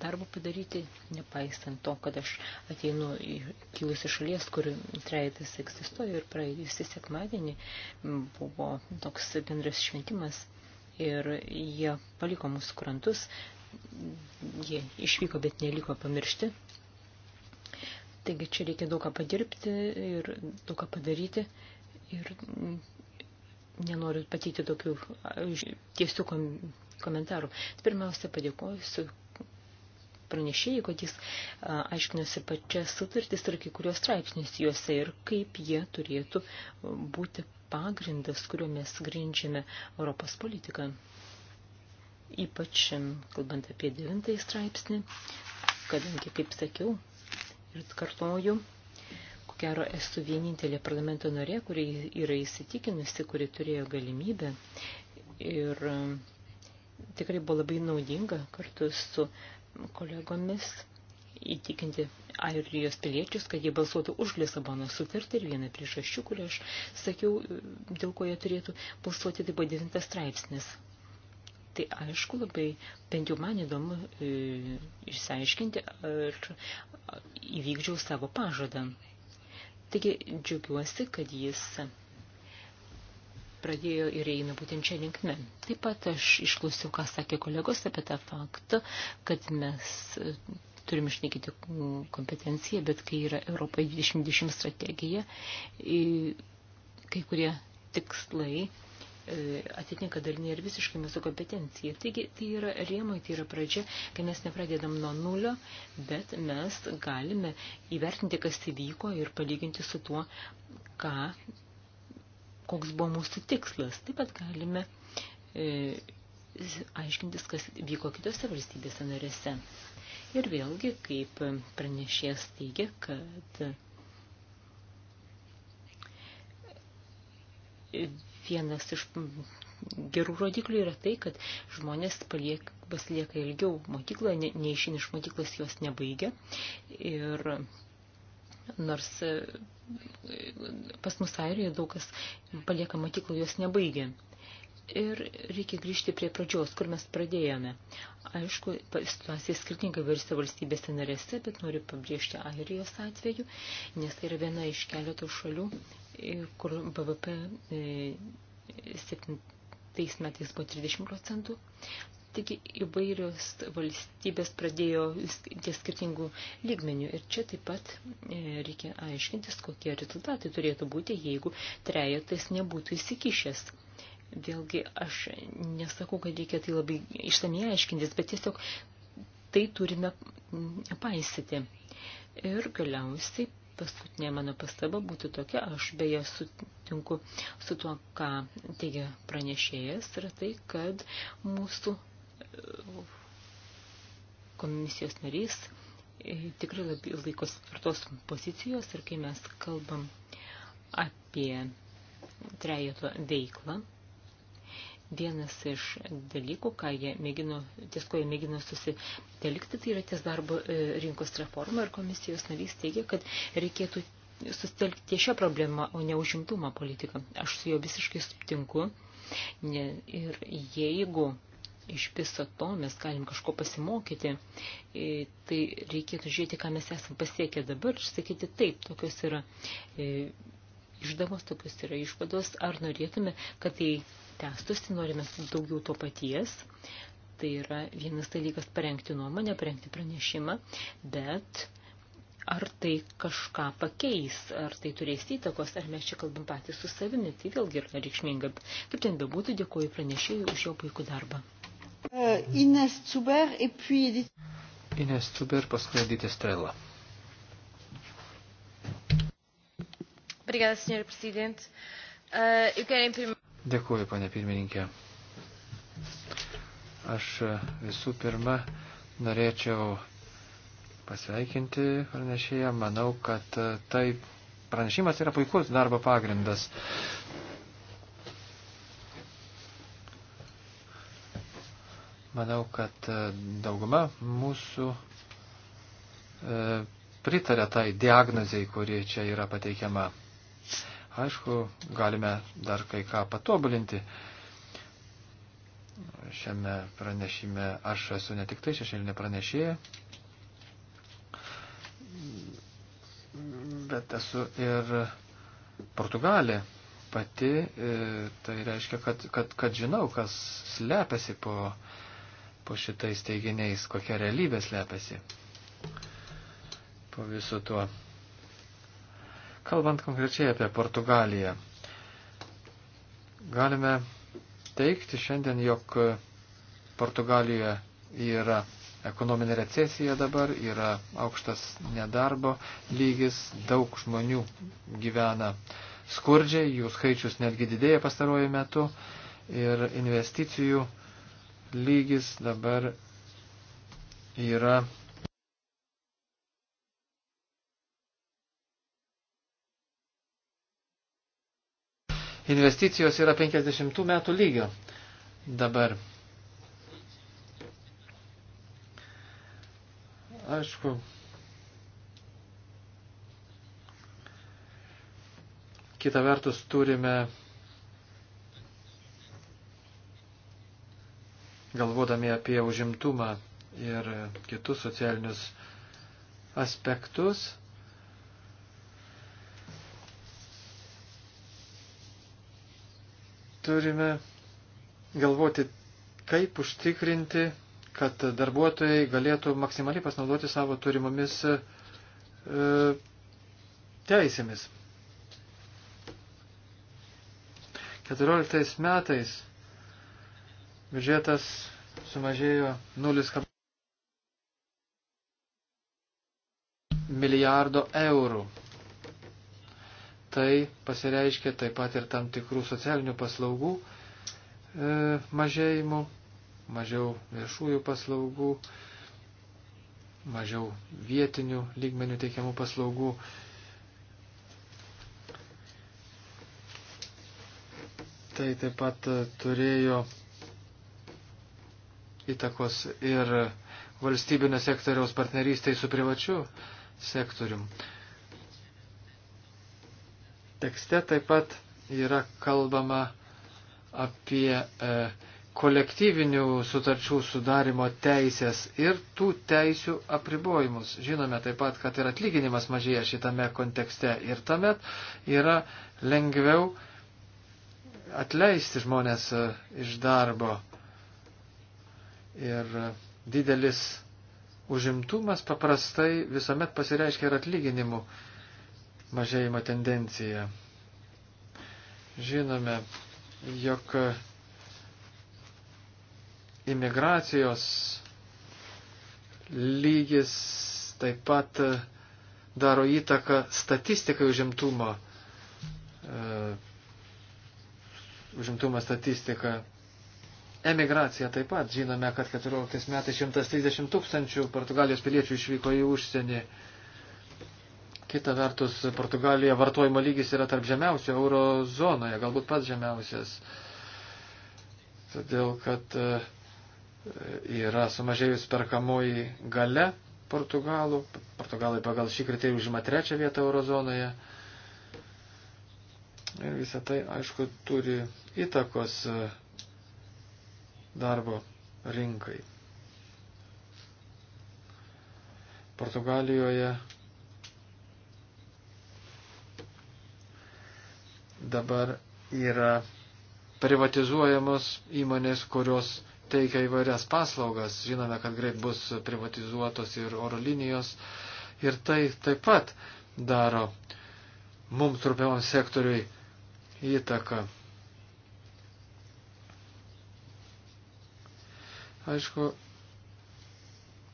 darbo padaryti, nepaisant to, kad aš ateinu kilus iš šalies, kur trejetas egzistuoja ir praėjusį sekmadienį buvo toks bendras šventimas ir jie paliko mūsų krantus, jie išvyko, bet neliko pamiršti. Taigi čia reikia daug ką padirbti ir daug ką padaryti. Ir nenoriu pateikti tokių tiesių komentarų. Pirmiausia, padėkoju pranešėjai, kad jis aiškinosi pačias sutartis ir kai kurios straipsnius juose ir kaip jie turėtų būti pagrindas, kuriuo mes grindžiame Europos politiką. Ypač, kalbant apie devintąjį straipsnį, kadangi, kaip sakiau, ir kartuoju, gero esu vienintelė parlamento norė, kuri yra įsitikinusi, kuri turėjo galimybę ir e, tikrai buvo labai naudinga kartu su kolegomis įtikinti airijos piliečius, kad jie balsuotų už Lisabono sutartį ir vieną priežasčių, kurią aš sakiau, e, dėl ko jie turėtų balsuoti, tai buvo devintas straipsnis. Tai aišku, labai, bent jau man įdomu e, išsiaiškinti, ar įvykdžiau savo pažadą. Taigi džiugiuosi, kad jis pradėjo ir eina būtent čia linkme. Taip pat aš išklausiau, ką sakė kolegos apie tą faktą, kad mes turim išnaikyti kompetenciją, bet kai yra Europoje 2020 strategija, kai kurie tikslai E, atitinka dalinai ir visiškai mūsų kompetencija. Taigi tai yra rėmai, tai yra pradžia, kai mes nepradedam nuo nulio, bet mes galime įvertinti, kas įvyko tai ir palyginti su tuo, ką, koks buvo mūsų tikslas. Taip pat galime e, aiškintis, kas vyko kitose valstybėse narėse. Ir vėlgi, kaip pranešės teigia, kad vienas iš gerų rodiklių yra tai, kad žmonės paliek, pasilieka ilgiau mokykloje, ne, neišin iš mokyklos jos nebaigia. Ir nors e, e, pas mus Airijoje daug kas palieka mokyklą, jos nebaigia. Ir reikia grįžti prie pradžios, kur mes pradėjome. Aišku, situacija skirtinga virsta valstybėse narėse, bet noriu pabrėžti Airijos atveju, nes tai yra viena iš keletų šalių, kur BVP 7 metais buvo 30 procentų. Taigi įvairios valstybės pradėjo ties skirtingų lygmenių ir čia taip pat reikia aiškintis, kokie rezultatai turėtų būti, jeigu trejetas nebūtų įsikišęs Vėlgi, aš nesakau, kad reikia tai labai išsamiai aiškintis, bet tiesiog tai turime paisyti. Ir galiausiai paskutinė mano pastaba būtų tokia, aš beje sutinku su tuo, ką teigia pranešėjas, yra tai, kad mūsų e, komisijos narys e, tikrai labai laikosi tvirtos pozicijos ir kai mes kalbam apie trejato veiklą, vienas iš dalykų, ką jie mėgino, ties ko jie mėgino susitelkti, tai yra ties darbo e, rinkos reforma ir komisijos narys teigia, kad reikėtų susitelkti ties šią problemą, o ne užimtumą politiką. Aš su juo visiškai sutinku. Ne, ir jeigu iš viso to mes galim kažko pasimokyti, e, tai reikėtų žiūrėti, ką mes esam pasiekę dabar ir sakyti taip, tokios yra e, išdavos, tokios yra išvados, ar norėtume, kad tai testusi, tai norime daugiau to paties. Tai yra vienas dalykas parengti nuomonę, parengti pranešimą, bet ar tai kažką pakeis, ar tai turės įtakos, ar mes čia kalbam patys su savimi, tai vėlgi yra reikšminga. Kaip ten bebūtų, dėkuoju pranešėjui už jo puikų darbą. Uh, Ines Cuber, puis Edith.
Ines Cuber, paskui Edith Estrela.
Obrigada, Sr. Presidente. Uh, eu quero em primeiro
Dėkuoju, ponė pirmininkė. Aš e, visų pirma norėčiau pasveikinti pranešėją. Manau, kad e, tai pranešimas yra puikus darbo pagrindas. Manau, kad e, dauguma mūsų pritarė tai diagnozijai, kuri čia yra pateikiama. Aišku, galime dar kai ką patobulinti. Šiame pranešime aš esu ne tik tai šešėlinė pranešėja, bet esu ir Portugalė pati. E, tai reiškia, kad, kad, kad žinau, kas slepiasi po, po šitais teiginiais, kokia realybė slepiasi po viso tuo. Kalbant konkrečiai apie Portugaliją, galime teikti šiandien, jog Portugalijoje yra ekonominė recesija dabar, yra aukštas nedarbo lygis, daug žmonių gyvena skurdžiai, jų skaičius netgi didėja pastaruoju metu ir investicijų lygis dabar yra investicijos yra 50 metų lygio dabar. Aišku, kita vertus turime galvodami apie užimtumą ir kitus socialinius aspektus, turime galvoti, kaip užtikrinti, kad darbuotojai galėtų maksimaliai pasinaudoti savo turimomis e, teisėmis. 14 metais biudžetas sumažėjo 0, milijardo eurų tai pasireiškia taip pat ir tam tikrų socialinių paslaugų e, mažėjimu, mažiau viešųjų paslaugų, mažiau vietinių lygmenių teikiamų paslaugų. Tai taip pat e, turėjo įtakos ir valstybinio sektoriaus partnerystai su privačiu sektoriumi. Tekste taip pat yra kalbama apie e, kolektyvinių sutarčių sudarimo teisės ir tų teisių apribojimus. Žinome taip pat, kad ir atlyginimas mažėja šitame kontekste ir tamet yra lengviau atleisti žmonės e, iš darbo. Ir e, didelis užimtumas paprastai visuomet pasireiškia ir atlyginimu mažėjimo tendencija. Žinome, jog imigracijos lygis taip pat daro įtaką statistikai užimtumo. E, užimtumo statistika. Emigracija taip pat. Žinome, kad 14 metais 130 tūkstančių Portugalijos piliečių išvyko į užsienį. Kita vertus, Portugalija vartojimo lygis yra tarp žemiausių eurozonoje, galbūt pats žemiausias. Todėl, kad e, yra sumažėjus perkamoji gale Portugalų. Portugalai pagal šį kriterijų užima trečią vietą eurozonoje. Ir visą tai, aišku, turi įtakos e, darbo rinkai. Portugalijoje dabar yra privatizuojamos įmonės, kurios teikia įvairias paslaugas. Žinome, kad greit bus privatizuotos ir oro linijos. Ir tai taip pat daro mums trupiamam sektoriui įtaką. Aišku,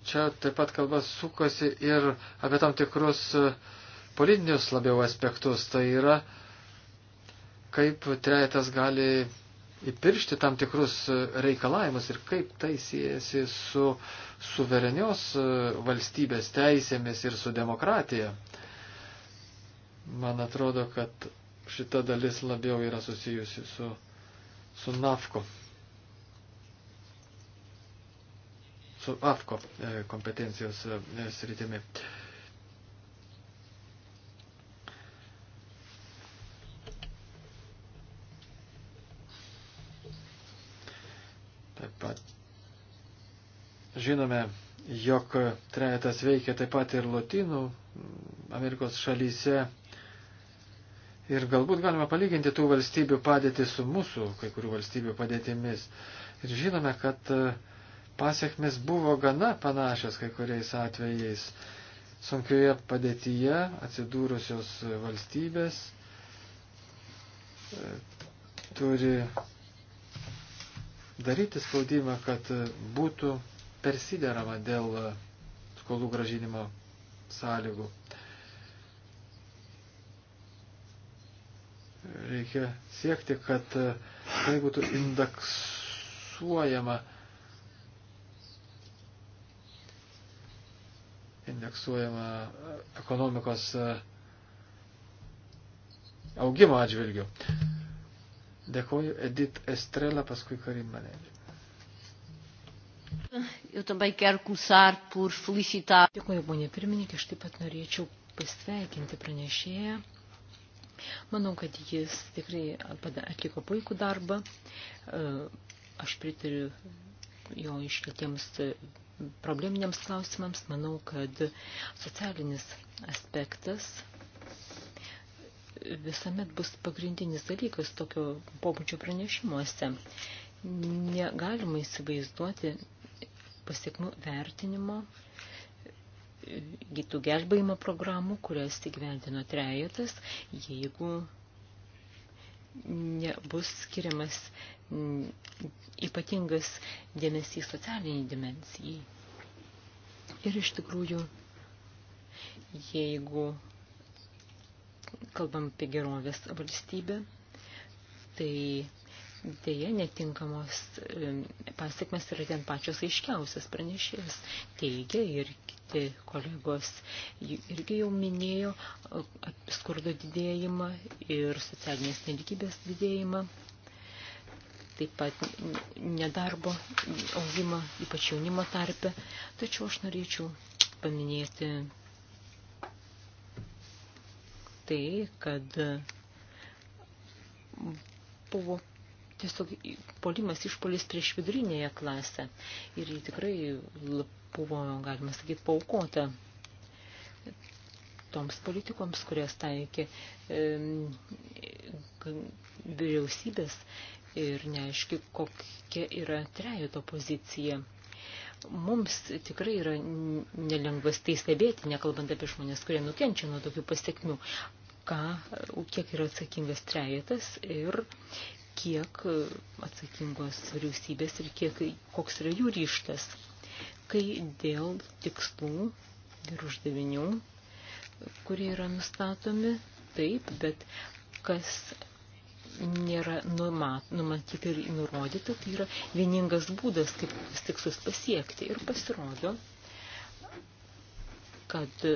čia taip pat kalba sukasi ir apie tam tikrus politinius labiau aspektus. Tai yra uh, kaip trejetas gali įpiršti tam tikrus reikalavimus ir kaip tai siejasi su suverenios e, valstybės teisėmis ir su demokratija. Man atrodo, kad šita dalis labiau yra susijusi su, su NAFKO, su AFKO e, kompetencijos e, sritimi. E, Žinome, jog trejetas veikia taip pat ir Latinų Amerikos šalyse. Ir galbūt galima palyginti tų valstybių padėtį su mūsų kai kurių valstybių padėtimis. Ir žinome, kad e, pasiekmes buvo gana panašios kai kuriais atvejais. Sunkioje padėtyje atsidūrusios valstybės e, turi daryti spaudimą, kad būtų persiderama dėl skolų gražinimo sąlygų. Reikia siekti, kad tai būtų indeksuojama, indeksuojama ekonomikos augimo atžvilgiu. Dėkoju Edith Estrela, paskui Karim Manedžiu.
Eu também quero começar por felicitar. Dėkuoju, ponė pirmininkė, aš taip pat norėčiau pasveikinti pranešėją. Manau, kad jis tikrai atliko puikų darbą. E, aš pritariu jo iškeltiems probleminiams klausimams. Manau, kad socialinis aspektas visuomet bus pagrindinis dalykas tokio pobūdžio pranešimuose. Negalima įsivaizduoti, pasiekmių vertinimo gytų gelbėjimo programų, kurias įgyvendino trejetas, jeigu nebus skiriamas ypatingas dėmesys socialiniai dimensijai. Ir iš tikrųjų, jeigu kalbam apie gerovės valstybę, tai Deja, netinkamos pasiekmes yra ten pačios aiškiausias pranešėjas, teigia ir kiti kolegos irgi jau minėjo skurdo didėjimą ir socialinės nelikybės didėjimą, taip pat nedarbo augimą, ypač jaunimo tarpe. Tačiau aš norėčiau paminėti tai, kad buvo tiesiog polimas išpolis prieš vidurinėje klasę. Ir jį tikrai buvo, galima sakyti, paukota toms politikoms, kurias taikė e, vyriausybės ir neaiški, kokia yra trejato pozicija. Mums tikrai yra nelengvas tai stebėti, nekalbant apie žmonės, kurie nukenčia nuo tokių pasiekmių ką, kiek yra atsakingas trejetas ir kiek e, atsakingos vyriausybės ir kiek, koks yra jų ryštas, kai dėl tikslų ir uždavinių, kurie yra nustatomi, taip, bet kas nėra numatyti ir nurodyta, tai yra vieningas būdas, kaip tikslus pasiekti. Ir pasirodo, kad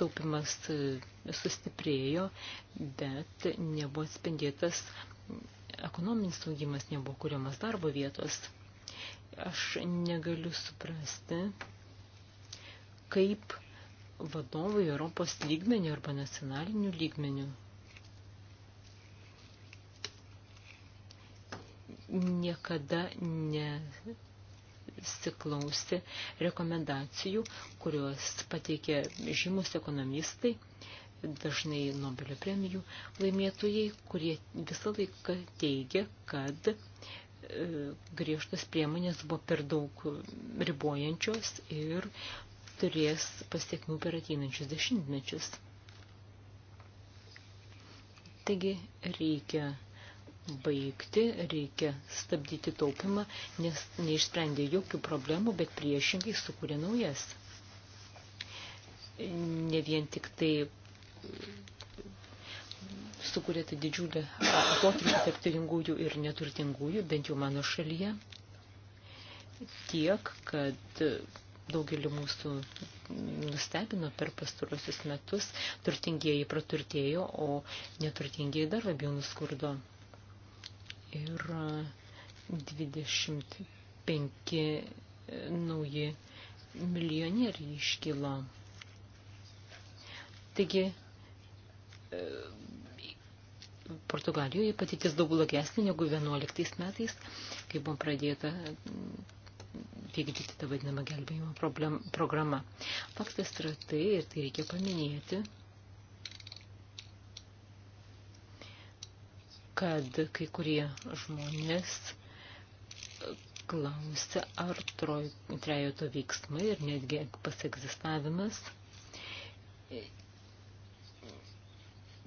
taupimas e, sustiprėjo, bet nebuvo atspindėtas ekonominis augimas, nebuvo kuriamas darbo vietos. Aš negaliu suprasti, kaip vadovai Europos lygmenių arba nacionalinių lygmenių niekada nesiklausė rekomendacijų, kuriuos pateikė žymus ekonomistai dažnai Nobelio premijų laimėtojai, kurie visą laiką teigia, kad e, griežtas priemonės buvo per daug ribojančios ir turės pasiekmių per ateinančius dešimtmečius. Taigi reikia baigti, reikia stabdyti taupimą, nes neišsprendė jokių problemų, bet priešingai sukūrė naujas. Ne vien tik tai sukūrėte didžiulį atotrukį tarp turingųjų ir neturtingųjų, bent jau mano šalyje, tiek, kad daugelį mūsų nustebino per pastarosius metus, turtingieji praturtėjo, o neturtingieji dar labiau nuskurdo. Ir 25 nauji milijonieriai iškilo. Taigi, Portugalijoje patytis daug blogesnė negu 11 metais, kai buvo pradėta mm, vykdyti tą vadinamą gelbėjimo problem, programą. Faktas yra tai, ir tai reikia paminėti, kad kai kurie žmonės klausia, ar trejoto veiksmai ir netgi pasegzistavimas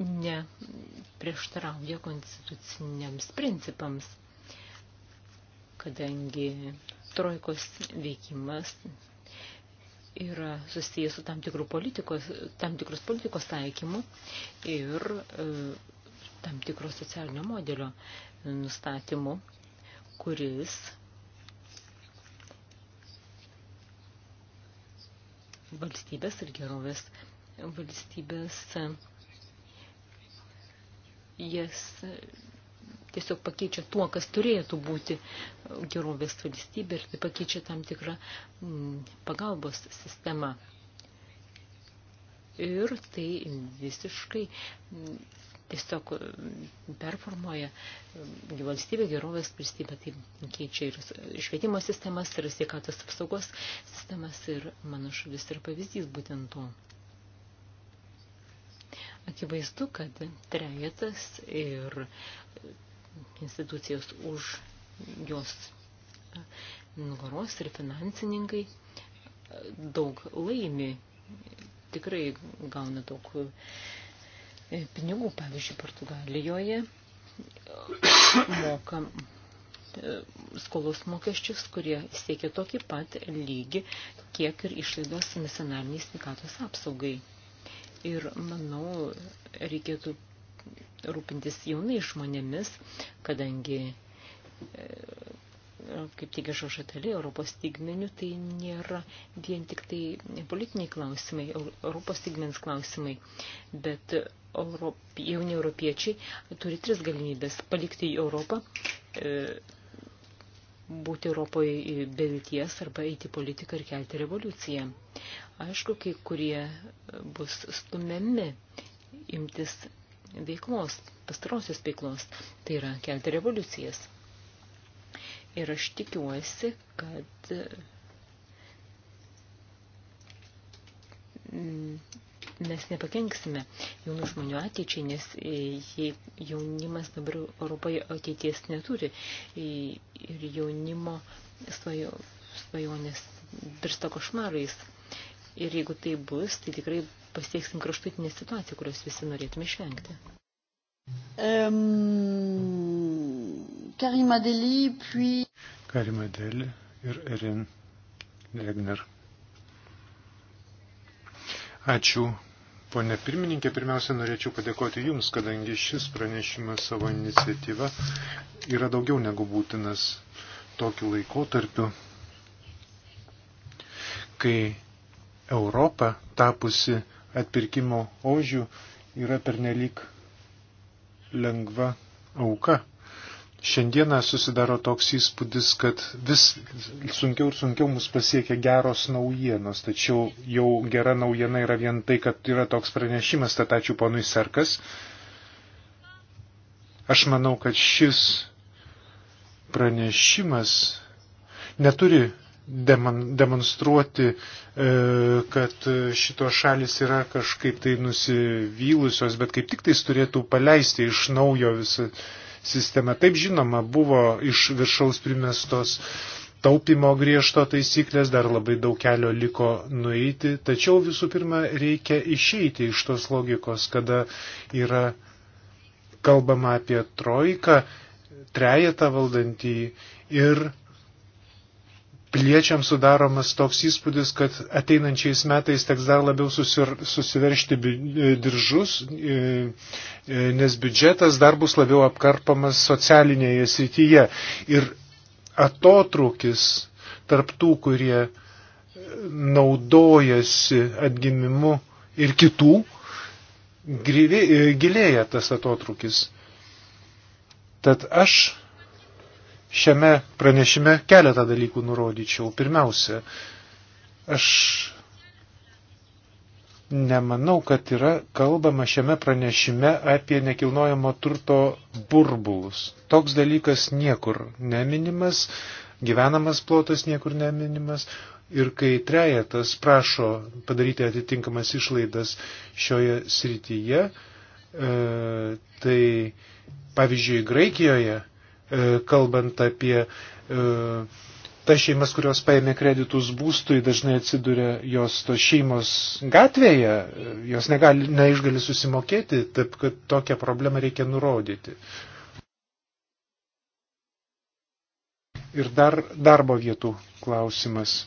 neprieštarauja konstituciniams principams, kadangi trojkos veikimas yra susijęs su tam, politikos, tam tikrus politikos taikymu ir e, tam tikro socialinio modelio nustatymu, kuris valstybės ir gerovės valstybės jas tiesiog pakeičia tuo, kas turėtų būti gerovės valstybė ir tai pakeičia tam tikrą mm, pagalbos sistemą. Ir tai visiškai mm, tiesiog mm, performuoja valstybė, gerovės valstybė, tai keičia ir švietimo sistemas, ir sveikatos apsaugos sistemas, ir mano šalis yra pavyzdys būtent to. Akivaizdu, kad trejetas ir institucijos už jos nugaros ir finansininkai daug laimi, tikrai gauna daug e, pinigų, pavyzdžiui, Portugalijoje moka e, skolos mokesčius, kurie siekia tokį pat lygį, kiek ir išlaidos nacionaliniai sveikatos apsaugai. Ir manau, reikėtų rūpintis jaunai žmonėmis, kadangi, e, kaip teigia Šošatelė, Europos stigmenių tai nėra vien tik tai politiniai klausimai, Europos stigmens klausimai, bet Europ, jauni europiečiai turi tris galimybės – palikti į Europą, e, būti Europoje be vilties arba eiti politiką ir kelti revoliuciją. Aišku, kai kurie bus stumiami imtis veiklos, pastarosios veiklos, tai yra kelti revoliucijas. Ir aš tikiuosi, kad mm, mes nepakenksime jaunų žmonių ateičiai, nes e, jaunimas dabar Europoje ateities neturi e, ir jaunimo svajonės virsta košmarais. Ir jeigu tai bus, tai tikrai pasieksim kraštutinę situaciją, kurios visi norėtume išvengti. Um, Karima Deli, puis...
Karima Deli ir Erin Regner. Ačiū. Pone pirmininkė, pirmiausia, norėčiau padėkoti Jums, kadangi šis pranešimas savo iniciatyva yra daugiau negu būtinas tokiu laikotarpiu, kai Europa tapusi atpirkimo ožių yra pernelyg lengva auka. Šiandieną susidaro toks įspūdis, kad vis sunkiau ir sunkiau mus pasiekia geros naujienos, tačiau jau gera naujiena yra vien tai, kad yra toks pranešimas, tad ačiū ponui Serkas. Aš manau, kad šis pranešimas neturi demonstruoti, e, kad šitos šalis yra kažkaip tai nusivylusios, bet kaip tik tais turėtų paleisti iš naujo visą sistemą. Taip žinoma, buvo iš viršaus primestos taupimo griežto taisyklės, dar labai daug kelio liko nueiti, tačiau visų pirma reikia išeiti iš tos logikos, kada yra kalbama apie trojką, trejetą valdantį ir piliečiams sudaromas toks įspūdis, kad ateinančiais metais teks dar labiau susir, susiveršti e, diržus, e, e, nes biudžetas dar bus labiau apkarpamas socialinėje srityje. Ir atotrukis tarp tų, kurie naudojasi atgimimu ir kitų, gilėja tas atotrukis. Tad aš šiame pranešime keletą dalykų nurodyčiau. Pirmiausia, aš nemanau, kad yra kalbama šiame pranešime apie nekilnojamo turto burbulus. Toks dalykas niekur neminimas, gyvenamas plotas niekur neminimas. Ir kai trejetas prašo padaryti atitinkamas išlaidas šioje srityje, e, tai pavyzdžiui Graikijoje E, kalbant apie e, tas šeimas, kurios paėmė kreditus būstui, dažnai atsiduria jos tos šeimos gatvėje, e, jos negali, neišgali susimokėti, taip kad tokią problemą reikia nurodyti. Ir dar darbo vietų klausimas.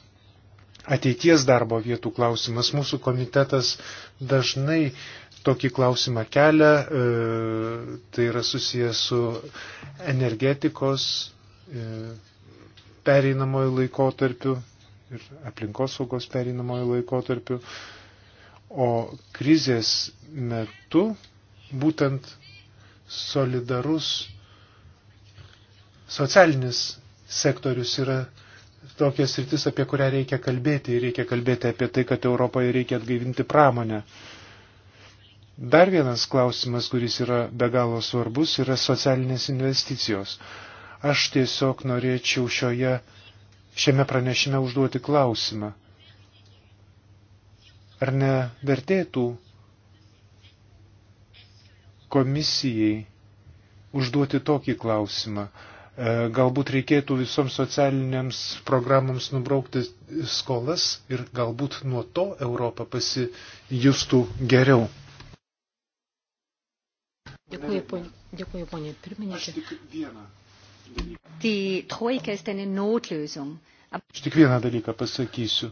Ateities darbo vietų klausimas. Mūsų komitetas dažnai tokį klausimą kelia, e, tai yra susijęs su energetikos e, pereinamojo laikotarpiu ir aplinkosaugos pereinamojo laikotarpiu, o krizės metu būtent solidarus socialinis sektorius yra tokias rytis, apie kurią reikia kalbėti. Reikia kalbėti apie tai, kad Europoje reikia atgaivinti pramonę. E, Dar vienas klausimas, kuris yra be galo svarbus, yra socialinės investicijos. Aš tiesiog norėčiau šioje, šiame pranešime užduoti klausimą. Ar nevertėtų komisijai užduoti tokį klausimą. E, galbūt reikėtų visoms socialiniams programams nubraukti skolas ir galbūt nuo to Europą pasijustų geriau.
Dėkuoju, ponė, dėkuoju, ponė pirmininkė. Aš tik vieną dalyką. Tai
Aš tik vieną dalyką pasakysiu.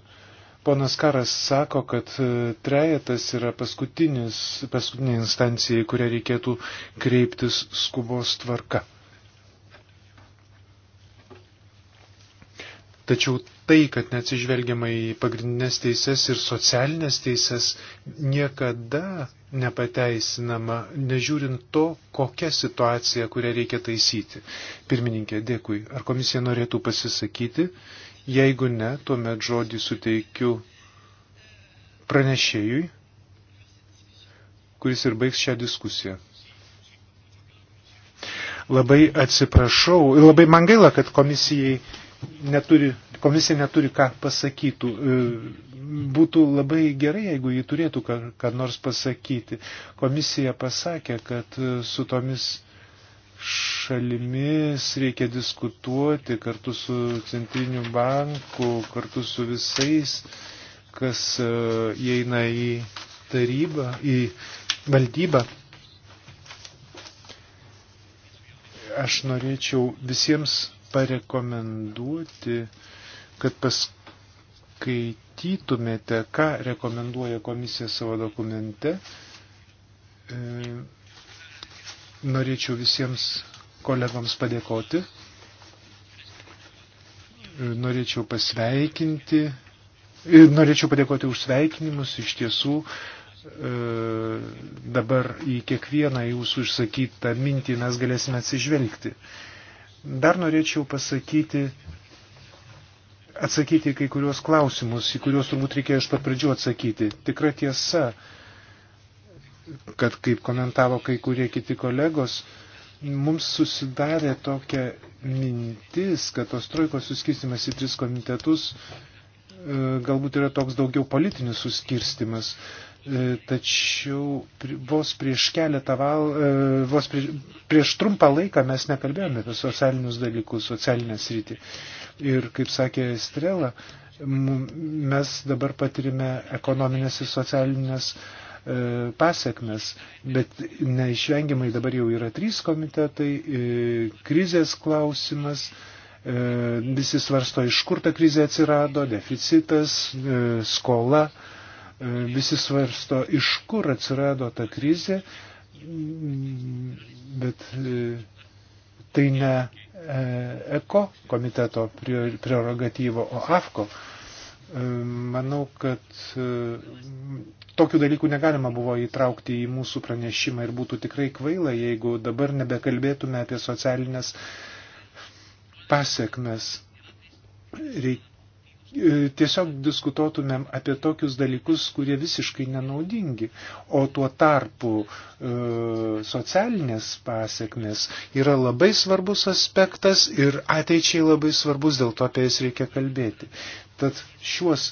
Ponas Karas sako, kad e, trejetas yra paskutinis, paskutinė instancija, į kurią reikėtų kreiptis skubos tvarka. Tačiau tai, kad neatsižvelgiama į pagrindinės teises ir socialinės teises, niekada nepateisinama, nežiūrint to, kokia situacija, kurią reikia taisyti. Pirmininkė, dėkui. Ar komisija norėtų pasisakyti? Jeigu ne, tuomet žodį suteikiu pranešėjui, kuris ir baigs šią diskusiją labai atsiprašau, labai man gaila, kad komisijai neturi, komisija neturi ką pasakytų. E, būtų labai gerai, jeigu jį turėtų ką nors pasakyti. Komisija pasakė, kad e, su tomis šalimis reikia diskutuoti kartu su centriniu banku, kartu su visais, kas e, įeina į tarybą, į valdybą. Aš norėčiau visiems parekomenduoti, kad paskaitytumėte, ką rekomenduoja komisija savo dokumente. E, norėčiau visiems kolegoms padėkoti. E, norėčiau pasveikinti. E, norėčiau padėkoti už sveikinimus. Iš tiesų, dabar į kiekvieną jūsų išsakytą mintį mes galėsime atsižvelgti. Dar norėčiau pasakyti, atsakyti kai kurios klausimus, į kuriuos turbūt reikėjo iš pat pradžių atsakyti. Tikra tiesa, kad kaip komentavo kai kurie kiti kolegos, mums susidarė tokia mintis, kad tos trojkos suskirstimas į tris komitetus e, galbūt yra toks daugiau politinis suskirstimas. E, tačiau vos prieš keletą val, e, vos prieš, prieš trumpą laiką mes nekalbėjome apie socialinius dalykus, socialinę sritį. Ir kaip sakė Estrela, mes dabar patirime ekonominės ir socialinės e, pasiekmes, bet neišvengiamai dabar jau yra trys komitetai, krizės klausimas, visi svarsto, iš kur ta krizė atsirado, deficitas, skola Visi svarsto, iš kur atsirado ta krizė, bet e, tai ne ECO komiteto prerogatyvo, o AFCO. E, manau, kad e, tokių dalykų negalima buvo įtraukti į mūsų pranešimą ir būtų tikrai kvaila, jeigu dabar nebekalbėtume apie socialinės pasiekmes. Reikia E, tiesiog diskutuotumėm apie tokius dalykus, kurie visiškai nenaudingi. O tuo tarpu e, socialinės pasiekmes yra labai svarbus aspektas ir ateičiai labai svarbus, dėl to apie jas reikia kalbėti. Tad šiuos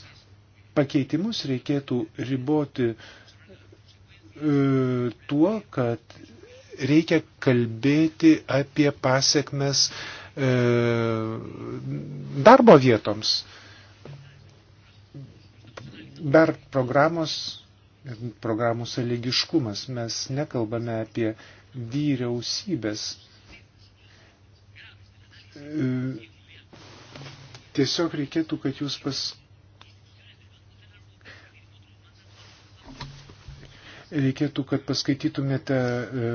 pakeitimus reikėtų riboti e, tuo, kad reikia kalbėti apie pasiekmes darbo vietoms. BERT programos ir programų sąlygiškumas. Mes nekalbame apie vyriausybės. E, tiesiog reikėtų, kad jūs pas. Reikėtų, kad paskaitytumėte e,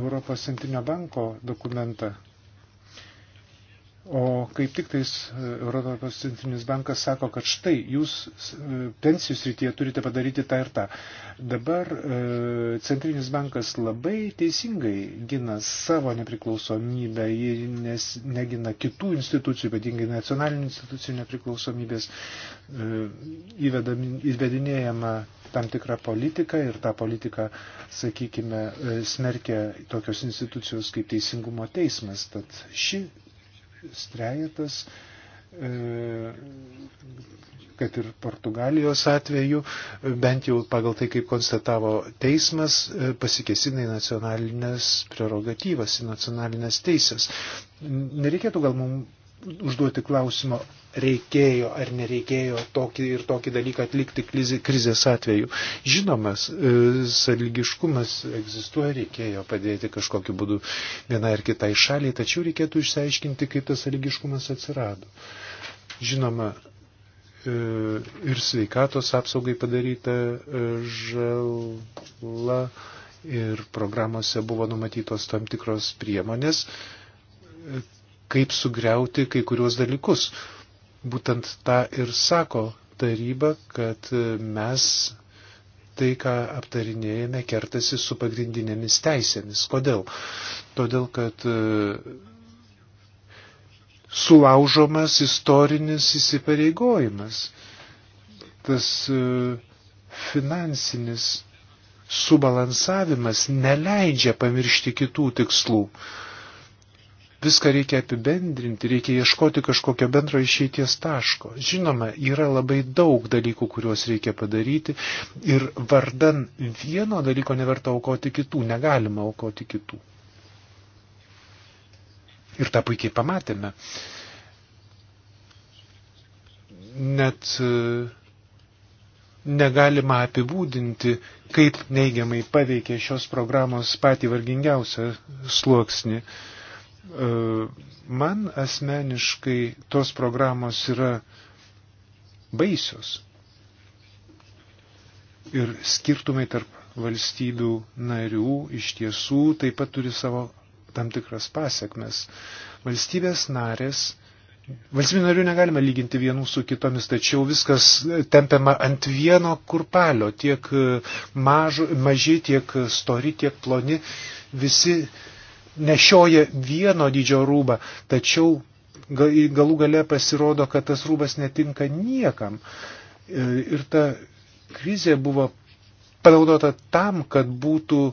Europos centrinio banko dokumentą, O kaip tik tais e, Europos centrinis bankas sako, kad štai jūs e, pensijų srityje turite padaryti tą ir tą. Dabar e, centrinis bankas labai teisingai gina savo nepriklausomybę, nes negina kitų institucijų, ypatingai nacionalinių institucijų nepriklausomybės, įvedinėjama tam tikrą politiką ir tą politiką, sakykime, smerkia tokios institucijos kaip Teisingumo teismas. Tad ši strejetas, e, kad ir Portugalijos atveju, bent jau pagal tai, kaip konstatavo teismas, e, pasikesina į nacionalinės prerogatyvas, į nacionalinės teisės. Nereikėtų gal mums užduoti klausimą, reikėjo ar nereikėjo tokį ir tokį dalyką atlikti krizės atveju. Žinomas, e, sąlygiškumas egzistuoja, reikėjo padėti kažkokiu būdu vienai ar kitai šaliai, tačiau reikėtų išsiaiškinti, kaip tas sąlygiškumas atsirado. Žinoma, e, ir sveikatos apsaugai padaryta e, žala ir programuose buvo numatytos tam tikros priemonės, kaip sugriauti kai kuriuos dalykus būtent tą ir sako taryba, kad mes tai, ką aptarinėjame, kertasi su pagrindinėmis teisėmis. Kodėl? Todėl, kad e, sulaužomas istorinis įsipareigojimas, tas e, finansinis subalansavimas neleidžia pamiršti kitų tikslų viską reikia apibendrinti, reikia ieškoti kažkokio bendro išeities taško. Žinoma, yra labai daug dalykų, kuriuos reikia padaryti ir vardan vieno dalyko neverta aukoti kitų, negalima aukoti kitų. Ir tą puikiai pamatėme. Net e, negalima apibūdinti, kaip neigiamai paveikė šios programos patį vargingiausią sluoksnį. Uh, Man asmeniškai tos programos yra baisios. Ir skirtumai tarp valstybių narių iš tiesų taip pat turi savo tam tikras pasiekmes. Valstybės narės, valstybių narių negalime lyginti vienų su kitomis, tačiau viskas tempiama ant vieno kurpalio, tiek mažo, maži, tiek stori, tiek ploni, visi nešioja vieno dydžio rūbą, tačiau galų gale pasirodo, kad tas rūbas netinka niekam. E, ir ta krizė buvo panaudota tam, kad būtų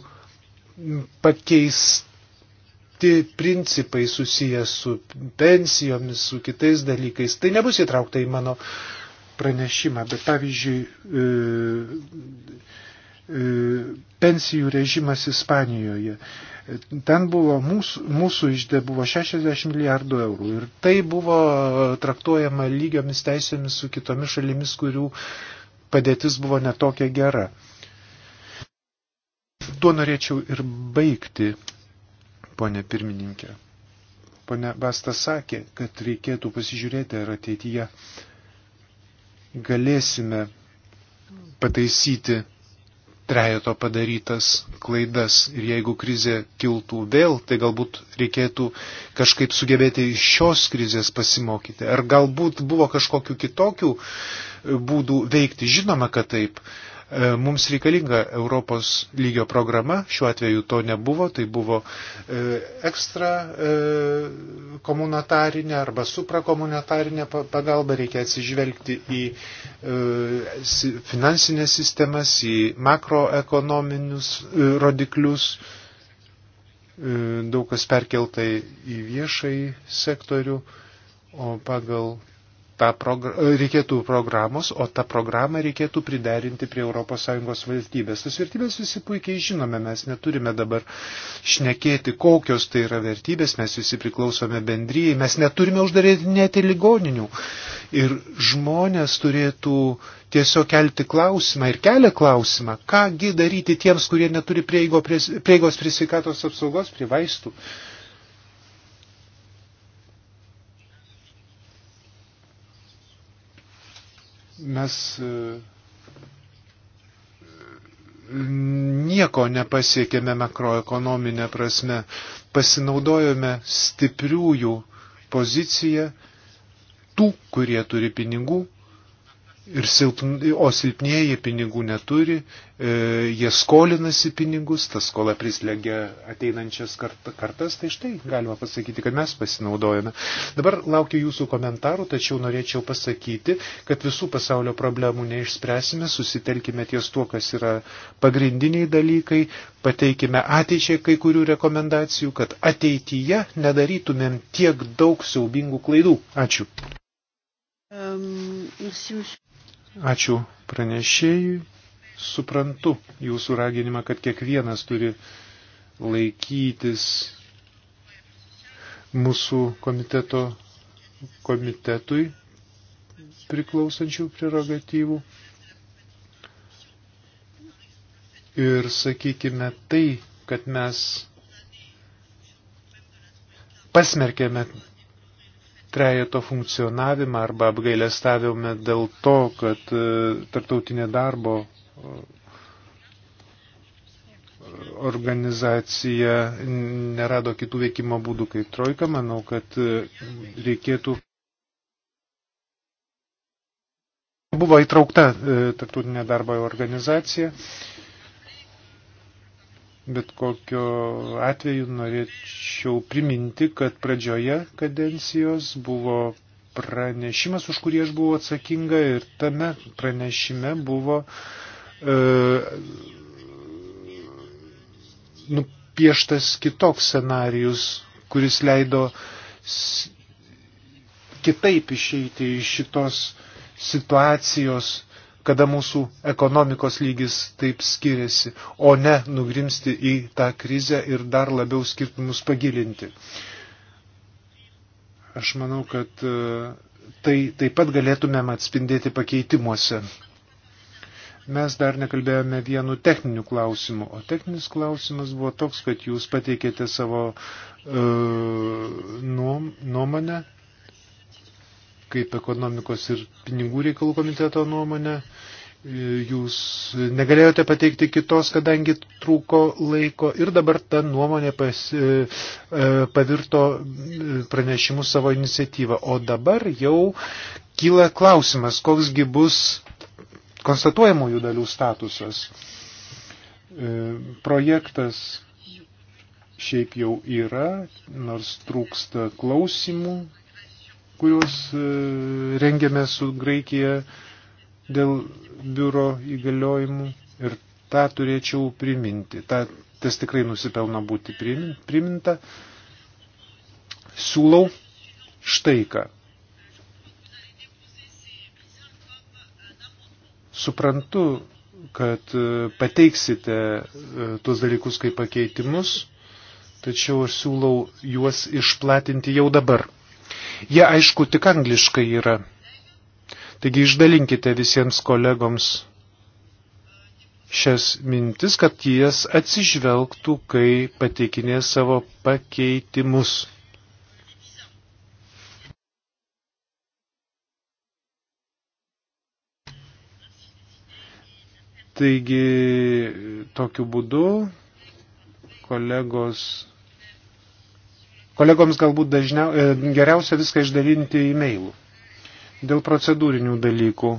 pakeisti principai susiję su pensijomis, su kitais dalykais. Tai nebus įtraukta į mano pranešimą, bet pavyzdžiui, e, e, pensijų režimas Ispanijoje. Ten buvo mūsų, mūsų išdė buvo 60 milijardų eurų ir tai buvo traktuojama lygiomis teisėmis su kitomis šalimis, kurių padėtis buvo netokia gera. Tuo norėčiau ir baigti, ponė pirmininkė. Pone Bastas sakė, kad reikėtų pasižiūrėti, ar ateityje galėsime pataisyti trejeto padarytas klaidas ir jeigu krizė kiltų vėl, tai galbūt reikėtų kažkaip sugebėti iš šios krizės pasimokyti. Ar galbūt buvo kažkokiu kitokiu būdu veikti, žinoma, kad taip, E, mums reikalinga Europos lygio programa, šiuo atveju to nebuvo, tai buvo e, ekstra e, komunitarinė arba suprakomunitarinė pagalba, reikia atsižvelgti į finansinės sistemas, į makroekonominius rodiklius daug kas perkeltai į viešai sektorių, o pagal progr reikėtų programos, o tą programą reikėtų priderinti prie ES valstybės. Tas vertybės visi puikiai žinome, mes neturime dabar šnekėti, kokios tai yra vertybės, mes visi priklausome bendryjai, mes neturime uždarėti net į ligoninių. Ir žmonės turėtų tiesiog kelti klausimą ir kelia klausimą, kągi daryti tiems, kurie neturi prieigo prie, prieigos prie sveikatos apsaugos, prie vaistų. Uh, Mes e, nieko nepasiekėme makroekonominę prasme. Pasinaudojome stipriųjų poziciją, tų, kurie turi pinigų, Ir silpn, o silpnieji pinigų neturi, e, jie skolinasi pinigus, ta skola prislegia ateinančias kart, kartas, tai štai galima pasakyti, kad mes pasinaudojame. Dabar laukiu jūsų komentarų, tačiau norėčiau pasakyti, kad visų pasaulio problemų neišspręsime, susitelkime ties tuo, kas yra pagrindiniai dalykai, pateikime ateičiai kai kurių rekomendacijų, kad ateityje nedarytumėm tiek daug siaubingų klaidų. Ačiū. Um, Ačiū pranešėjui. Suprantu jūsų raginimą, kad kiekvienas turi laikytis mūsų komiteto komitetui priklausančių prerogatyvų. Ir sakykime tai, kad mes pasmerkėme trejeto funkcionavimą arba apgailestavome dėl to, kad e, tarptautinė darbo e, organizacija nerado kitų veikimo būdų kaip trojka, manau, kad e, reikėtų. Buvo įtraukta tarptautinė darbo organizacija Bet kokio atveju norėčiau priminti, kad pradžioje kadencijos buvo pranešimas, už kurį aš buvau atsakinga ir tame pranešime buvo e, nupieštas kitoks scenarius, kuris leido kitaip išeiti iš šitos situacijos kada mūsų ekonomikos lygis taip skiriasi, o ne nugrimsti į tą krizę ir dar labiau skirtumus pagilinti. Aš manau, kad e, tai taip pat galėtumėm atspindėti pakeitimuose. Mes dar nekalbėjome vienu techniniu klausimu, o techninis klausimas buvo toks, kad jūs pateikėte savo e, nuomonę kaip ekonomikos ir pinigų reikalų komiteto nuomonę. E, Jūs negalėjote pateikti kitos, kadangi trūko laiko ir dabar ta nuomonė pas, e, e, pavirto pranešimu savo iniciatyvą. O dabar jau kyla klausimas, koksgi bus konstatuojamųjų dalių statusas. Projektas šiaip jau yra, nors trūksta klausimų, kuriuos e, rengėme su Graikija dėl biuro įgaliojimų ir tą turėčiau priminti. Ta, tas tikrai nusipelno būti priminta. Siūlau štai ką. Suprantu, kad e, pateiksite e, tuos dalykus kaip pakeitimus, tačiau aš siūlau juos išplatinti jau dabar. Jie aišku tik angliškai yra. Taigi išdalinkite visiems kolegoms šias mintis, kad jas atsižvelgtų, kai pateikinė savo pakeitimus. Taigi tokiu būdu kolegos Kolegoms galbūt dažniau, e, geriausia viską išdalinti e-mailu. Dėl procedūrinių dalykų.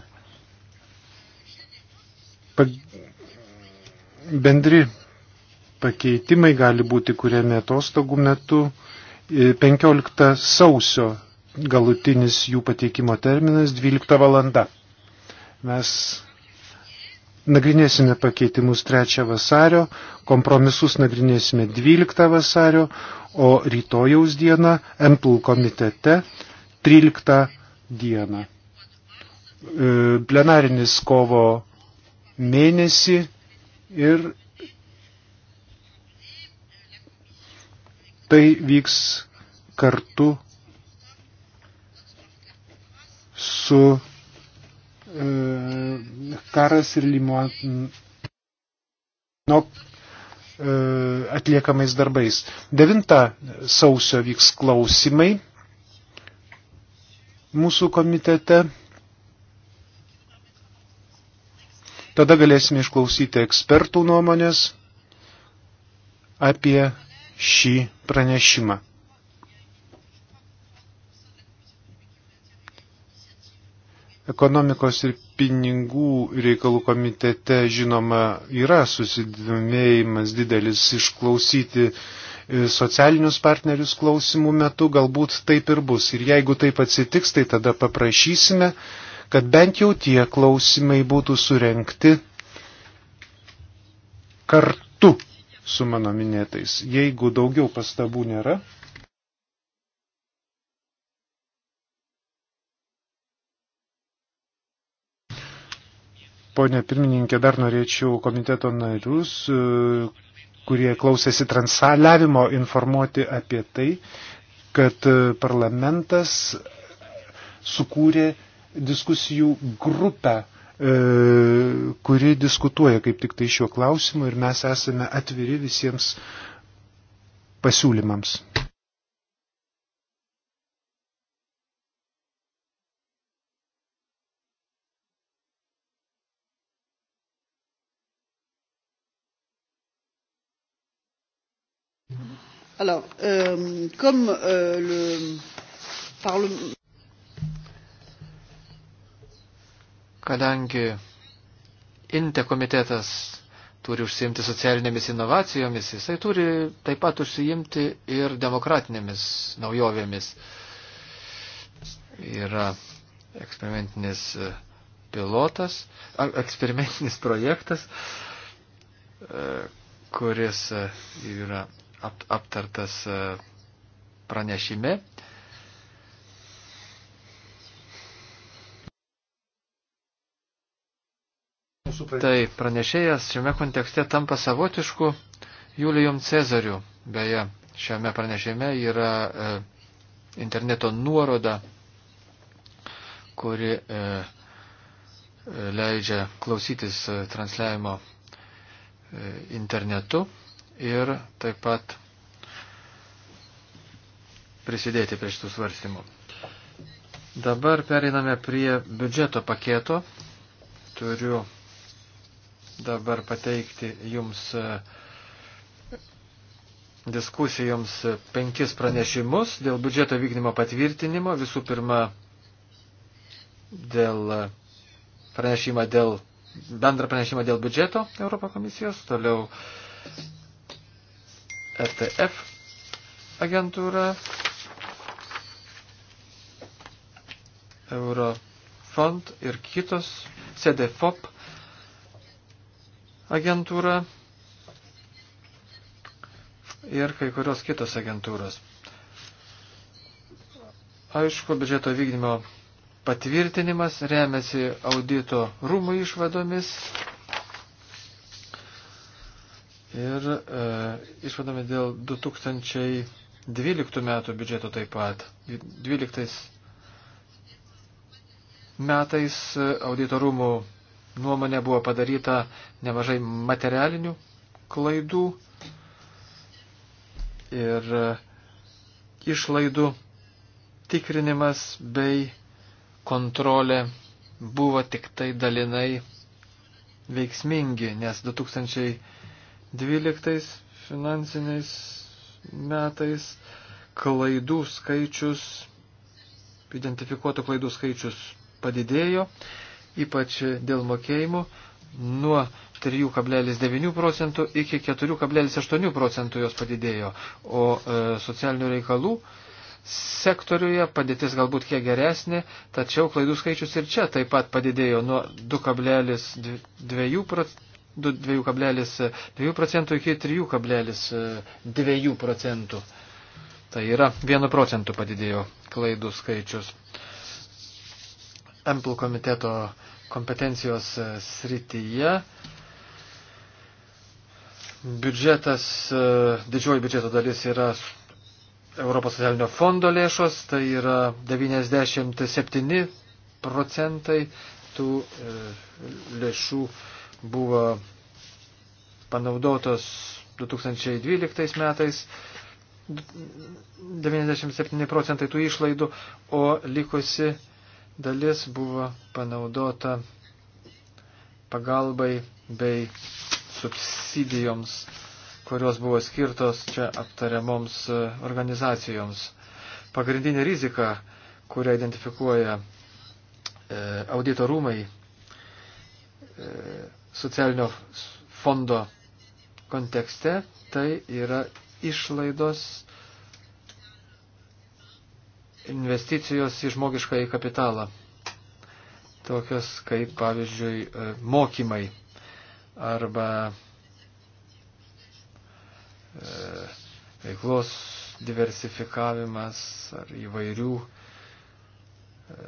Pa, bendri pakeitimai gali būti kuriami atostogų metu. 15 e, sausio galutinis jų pateikimo terminas 12 valanda. Mes Nagrinėsime pakeitimus 3 vasario, kompromisus nagrinėsime 12 vasario, o rytojaus dieną MPL komitete 13 dieną. E, plenarinis kovo mėnesį ir tai vyks kartu su E, karas ir Limono e, atliekamais darbais. 9 sausio vyks klausimai mūsų komitete. Tada galėsime išklausyti ekspertų nuomonės apie šį pranešimą. Ekonomikos ir pinigų reikalų komitete, žinoma, yra susidomėjimas didelis išklausyti e, socialinius partnerius klausimų metu, galbūt taip ir bus. Ir jeigu taip atsitiks, tai tada paprašysime, kad bent jau tie klausimai būtų surenkti kartu su mano minėtais. Jeigu daugiau pastabų nėra. Pone pirmininkė, dar norėčiau komiteto narius, e, kurie klausėsi transaliavimo, informuoti apie tai, kad e, parlamentas sukūrė diskusijų grupę, e, kuri diskutuoja kaip tik tai šiuo klausimu ir mes esame atviri visiems pasiūlymams. Alors, euh, comme euh, le Parlement.
Kadangi INTE komitetas turi užsiimti socialinėmis inovacijomis, jisai turi taip pat užsiimti ir demokratinėmis naujovėmis. Yra eksperimentinis e, pilotas, eksperimentinis projektas, e, kuris e, yra ap, aptartas e, pranešime. Tai pranešėjas šiame kontekste tampa savotišku Julijum Cezariu. Beje, šiame pranešime yra e, interneto nuoroda, kuri e, e leidžia klausytis e, transliavimo internetu ir taip pat prisidėti prie šitų svarstymų. Dabar pereiname prie biudžeto paketo. Turiu dabar pateikti jums e, diskusijoms penkis pranešimus dėl biudžeto vykdymo patvirtinimo. Visų pirma, dėl pranešimą dėl bendrą pranešimą dėl biudžeto Europos komisijos, toliau ETF agentūra, Eurofond ir kitos, CDFOP agentūra ir kai kurios kitos agentūros. Aišku, biudžeto vykdymo patvirtinimas remiasi audito rūmų išvadomis Ir e, išvadame dėl 2012 metų biudžeto taip pat. 12 metais auditorumų nuomonė buvo padaryta nemažai materialinių klaidų ir e, išlaidų tikrinimas bei kontrolė buvo tik tai dalinai veiksmingi, nes 2000 12 finansiniais metais klaidų skaičius, identifikuotų klaidų skaičius padidėjo, ypač dėl mokėjimų nuo 3,9 procentų iki 4,8 procentų jos padidėjo, o e, socialinių reikalų sektoriuje padėtis galbūt kiek geresnė, tačiau klaidų skaičius ir čia taip pat padidėjo nuo 2,2 procentų 2,2 procentų iki 3,2 procentų. Tai yra 1 procentų padidėjo klaidų skaičius. MPL komiteto kompetencijos srityje biudžetas, didžioji biudžeto dalis yra Europos socialinio fondo lėšos, tai yra 97 procentai tų e, lėšų buvo panaudotos 2012 metais 97 procentai tų išlaidų, o likusi dalis buvo panaudota pagalbai bei subsidijoms, kurios buvo skirtos čia aptariamoms e, organizacijoms. Pagrindinė rizika, kurią identifikuoja e, audito rūmai, e, socialinio fondo kontekste, tai yra išlaidos investicijos į žmogišką į kapitalą. Tokios kaip, pavyzdžiui, e, mokymai arba e, veiklos diversifikavimas ar įvairių e,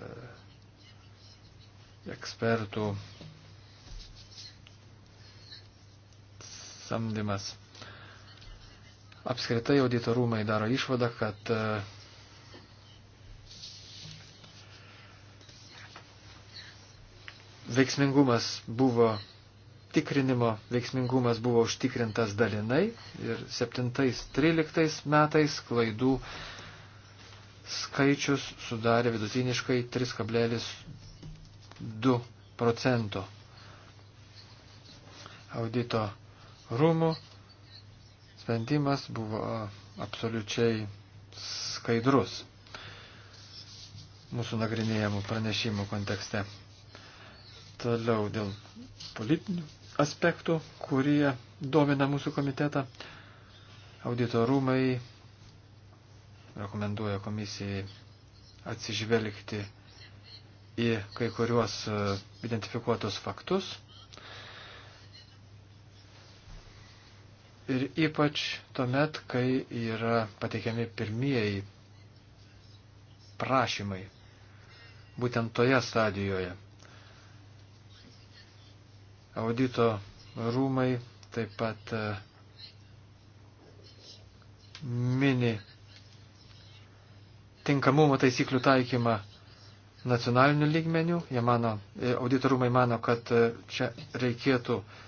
ekspertų samdymas. Apskritai auditorumai daro išvadą, kad e, veiksmingumas buvo tikrinimo veiksmingumas buvo užtikrintas dalinai ir 7-13 metais klaidų skaičius sudarė vidutiniškai 3,2 procento. Audito rūmų sprendimas buvo absoliučiai skaidrus mūsų nagrinėjamų pranešimų kontekste. Toliau dėl politinių aspektų, kurie domina mūsų komitetą, auditorumai rekomenduoja komisijai atsižvelgti į kai kuriuos identifikuotus faktus ir ypač tuomet, kai yra pateikiami pirmieji prašymai, būtent toje stadijoje. Audito rūmai taip pat e, mini tinkamumo taisyklių taikymą nacionaliniu lygmeniu. Jie mano, e, auditorumai mano, kad e, čia reikėtų uh,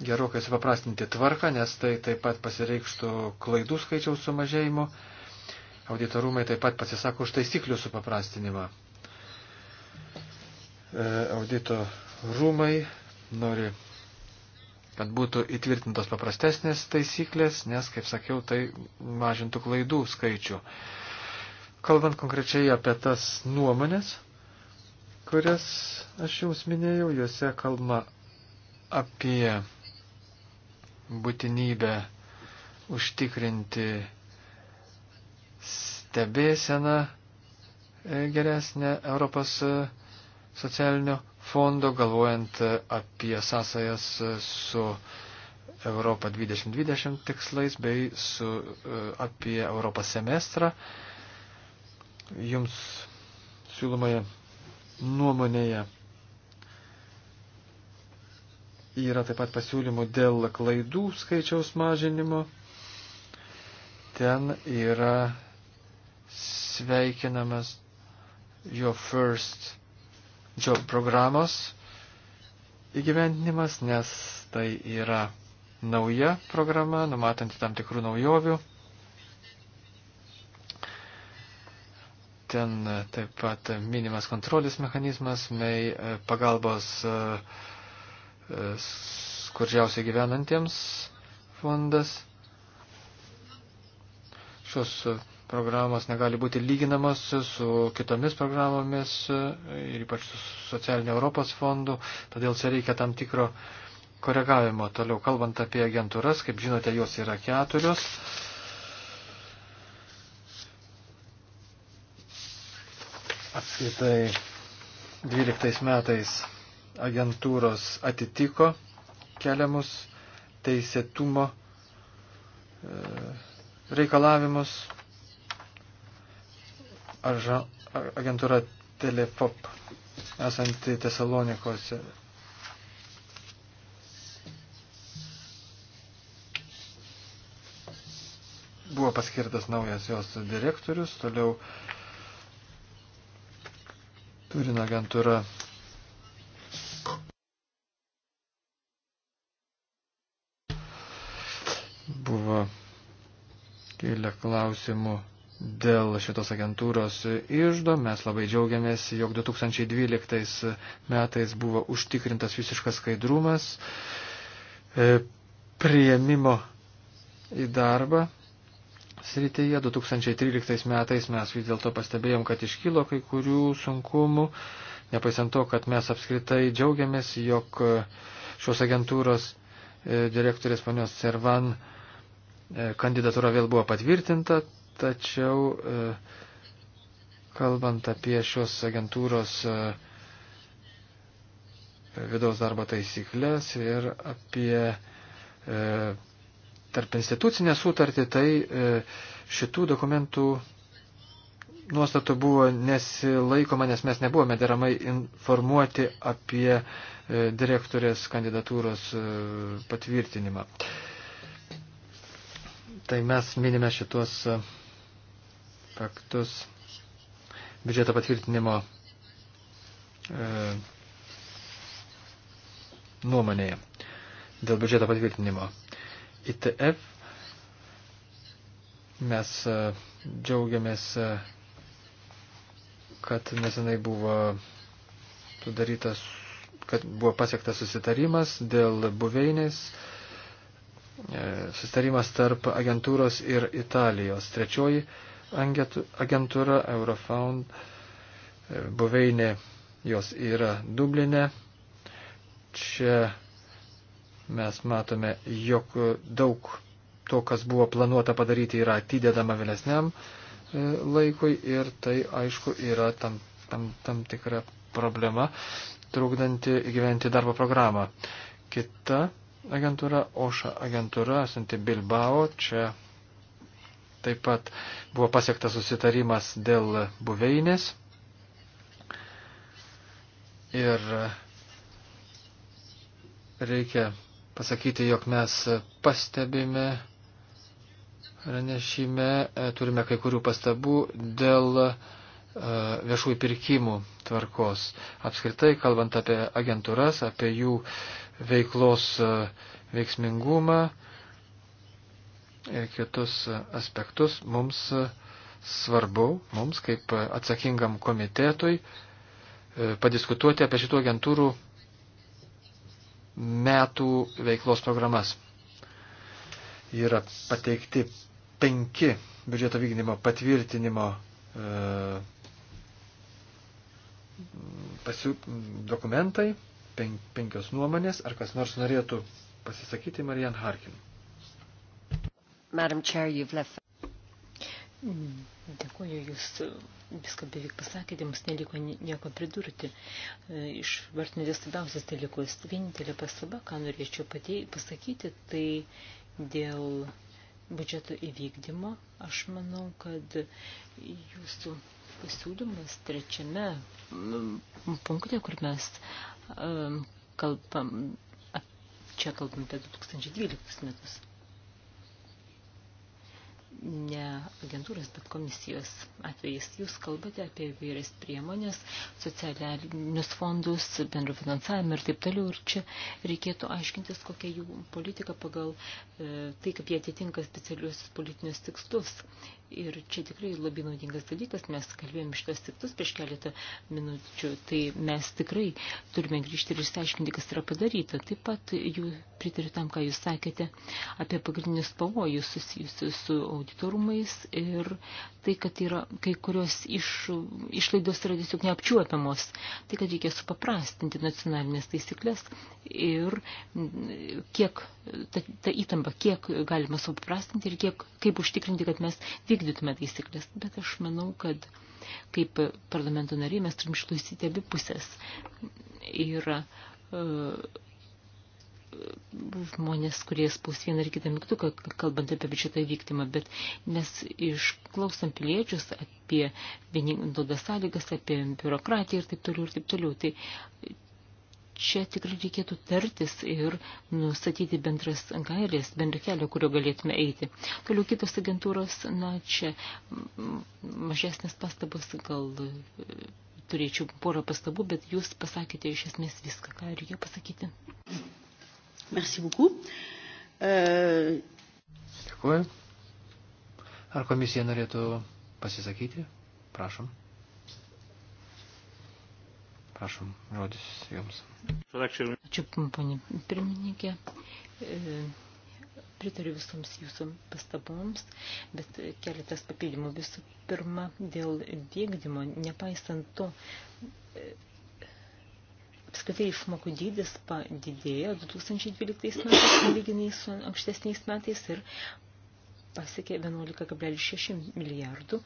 gerokai supaprastinti tvarką, nes tai taip pat pasireikštų klaidų skaičiaus sumažėjimu. Auditorumai taip pat pasisako už taisyklių supaprastinimą. E, Audito rūmai nori, kad būtų įtvirtintos paprastesnės taisyklės, nes, kaip sakiau, tai mažintų klaidų skaičių. Kalbant konkrečiai apie tas nuomonės, kurias aš jums minėjau, juose kalba apie būtinybę užtikrinti stebėseną e, geresnę Europos e, socialinio fondo, galvojant e, apie sąsajas su Europa 2020 tikslais bei su, apie Europos semestrą. Jums siūlomoje nuomonėje Yra taip pat pasiūlymų dėl klaidų skaičiaus mažinimo. Ten yra sveikinamas jo first job programos įgyvendinimas, nes tai yra nauja programa, numatanti tam tikrų naujovių. Ten taip pat minimas kontrolės mechanizmas, mei pagalbos uh, skurdžiausiai gyvenantiems fondas. Šios programos negali būti lyginamas su kitomis programomis ir ypač su socialinio Europos fondu, todėl čia reikia tam tikro koregavimo. Toliau kalbant apie agentūras, kaip žinote, jos yra keturios. Apskritai 12 metais agentūros atitiko keliamus teisėtumo e, reikalavimus. Ar agentūra Telepop esanti Tesalonikose buvo paskirtas naujas jos direktorius, toliau Turino agentūra kelia klausimų dėl šitos agentūros išdo. Mes labai džiaugiamės, jog 2012 metais buvo užtikrintas visiškas skaidrumas e, prieimimo į darbą srityje. 2013 metais mes vis dėlto pastebėjom, kad iškylo kai kurių sunkumų, nepaisant to, kad mes apskritai džiaugiamės, jog šios agentūros e, direktorės panios Servan E, kandidatūra vėl buvo patvirtinta, tačiau e, kalbant apie šios agentūros e, vidaus darbo taisyklės ir apie tarp institucinę sutartį, tai šitų dokumentų nuostatų buvo nesilaikoma, nes mes nebuvome deramai informuoti apie direktorės kandidatūros patvirtinimą. Tai mes minime šitos e, faktus biudžeto patvirtinimo e, nuomonėje dėl biudžeto patvirtinimo. ITF mes e, džiaugiamės, e, kad nesenai buvo sudarytas, kad buvo pasiektas susitarimas dėl buveinės E, sustarimas tarp agentūros ir Italijos. Trečioji agentūra Eurofound e, buveinė jos yra Dublinė. Čia mes matome, jog daug to, kas buvo planuota padaryti, yra atidedama vėlesniam e, laikui ir tai aišku yra tam, tam, tam tikra problema, trukdanti gyventi darbo programą. Kita agentūra, OŠA agentūra, esanti Bilbao, čia taip pat buvo pasiektas susitarimas dėl buveinės. Ir reikia pasakyti, jog mes pastebime pranešime, e, turime kai kurių pastabų dėl e, viešųjų pirkimų tvarkos. Apskritai, kalbant apie agentūras, apie jų veiklos e, veiksmingumą ir kitus aspektus mums svarbu, mums kaip atsakingam komitetui, e, padiskutuoti apie šitų agentūrų metų veiklos programas. Yra pateikti penki biudžeto vykdymo patvirtinimo e, pasiū, dokumentai pen, penkios nuomonės. Ar kas nors norėtų pasisakyti Marian Harkin?
Madam Chair, you've left. Dėkuoju, jūs viską beveik pasakėte, mums neliko nieko pridurti. E, Išvartinėte stabiausias dalykus. Vienintelė pastaba, ką norėčiau patei, pasakyti, tai dėl biudžeto įvykdymo, aš manau, kad jūsų pasiūlymas trečiame punkte, kur mes kalbam, čia kalbam apie 2012 metus. Ne agentūros, bet komisijos atvejais. Jūs kalbate apie vairias priemonės, socialinius fondus, bendro finansavimą ir taip toliau. Ir čia reikėtų aiškintis, kokia jų politika pagal e, tai, kaip jie atitinka specialius politinius tikslus. Ir čia tikrai labai naudingas dalykas, mes kalbėjom šitos tiktus prieš keletą minučių, tai mes tikrai turime grįžti ir išsiaiškinti, kas yra padaryta. Taip pat jų pritariu tam, ką jūs sakėte apie pagrindinius pavojus susijusius su auditorumais ir tai, kad yra kai kurios iš, išlaidos yra tiesiog neapčiuopiamos, tai kad reikia supaprastinti nacionalinės taisyklės ir kiek ta, ta įtampa, kiek galima supaprastinti ir kiek, kaip užtikrinti, kad mes vykdome vykdytume taisyklės, bet aš manau, kad kaip parlamento nariai mes turim išklausyti abi pusės. Ir uh, e, žmonės, kurie spaus vieną ar kitą mygtuką, kalbant apie biudžetą vykdymą, bet mes išklausom piliečius apie vieningodas sąlygas, apie biurokratiją ir taip toliau ir taip toliau. Tai čia tikrai reikėtų tartis ir nustatyti bendras gairės, bendrą kelią, kurio galėtume eiti. Toliau kitos agentūros, na, čia mažesnės pastabos, gal e, turėčiau porą pastabų, bet jūs pasakėte iš esmės viską, ką reikia pasakyti. Merci beaucoup.
Uh... Dėkuoju. Ar komisija norėtų pasisakyti? Prašom. Prašom, žodis jums.
Ačiū, panė pirmininkė. E, pritariu visoms jūsų pastaboms, bet keletas papildymų. Visų pirma, dėl vykdymo, nepaisant to, e, apskritai išmokų dydis padidėjo 2012 metais, lyginai su ankstesniais metais ir pasiekė 11,6 milijardų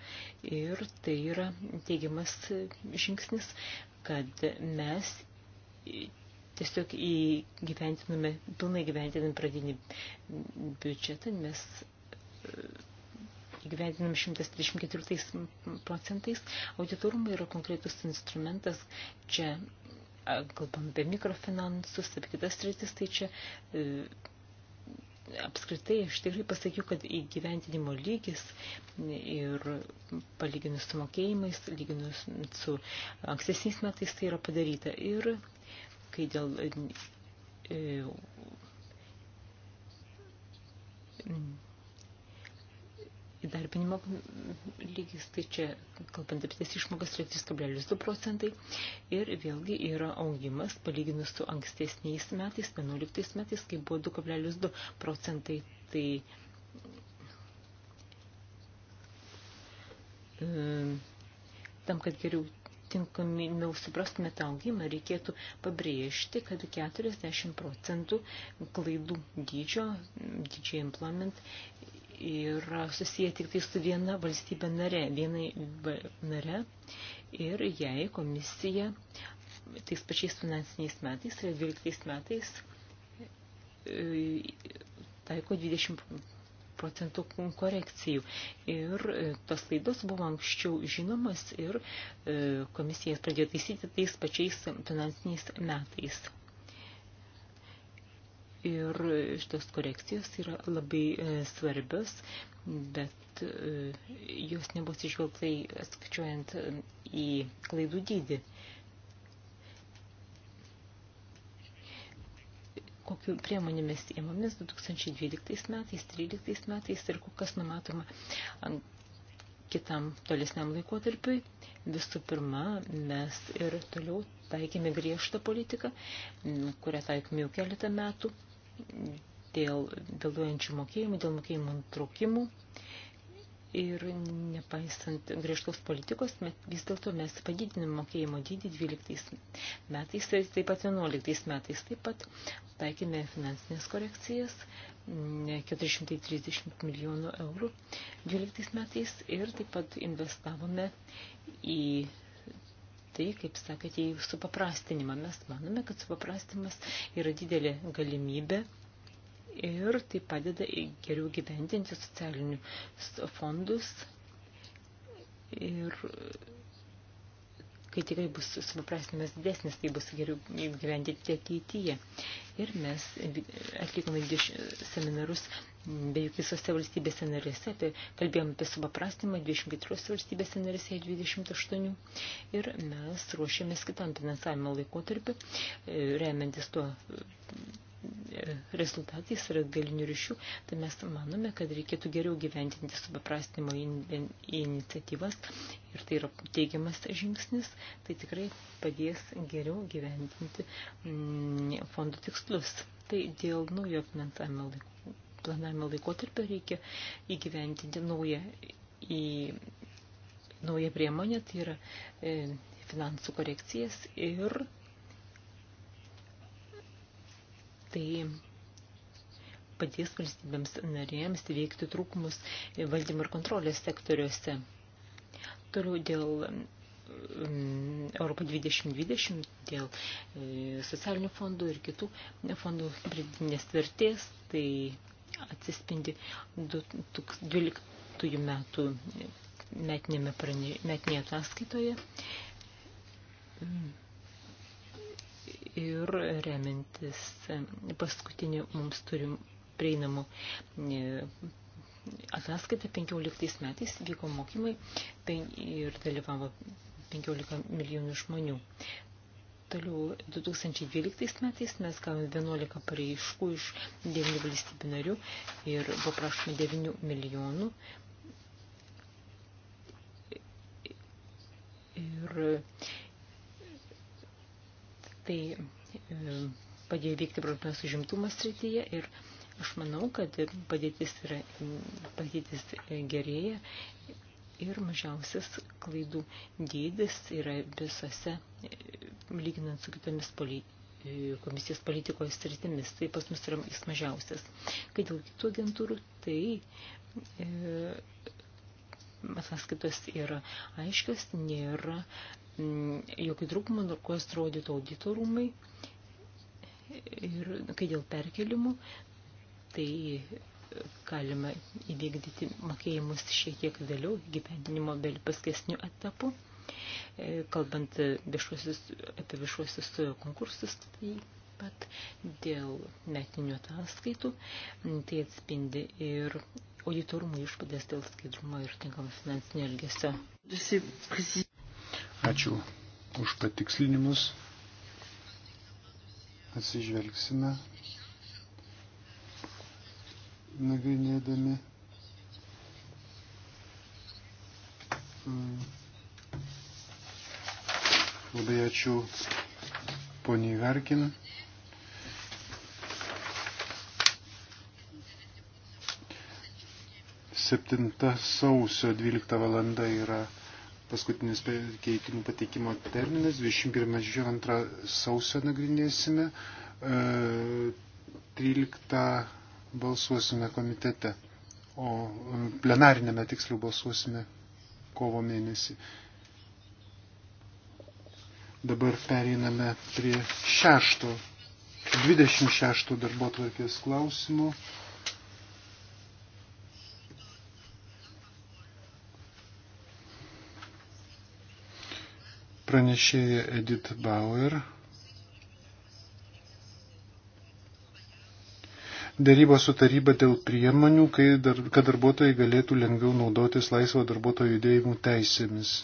ir tai yra teigiamas žingsnis, kad mes tiesiog įgyventiname, pilnai įgyventiname pradinį biudžetą, mes įgyvendinam 134 procentais. Auditorumai yra konkretus instrumentas. Čia e, kalbam apie mikrofinansus, apie kitas rytis, tai čia e, apskritai aš tikrai pasakiau, kad įgyventinimo lygis ir palyginus su mokėjimais, lyginus su ankstesniais metais tai yra padaryta. Ir kai dėl e, įdarbinimo lygis, tai čia, kalbant apie tas išmokas, yra 3,2 procentai ir vėlgi yra augimas, palyginus su ankstesniais metais, 11 metais, kai buvo 2,2 procentai, tai e, tam, kad geriau tinkamiau nu, suprastume tą augimą, reikėtų pabrėžti, kad 40 procentų klaidų dydžio, didžiai implement, yra susiję tik tai su viena valstybė nare, vienai nare ir jei komisija tais pačiais finansiniais metais, 12 tai metais e, taiko 20 procentų korekcijų. Ir e, tos laidos buvo anksčiau žinomas ir e, komisijas pradėjo taisyti tais pačiais finansiniais metais. Ir šitas korekcijas yra labai e, svarbios, bet e, jos nebus išvelgtai atskaičiuojant e, į klaidų dydį. kokiu priemonėmis įmomis 2012 metais, 2013 metais ir kas numatoma kitam tolesniam laikotarpiui. Visų pirma, mes ir toliau taikėme griežtą politiką, kurią taikėme jau keletą metų dėl vėluojančių mokėjimų, dėl mokėjimų nutraukimų. Ir nepaisant griežtos politikos, vis dėlto mes padidiname mokėjimo dydį 12 metais, taip pat 11 metais taip pat taikėme finansinės korekcijas 430 milijonų eurų 12 metais ir taip pat investavome į tai, kaip sakėte, į supaprastinimą. Mes manome, kad supaprastinimas yra didelė galimybė ir tai padeda geriau gyventinti socialinius fondus ir kai tikrai bus supaprastinimas didesnis, tai bus geriau gyventi ateityje ir mes atlikome seminarus beveik visose valstybėse narėse, tai kalbėjom apie supaprastymą 24 valstybėse narėse 28 ir mes ruošėmės kitam finansavimo laikotarpiu, e, remiantis tuo rezultatais ir atgalinių ryšių, tai mes manome, kad reikėtų geriau gyventinti supaprastinimo iniciatyvas ir tai yra teigiamas žingsnis, tai tikrai padės geriau gyventinti mm, fondų tikslus. Tai dėl naujo finansavimo planavimo laikotarpio reikia įgyventinti naują, į, naują priemonę, tai yra e, finansų korekcijas ir tai padės valstybėms narėms veikti trūkumus valdymo ir kontrolės sektoriuose. Toliau dėl mm, Europo 2020, dėl e, socialinių fondų ir kitų fondų hybridinės vertės, tai atsispindi 2012 metų metinėme metinėje ataskaitoje. Mm ir remintis paskutinį mums turim prieinamų e, ataskaitą 15 metais vyko mokymai tai ir dalyvavo 15 milijonų žmonių. Toliau 2012 metais mes gavome 11 pareiškų iš 9 valstybių narių ir buvo prašoma 9 milijonų. Ir Tai e, padėjo veikti problemas užimtumas srityje ir aš manau, kad ir padėtis, yra, padėtis gerėja ir mažiausias klaidų dydis yra visose, e, lyginant su kitomis politikos e, komisijos politikos sritimis, tai pas mus yra jis mažiausias. Kai dėl kitų agentūrų, tai e, ataskaitos yra aiškios, nėra Mm, jokių trūkumų, nors kas rodytų auditorumai. Ir kai dėl perkelimų, tai galima įvykdyti mokėjimus šiek tiek vėliau, gyvendinimo vėl paskesnių etapų. E, kalbant viešuosius, apie viešuosius konkursus, tai pat dėl metinių ataskaitų, mm, tai atspindi ir auditorumų išpadės dėl skaidrumo ir tinkamo finansinio elgesio.
Ačiū už patikslinimus. Atsižvelgsime, nagrinėdami mm. Labai ačiū poniai Harkin. Septinta sausio 12 valanda yra Paskutinis keitimų pateikimo terminas 21.2. sausio nagrinėsime, 13 e, balsuosime komitete, o e, plenarinėme tiksliau balsuosime kovo mėnesį. Dabar pereiname prie šešto, 26 darbo tvarkės klausimų. pranešėja Edith Bauer. Dėrybos su taryba dėl priemonių, dar, kad darbuotojai galėtų lengviau naudotis laisvo darbuotojų judėjimų teisėmis.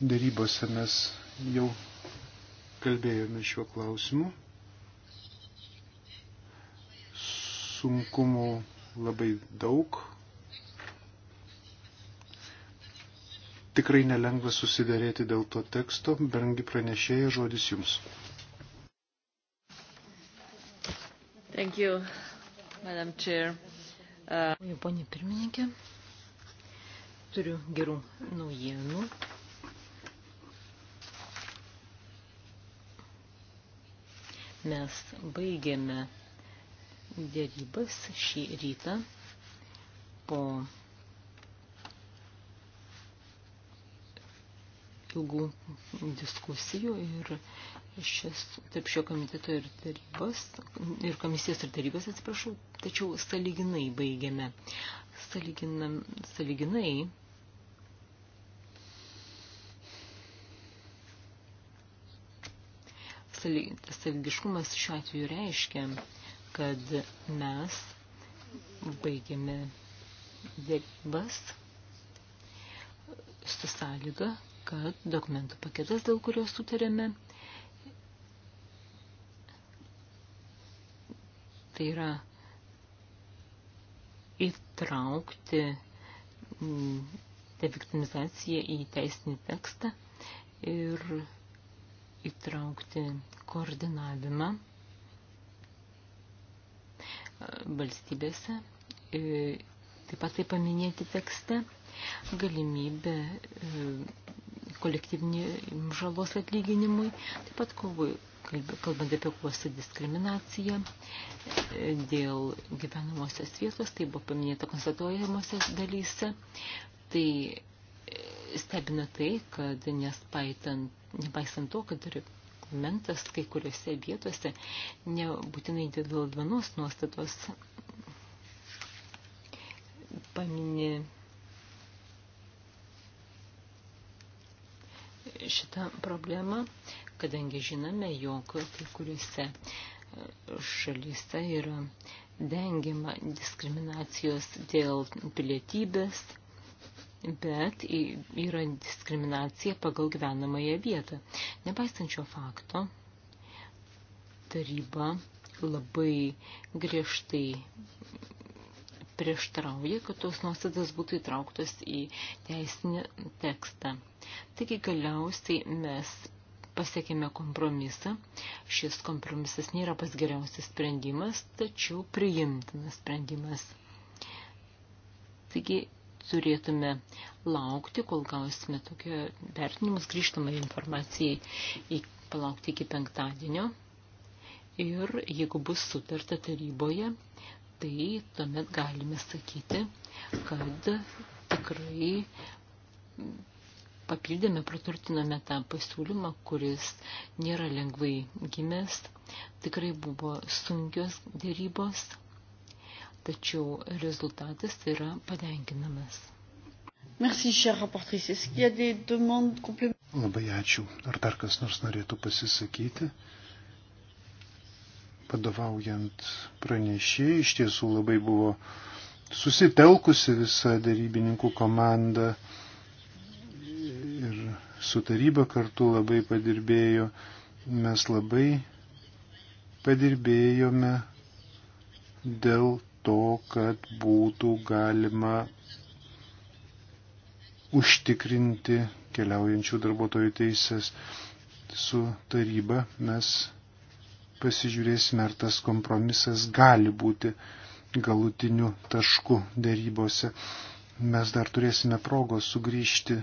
Dėrybose mes jau kalbėjome šiuo klausimu. Sunkumų labai daug, tikrai nelengva susidėrėti dėl to teksto. Brangi pranešėja, žodis jums.
Thank you, Madam Chair. Uh... Ponė pirmininkė, turiu gerų naujienų. mes baigėme dėrybas šį rytą po ilgų diskusijų ir šis, tarp šio komiteto ir tarybos, ir komisijos ir tarybos, atsiprašau, tačiau saliginai baigiame. Saliginam, saliginai Salgiškumas šiuo atveju reiškia, kad mes baigiame dėrybas su sąlyga, kad dokumentų paketas, dėl kurio sutarėme, tai yra įtraukti mm, deviktimizaciją į teisinį tekstą ir įtraukti koordinavimą e, valstybėse. E, taip pat tai paminėti tekste galimybę e, kolektyvinį žalos atlyginimui, taip pat kovui, kalbant apie kovosą diskriminaciją e, dėl gyvenamosios vietos, tai buvo paminėta konstatuojamosios dalyse, tai e, stebina tai, kad nespaitant, nepaisant to, kad turi mentas kai kuriuose vietose, nebūtinai dėl vienos nuostatos pamini šitą problemą, kadangi žinome, jog kai kuriuose e, šalyse yra dengiama diskriminacijos dėl pilietybės, bet yra diskriminacija pagal gyvenamąją vietą. Nepaisančio fakto, taryba labai griežtai prieštarauja, kad tos nuostatas būtų įtrauktos į teisinį tekstą. Taigi galiausiai mes pasiekėme kompromisą. Šis kompromisas nėra pas geriausias sprendimas, tačiau priimtinas sprendimas. Taigi turėtume laukti, kol gausime tokio vertinimus grįžtamą informaciją, palaukti iki penktadienio. Ir jeigu bus sutarta taryboje, tai tuomet galime sakyti, kad tikrai papildėme, praturtiname tą pasiūlymą, kuris nėra lengvai gimęs. Tikrai buvo sunkios dėrybos, tačiau rezultatas yra patenkinamas. Merci, chère rapportrice. Est-ce qu'il y a des demandes complémentaires?
Labai ačiū. Ar dar kas nors norėtų pasisakyti? vadovaujant pranešėjai, iš tiesų labai buvo susitelkusi visa darybininkų komanda ir su taryba kartu labai padirbėjo. Mes labai padirbėjome dėl to, kad būtų galima užtikrinti keliaujančių darbuotojų teises su taryba. Mes pasižiūrėsime, ar tas kompromisas gali būti galutiniu tašku dėrybose. Mes dar turėsime progos sugrįžti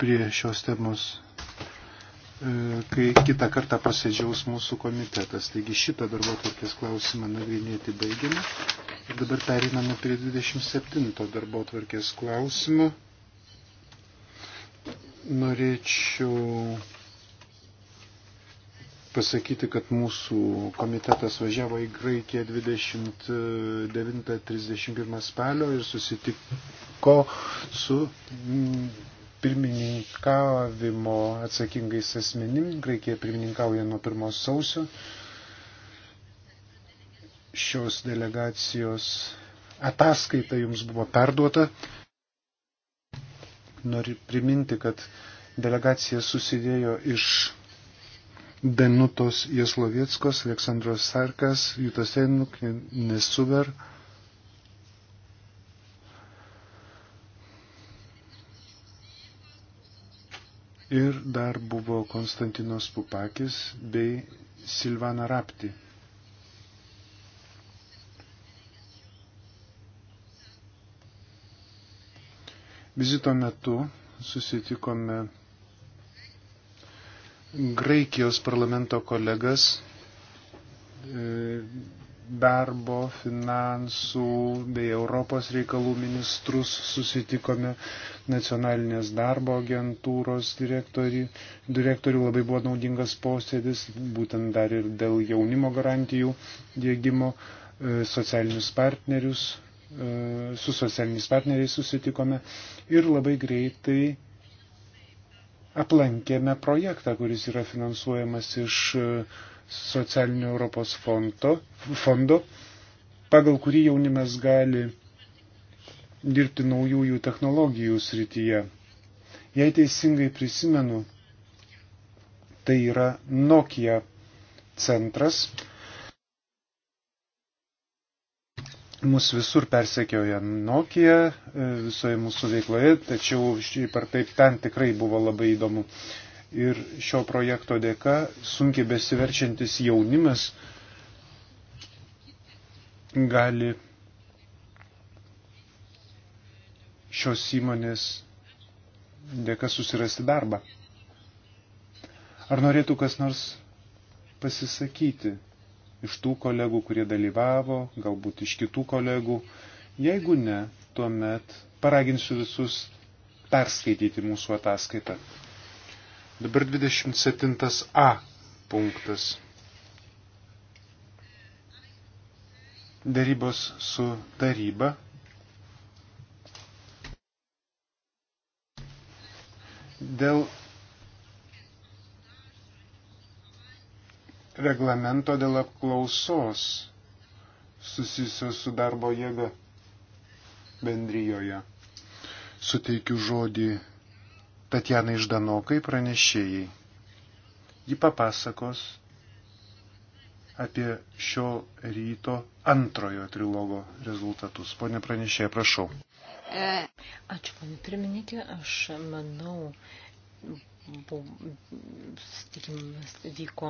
prie šios temos, e, kai kitą kartą posėdžiaus mūsų komitetas. Taigi šitą darbo tvarkės klausimą nagrinėti baigiame. Ir dabar periname prie 27 darbo tvarkės klausimų. Norėčiau pasakyti, kad mūsų komitetas važiavo į Graikiją 29-31 spalio ir susitiko su pirmininkavimo atsakingais asmenim. Graikija pirmininkauja nuo 1 sausio. Šios delegacijos ataskaita jums buvo perduota. Noriu priminti, kad delegacija susidėjo iš Danutos Jaslovieckos, Aleksandros Sarkas, Jutas Einuk, Nesuver. Ir dar buvo Konstantinos Pupakis bei Silvana Rapti. Vizito metu susitikome Graikijos parlamento kolegas e, darbo, finansų bei Europos reikalų ministrus susitikome, nacionalinės darbo agentūros direktorių. Direktorių labai buvo naudingas posėdis, būtent dar ir dėl jaunimo garantijų dėgymo, e, socialinius partnerius E, su socialiniais partneriais susitikome ir labai greitai aplankėme projektą, kuris yra finansuojamas iš e, socialinio Europos fondo, fondo pagal kurį jaunimas gali dirbti naujųjų technologijų srityje. Jei teisingai prisimenu, tai yra Nokia centras, Mūsų visur persekioja Nokia e, visoje mūsų veikloje, tačiau šiaip ar taip ten tikrai buvo labai įdomu. Ir šio projekto dėka sunkiai besiverčiantis jaunimas gali šios įmonės dėka susirasti darbą. Ar norėtų kas nors pasisakyti? iš tų kolegų, kurie dalyvavo, galbūt iš kitų kolegų. Jeigu ne, tuomet paraginsiu visus perskaityti mūsų ataskaitą. Dabar 27a punktas. Darybos su taryba. Dėl reglamento dėl apklausos susijusios su darbo jėga bendryjoje. Suteikiu žodį Tatjanai Ždanokai pranešėjai. Ji papasakos apie šio ryto antrojo trilogo rezultatus. Pone pranešėja, prašau.
Ačiū, pane pirmininkė. Aš manau, Sutikimas vyko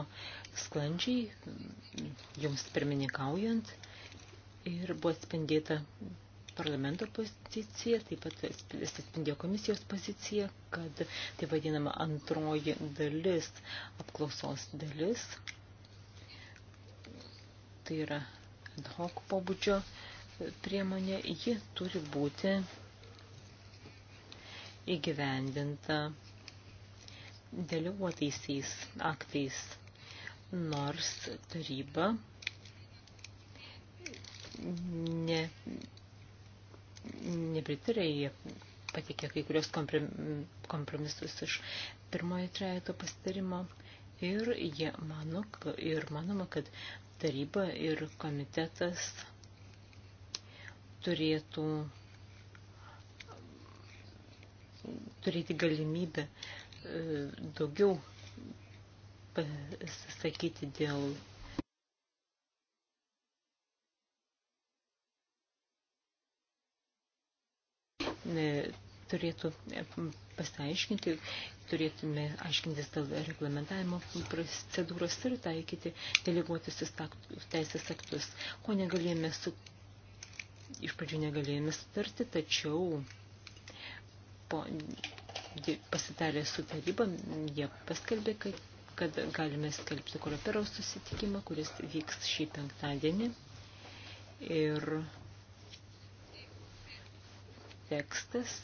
sklandžiai, jums pirmininkaujant, ir buvo atspindėta parlamento pozicija, taip pat atspindėjo komisijos pozicija, kad tai vadinama antroji dalis, apklausos dalis, tai yra ad hoc pobūdžio priemonė, ji turi būti įgyvendinta deleguotaisiais aktais, nors taryba ne, nepritarė, jie patikė kai kurios kompromisus iš pirmojo trejato pasitarimo ir jie mano, ir manoma, kad taryba ir komitetas turėtų turėti galimybę uh, E, daugiau pasakyti dėl e, turėtų pasiaiškinti, turėtume aiškintis dėl reglamentavimo procedūros ir taikyti deleguotusis teisės aktus, ko negalėjome su, iš pradžių negalėjome sutarti, tačiau po pasitarė su taryba, jie paskelbė, kad, kad galime skelbti koroperaus susitikimą, kuris vyks šį penktadienį. Ir tekstas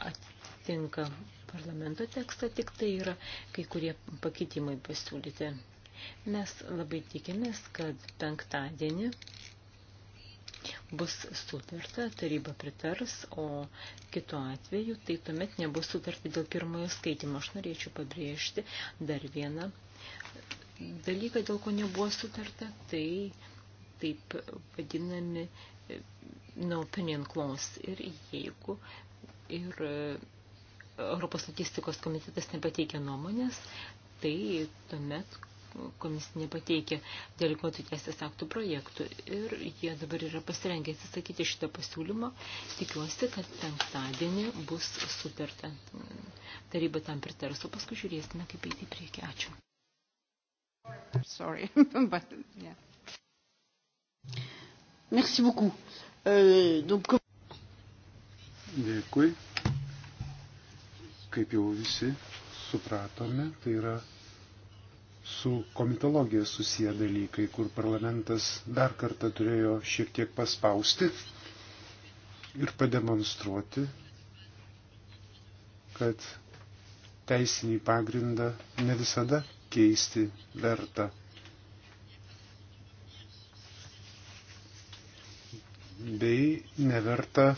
atitinka parlamento tekstą, tik tai yra kai kurie pakeitimai pasiūlyti. Mes labai tikimės, kad penktadienį bus sutarta, taryba pritars, o kitu atveju tai tuomet nebus sutarta dėl pirmojo skaitimo. Aš norėčiau pabrėžti dar vieną dalyką, dėl ko nebuvo sutarta, tai taip vadinami e, no opinion clause. Ir jeigu ir e, Europos statistikos komitetas nepateikia nuomonės, tai tuomet komisija nepateikė deleguotų teisės aktų projektų ir jie dabar yra pasirengę atsisakyti šitą pasiūlymą. Tikiuosi, kad penktadienį bus sutarta. Taryba tam pritars, o paskui žiūrėsime, kaip eiti į priekį. Ačiū. Sorry, [laughs] but, yeah.
Merci beaucoup. Euh, donc... Dėkui. Kaip jau visi supratome, tai yra su komitologija susiję dalykai, kur parlamentas dar kartą turėjo šiek tiek paspausti ir pademonstruoti, kad teisinį pagrindą ne visada keisti verta. Bei neverta e,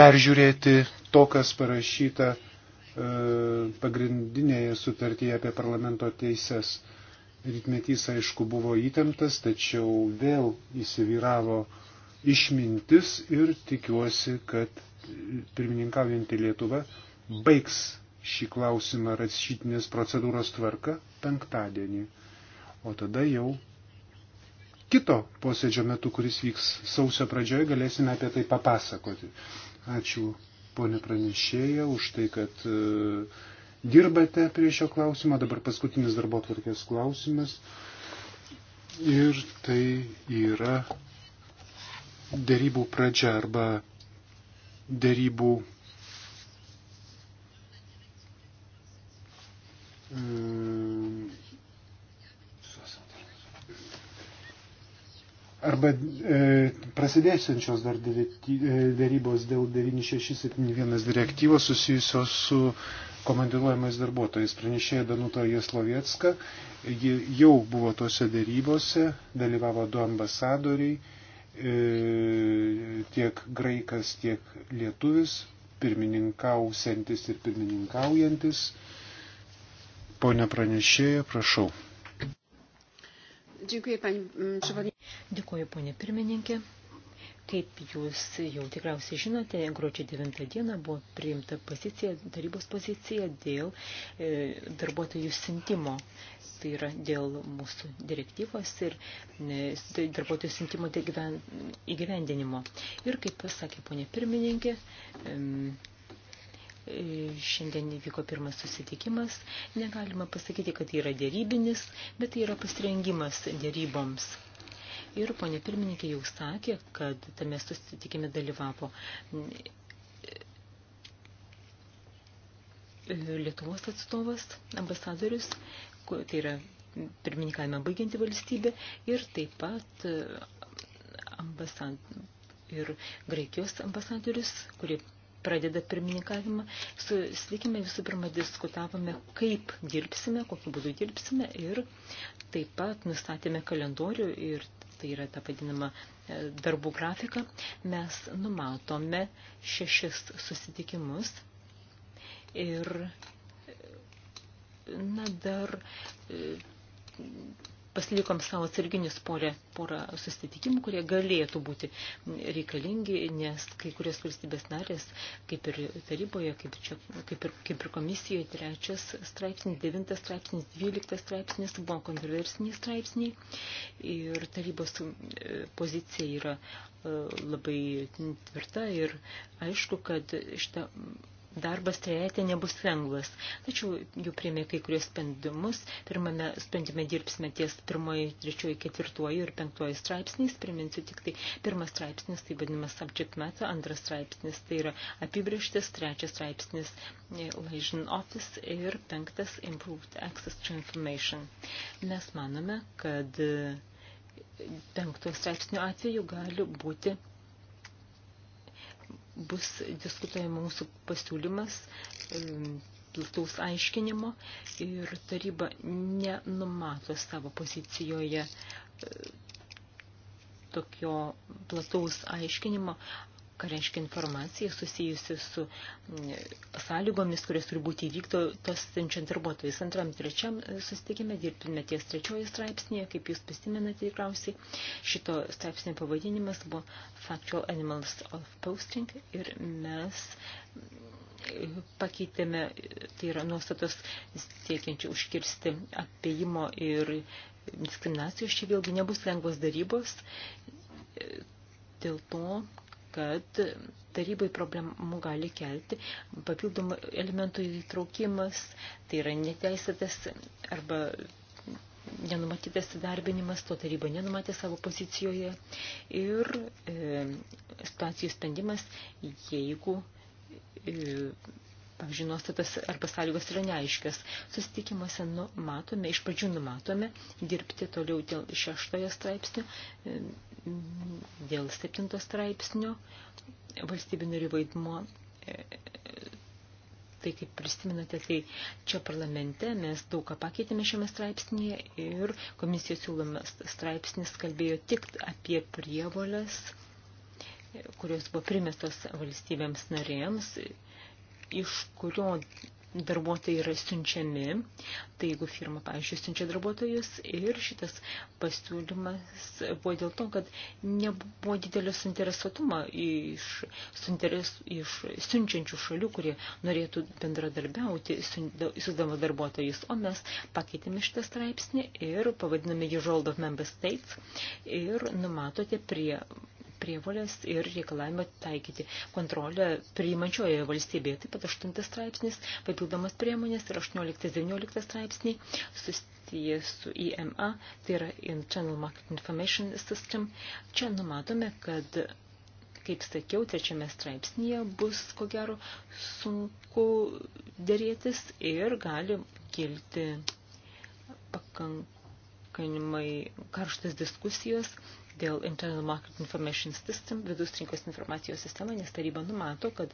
peržiūrėti to, kas parašyta e, E, pagrindinėje sutartyje apie parlamento teises. Rytmetys, aišku, buvo įtemptas, tačiau vėl įsivyravo išmintis ir tikiuosi, kad pirmininkaujantį Lietuvą baigs šį klausimą rašytinės procedūros tvarka penktadienį. O tada jau kito posėdžio metu, kuris vyks sausio pradžioje, galėsime apie tai papasakoti. Ačiū ponė pranešėja, už tai, kad e, dirbate prie šio klausimo. Dabar paskutinis darbo tvarkės klausimas. Ir tai yra dėrybų pradžia arba dėrybų e, arba e, prasidėsiančios dar e, dėrybos dėl 9671 direktyvos susijusios su komandiruojamais darbuotojais. Pranešėja Danuta Jeslovietska, ji jau buvo tose dėrybose, dalyvavo du ambasadoriai, e, tiek graikas, tiek lietuvis, pirmininkausiantis ir pirmininkaujantis. Pone pranešėja, prašau.
Dėkui, Dėkuoju, ponė pirmininkė. Kaip jūs jau tikriausiai žinote, gruodžio 9 dieną buvo priimta pozicija, tarybos pozicija dėl e, darbuotojų sintimo. Tai yra dėl mūsų direktyvos ir e, darbuotojų sintimo įgyvendinimo. Ir kaip pasakė ponė pirmininkė, e, Šiandien įvyko pirmas susitikimas. Negalima pasakyti, kad tai yra dėrybinis, bet tai yra pasirengimas dėryboms. Ir ponė pirmininkė jau sakė, kad tame susitikime dalyvavo mm, Lietuvos atstovas, ambasadorius, tai yra pirmininkavimą baigianti valstybė ir taip pat e, ambasad... ir Graikijos ambasadorius, kuri pradeda pirmininkavimą. Susitikime visų pirma diskutavome, kaip dirbsime, kokiu būdu dirbsime ir taip pat nustatėme kalendorių ir tai yra ta vadinama e, darbų grafika. Mes numatome šešis susitikimus ir e, na, dar e, pasilikom savo atsarginius porę, porą susitikimų, kurie galėtų būti reikalingi, nes kai kurios valstybės narės, kaip ir taryboje, kaip, čia, kaip, ir, kaip ir komisijoje, trečias straipsnis, devintas straipsnis, dvyliktas straipsnis buvo kontroversiniai straipsniai ir tarybos e, pozicija yra e, labai tvirta ir aišku, kad šitą darbas trejate nebus lengvas. Tačiau jau priemė kai kurios sprendimus. Pirmame sprendime dirbsime ties pirmoji, trečioji, ketvirtoji ir penktoji straipsniais. Priminsiu tik tai pirmas straipsnis, tai vadinamas subject matter, antras straipsnis, tai yra apibrieštis, trečias straipsnis e, liaison office ir penktas improved access to information. Mes manome, kad e, penktojo straipsnio atveju gali būti bus diskutuojama mūsų pasiūlymas plataus aiškinimo ir taryba nenumato savo pozicijoje e, tokio plataus aiškinimo ką reiškia informacija susijusi su sąlygomis, kurios turi būti įvykdytos siunčiant darbuotojus. Antram, trečiam e, susitikime dirbtume ties trečioje straipsnėje, kaip jūs prisimenate tikriausiai. Šito straipsnio pavadinimas buvo Factual Animals of Posting ir mes pakeitėme, tai yra nuostatos siekiančių užkirsti apėjimo ir diskriminacijos. Čia vėlgi nebus lengvos darybos e, dėl to, kad tarybai problemų gali kelti papildomų elementų įtraukimas, tai yra neteisėtas arba nenumatytas įdarbinimas, to taryba nenumatė savo pozicijoje ir e, situacijų sprendimas, jeigu e, pavyzdžiui, nuostatas arba sąlygos yra neaiškios. Susitikimuose nu, matome, iš pradžių numatome dirbti toliau dėl šeštojo straipsnio, dėl septinto straipsnio, valstybinio ir vaidmo. E, tai kaip prisiminate, tai čia parlamente mes daug ką pakeitėme šiame straipsnėje ir komisijos siūlomas straipsnis kalbėjo tik apie prievolės kurios buvo primestos valstybėms narėms iš kurio darbuotojai yra siunčiami, tai jeigu firma, pavyzdžiui, siunčia darbuotojus ir šitas pasiūlymas buvo dėl to, kad nebuvo didelio suinteresuotumo iš, suinteres, iš siunčiančių šalių, kurie norėtų bendradarbiauti siūdama darbuotojus, o mes pakeitėme šitą straipsnį ir pavadiname jį Jold of Member States ir numatote prie prievolės ir reikalavimą taikyti kontrolę priimančioje valstybėje. Taip pat 8 straipsnis, papildomas priemonės ir 18-19 straipsniai susijęs su IMA, tai yra Internal Market Information System. Čia numatome, kad kaip sakiau, trečiame straipsnėje bus, ko gero, sunku dėrėtis ir gali kilti pakankamai karštas diskusijos dėl Internal Market Information System, vidus rinkos informacijos sistema, nes taryba numato, kad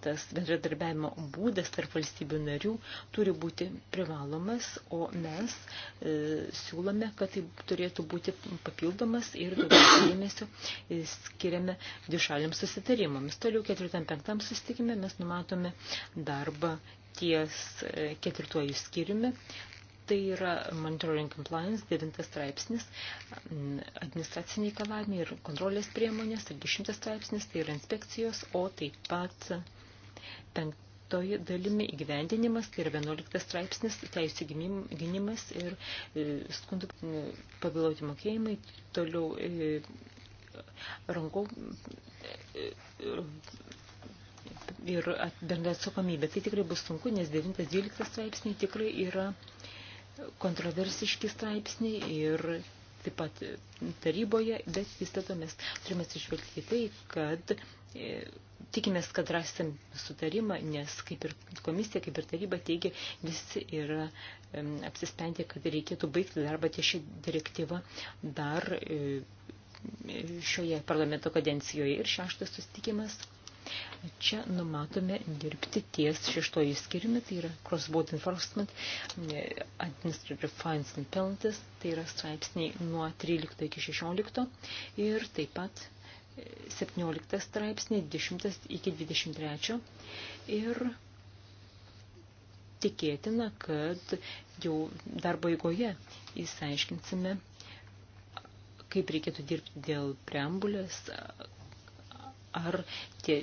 tas bendradarbiavimo būdas tarp valstybių narių turi būti privalomas, o mes e, siūlome, kad tai turėtų būti papildomas ir daugiau dėmesio e, skiriame dvišaliams susitarimams. Toliau 4-5 susitikime mes numatome darbą ties e, ketvirtuoju skiriumi, Tai yra monitoring compliance, devintas straipsnis, administraciniai kalavimai ir kontrolės priemonės, ir dešimtas straipsnis, tai yra inspekcijos, o taip pat penktoji dalimi įgyvendinimas, tai yra vienuoliktas straipsnis, teisų gynimas ir e, skundų pavėlauti mokėjimai, toliau e, rankų e, ir bendra atsakomybė. Tai tikrai bus sunku, nes 9-12 straipsniai tikrai yra kontroversiški straipsniai ir taip pat taryboje, bet vis dėlto mes turime atsižvelgti tai, kad e, tikimės, kad rasim sutarimą, nes kaip ir komisija, kaip ir taryba teigia, visi yra um, apsisprendę, kad reikėtų baigti darbą ties šį direktyvą dar um, šioje parlamento kadencijoje. Ir šeštas susitikimas Čia numatome dirbti ties šeštojų skirimi, tai yra cross-border enforcement, e, administrative fines and penalties, tai yra straipsniai nuo 13 iki 16 ir taip pat 17 e, straipsniai 10 iki 23 ir tikėtina, kad jau darbo eigoje įsiaiškinsime, kaip reikėtų dirbti dėl preambulės, ar tie,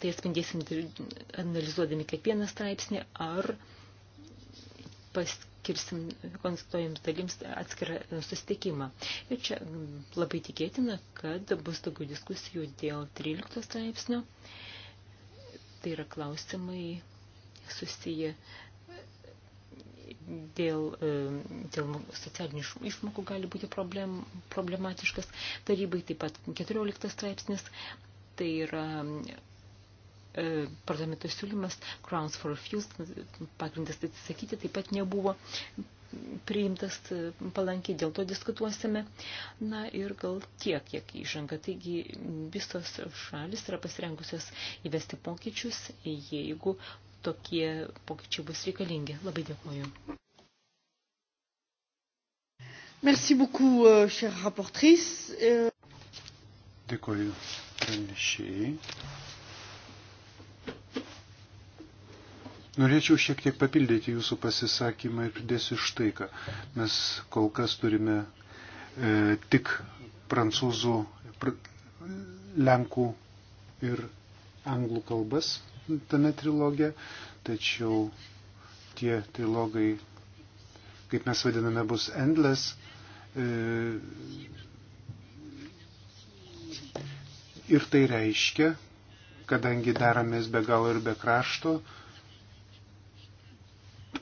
tai atspindėsim analizuodami kiekvieną straipsnį, ar paskirsim konstituojims dalims atskirą susitikimą. Ir čia labai tikėtina, kad bus daugiau diskusijų dėl 13 straipsnio. Tai yra klausimai susiję dėl, e, dėl socialinių išmokų gali būti problem, problematiškas tarybai, taip pat 14 straipsnis Tai yra e, parlamento siūlymas Grounds for Refuse, pagrindas tai atsisakyti, taip pat nebuvo priimtas e, palankiai, dėl to diskutuosime. Na ir gal tiek, kiek įžanga. Taigi visos šalis yra pasirengusios įvesti pokyčius, jeigu tokie pokyčiai bus reikalingi. Labai dėkuoju. Merci beaucoup, euh, chère rapportrice. Euh,
dėkuoju pranešėjai. Norėčiau šiek tiek papildyti jūsų pasisakymą ir pridėsiu štai ką. Mes kol kas turime e, tik prancūzų, pr, lenkų ir anglų kalbas tame trilogė, tačiau tie trilogai, kaip mes vadiname, bus endless. E, Ir tai reiškia, kadangi deramės be galo ir be krašto,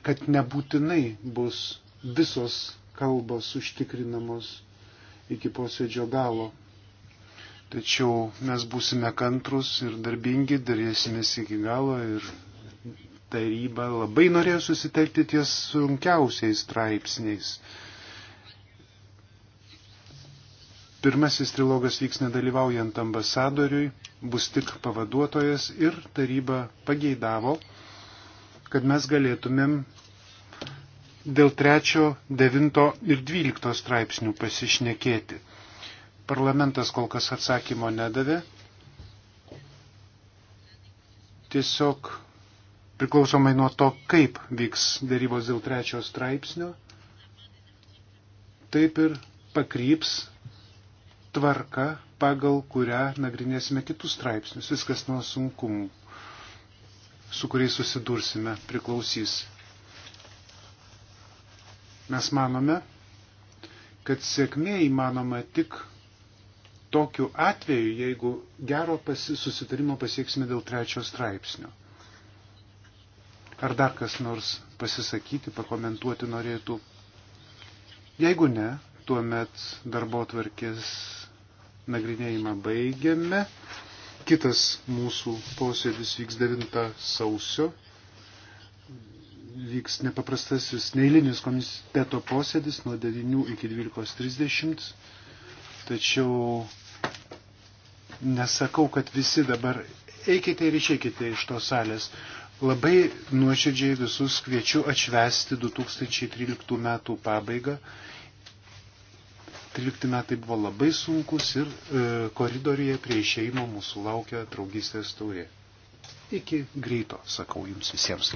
kad nebūtinai bus visos kalbos užtikrinamos iki posėdžio galo. Tačiau mes būsime kantrus ir darbingi, darėsimės iki galo ir taryba labai norėjo susitelkti ties sunkiausiais straipsniais. Pirmasis trilogas vyks nedalyvaujant ambasadoriui, bus tik pavaduotojas ir taryba pageidavo, kad mes galėtumėm dėl trečio, devinto ir dvylikto straipsnių pasišnekėti. Parlamentas kol kas atsakymo nedavė. Tiesiog priklausomai nuo to, kaip vyks dėrybos dėl trečio straipsnio, taip ir pakryps tvarka, pagal kurią nagrinėsime kitus straipsnius. Viskas nuo sunkumų, su kuriais susidursime, priklausys. Mes manome, kad sėkmė įmanoma tik tokiu atveju, jeigu gero pasi, susitarimo pasieksime dėl trečio straipsnio. Ar dar kas nors pasisakyti, pakomentuoti norėtų? Jeigu ne, tuomet darbo tvarkės nagrinėjimą baigiame. Kitas mūsų posėdis vyks 9 sausio. Vyks nepaprastasis neįlinis komiteto posėdis nuo 9 iki 12.30. Tačiau nesakau, kad visi dabar eikite ir išeikite iš tos salės. Labai nuoširdžiai visus kviečiu atšvesti 2013 metų pabaigą 13 metai buvo labai sunkus ir e, koridoriuje prie išeimo mūsų laukia draugystės taurė. Iki greito, sakau jums visiems.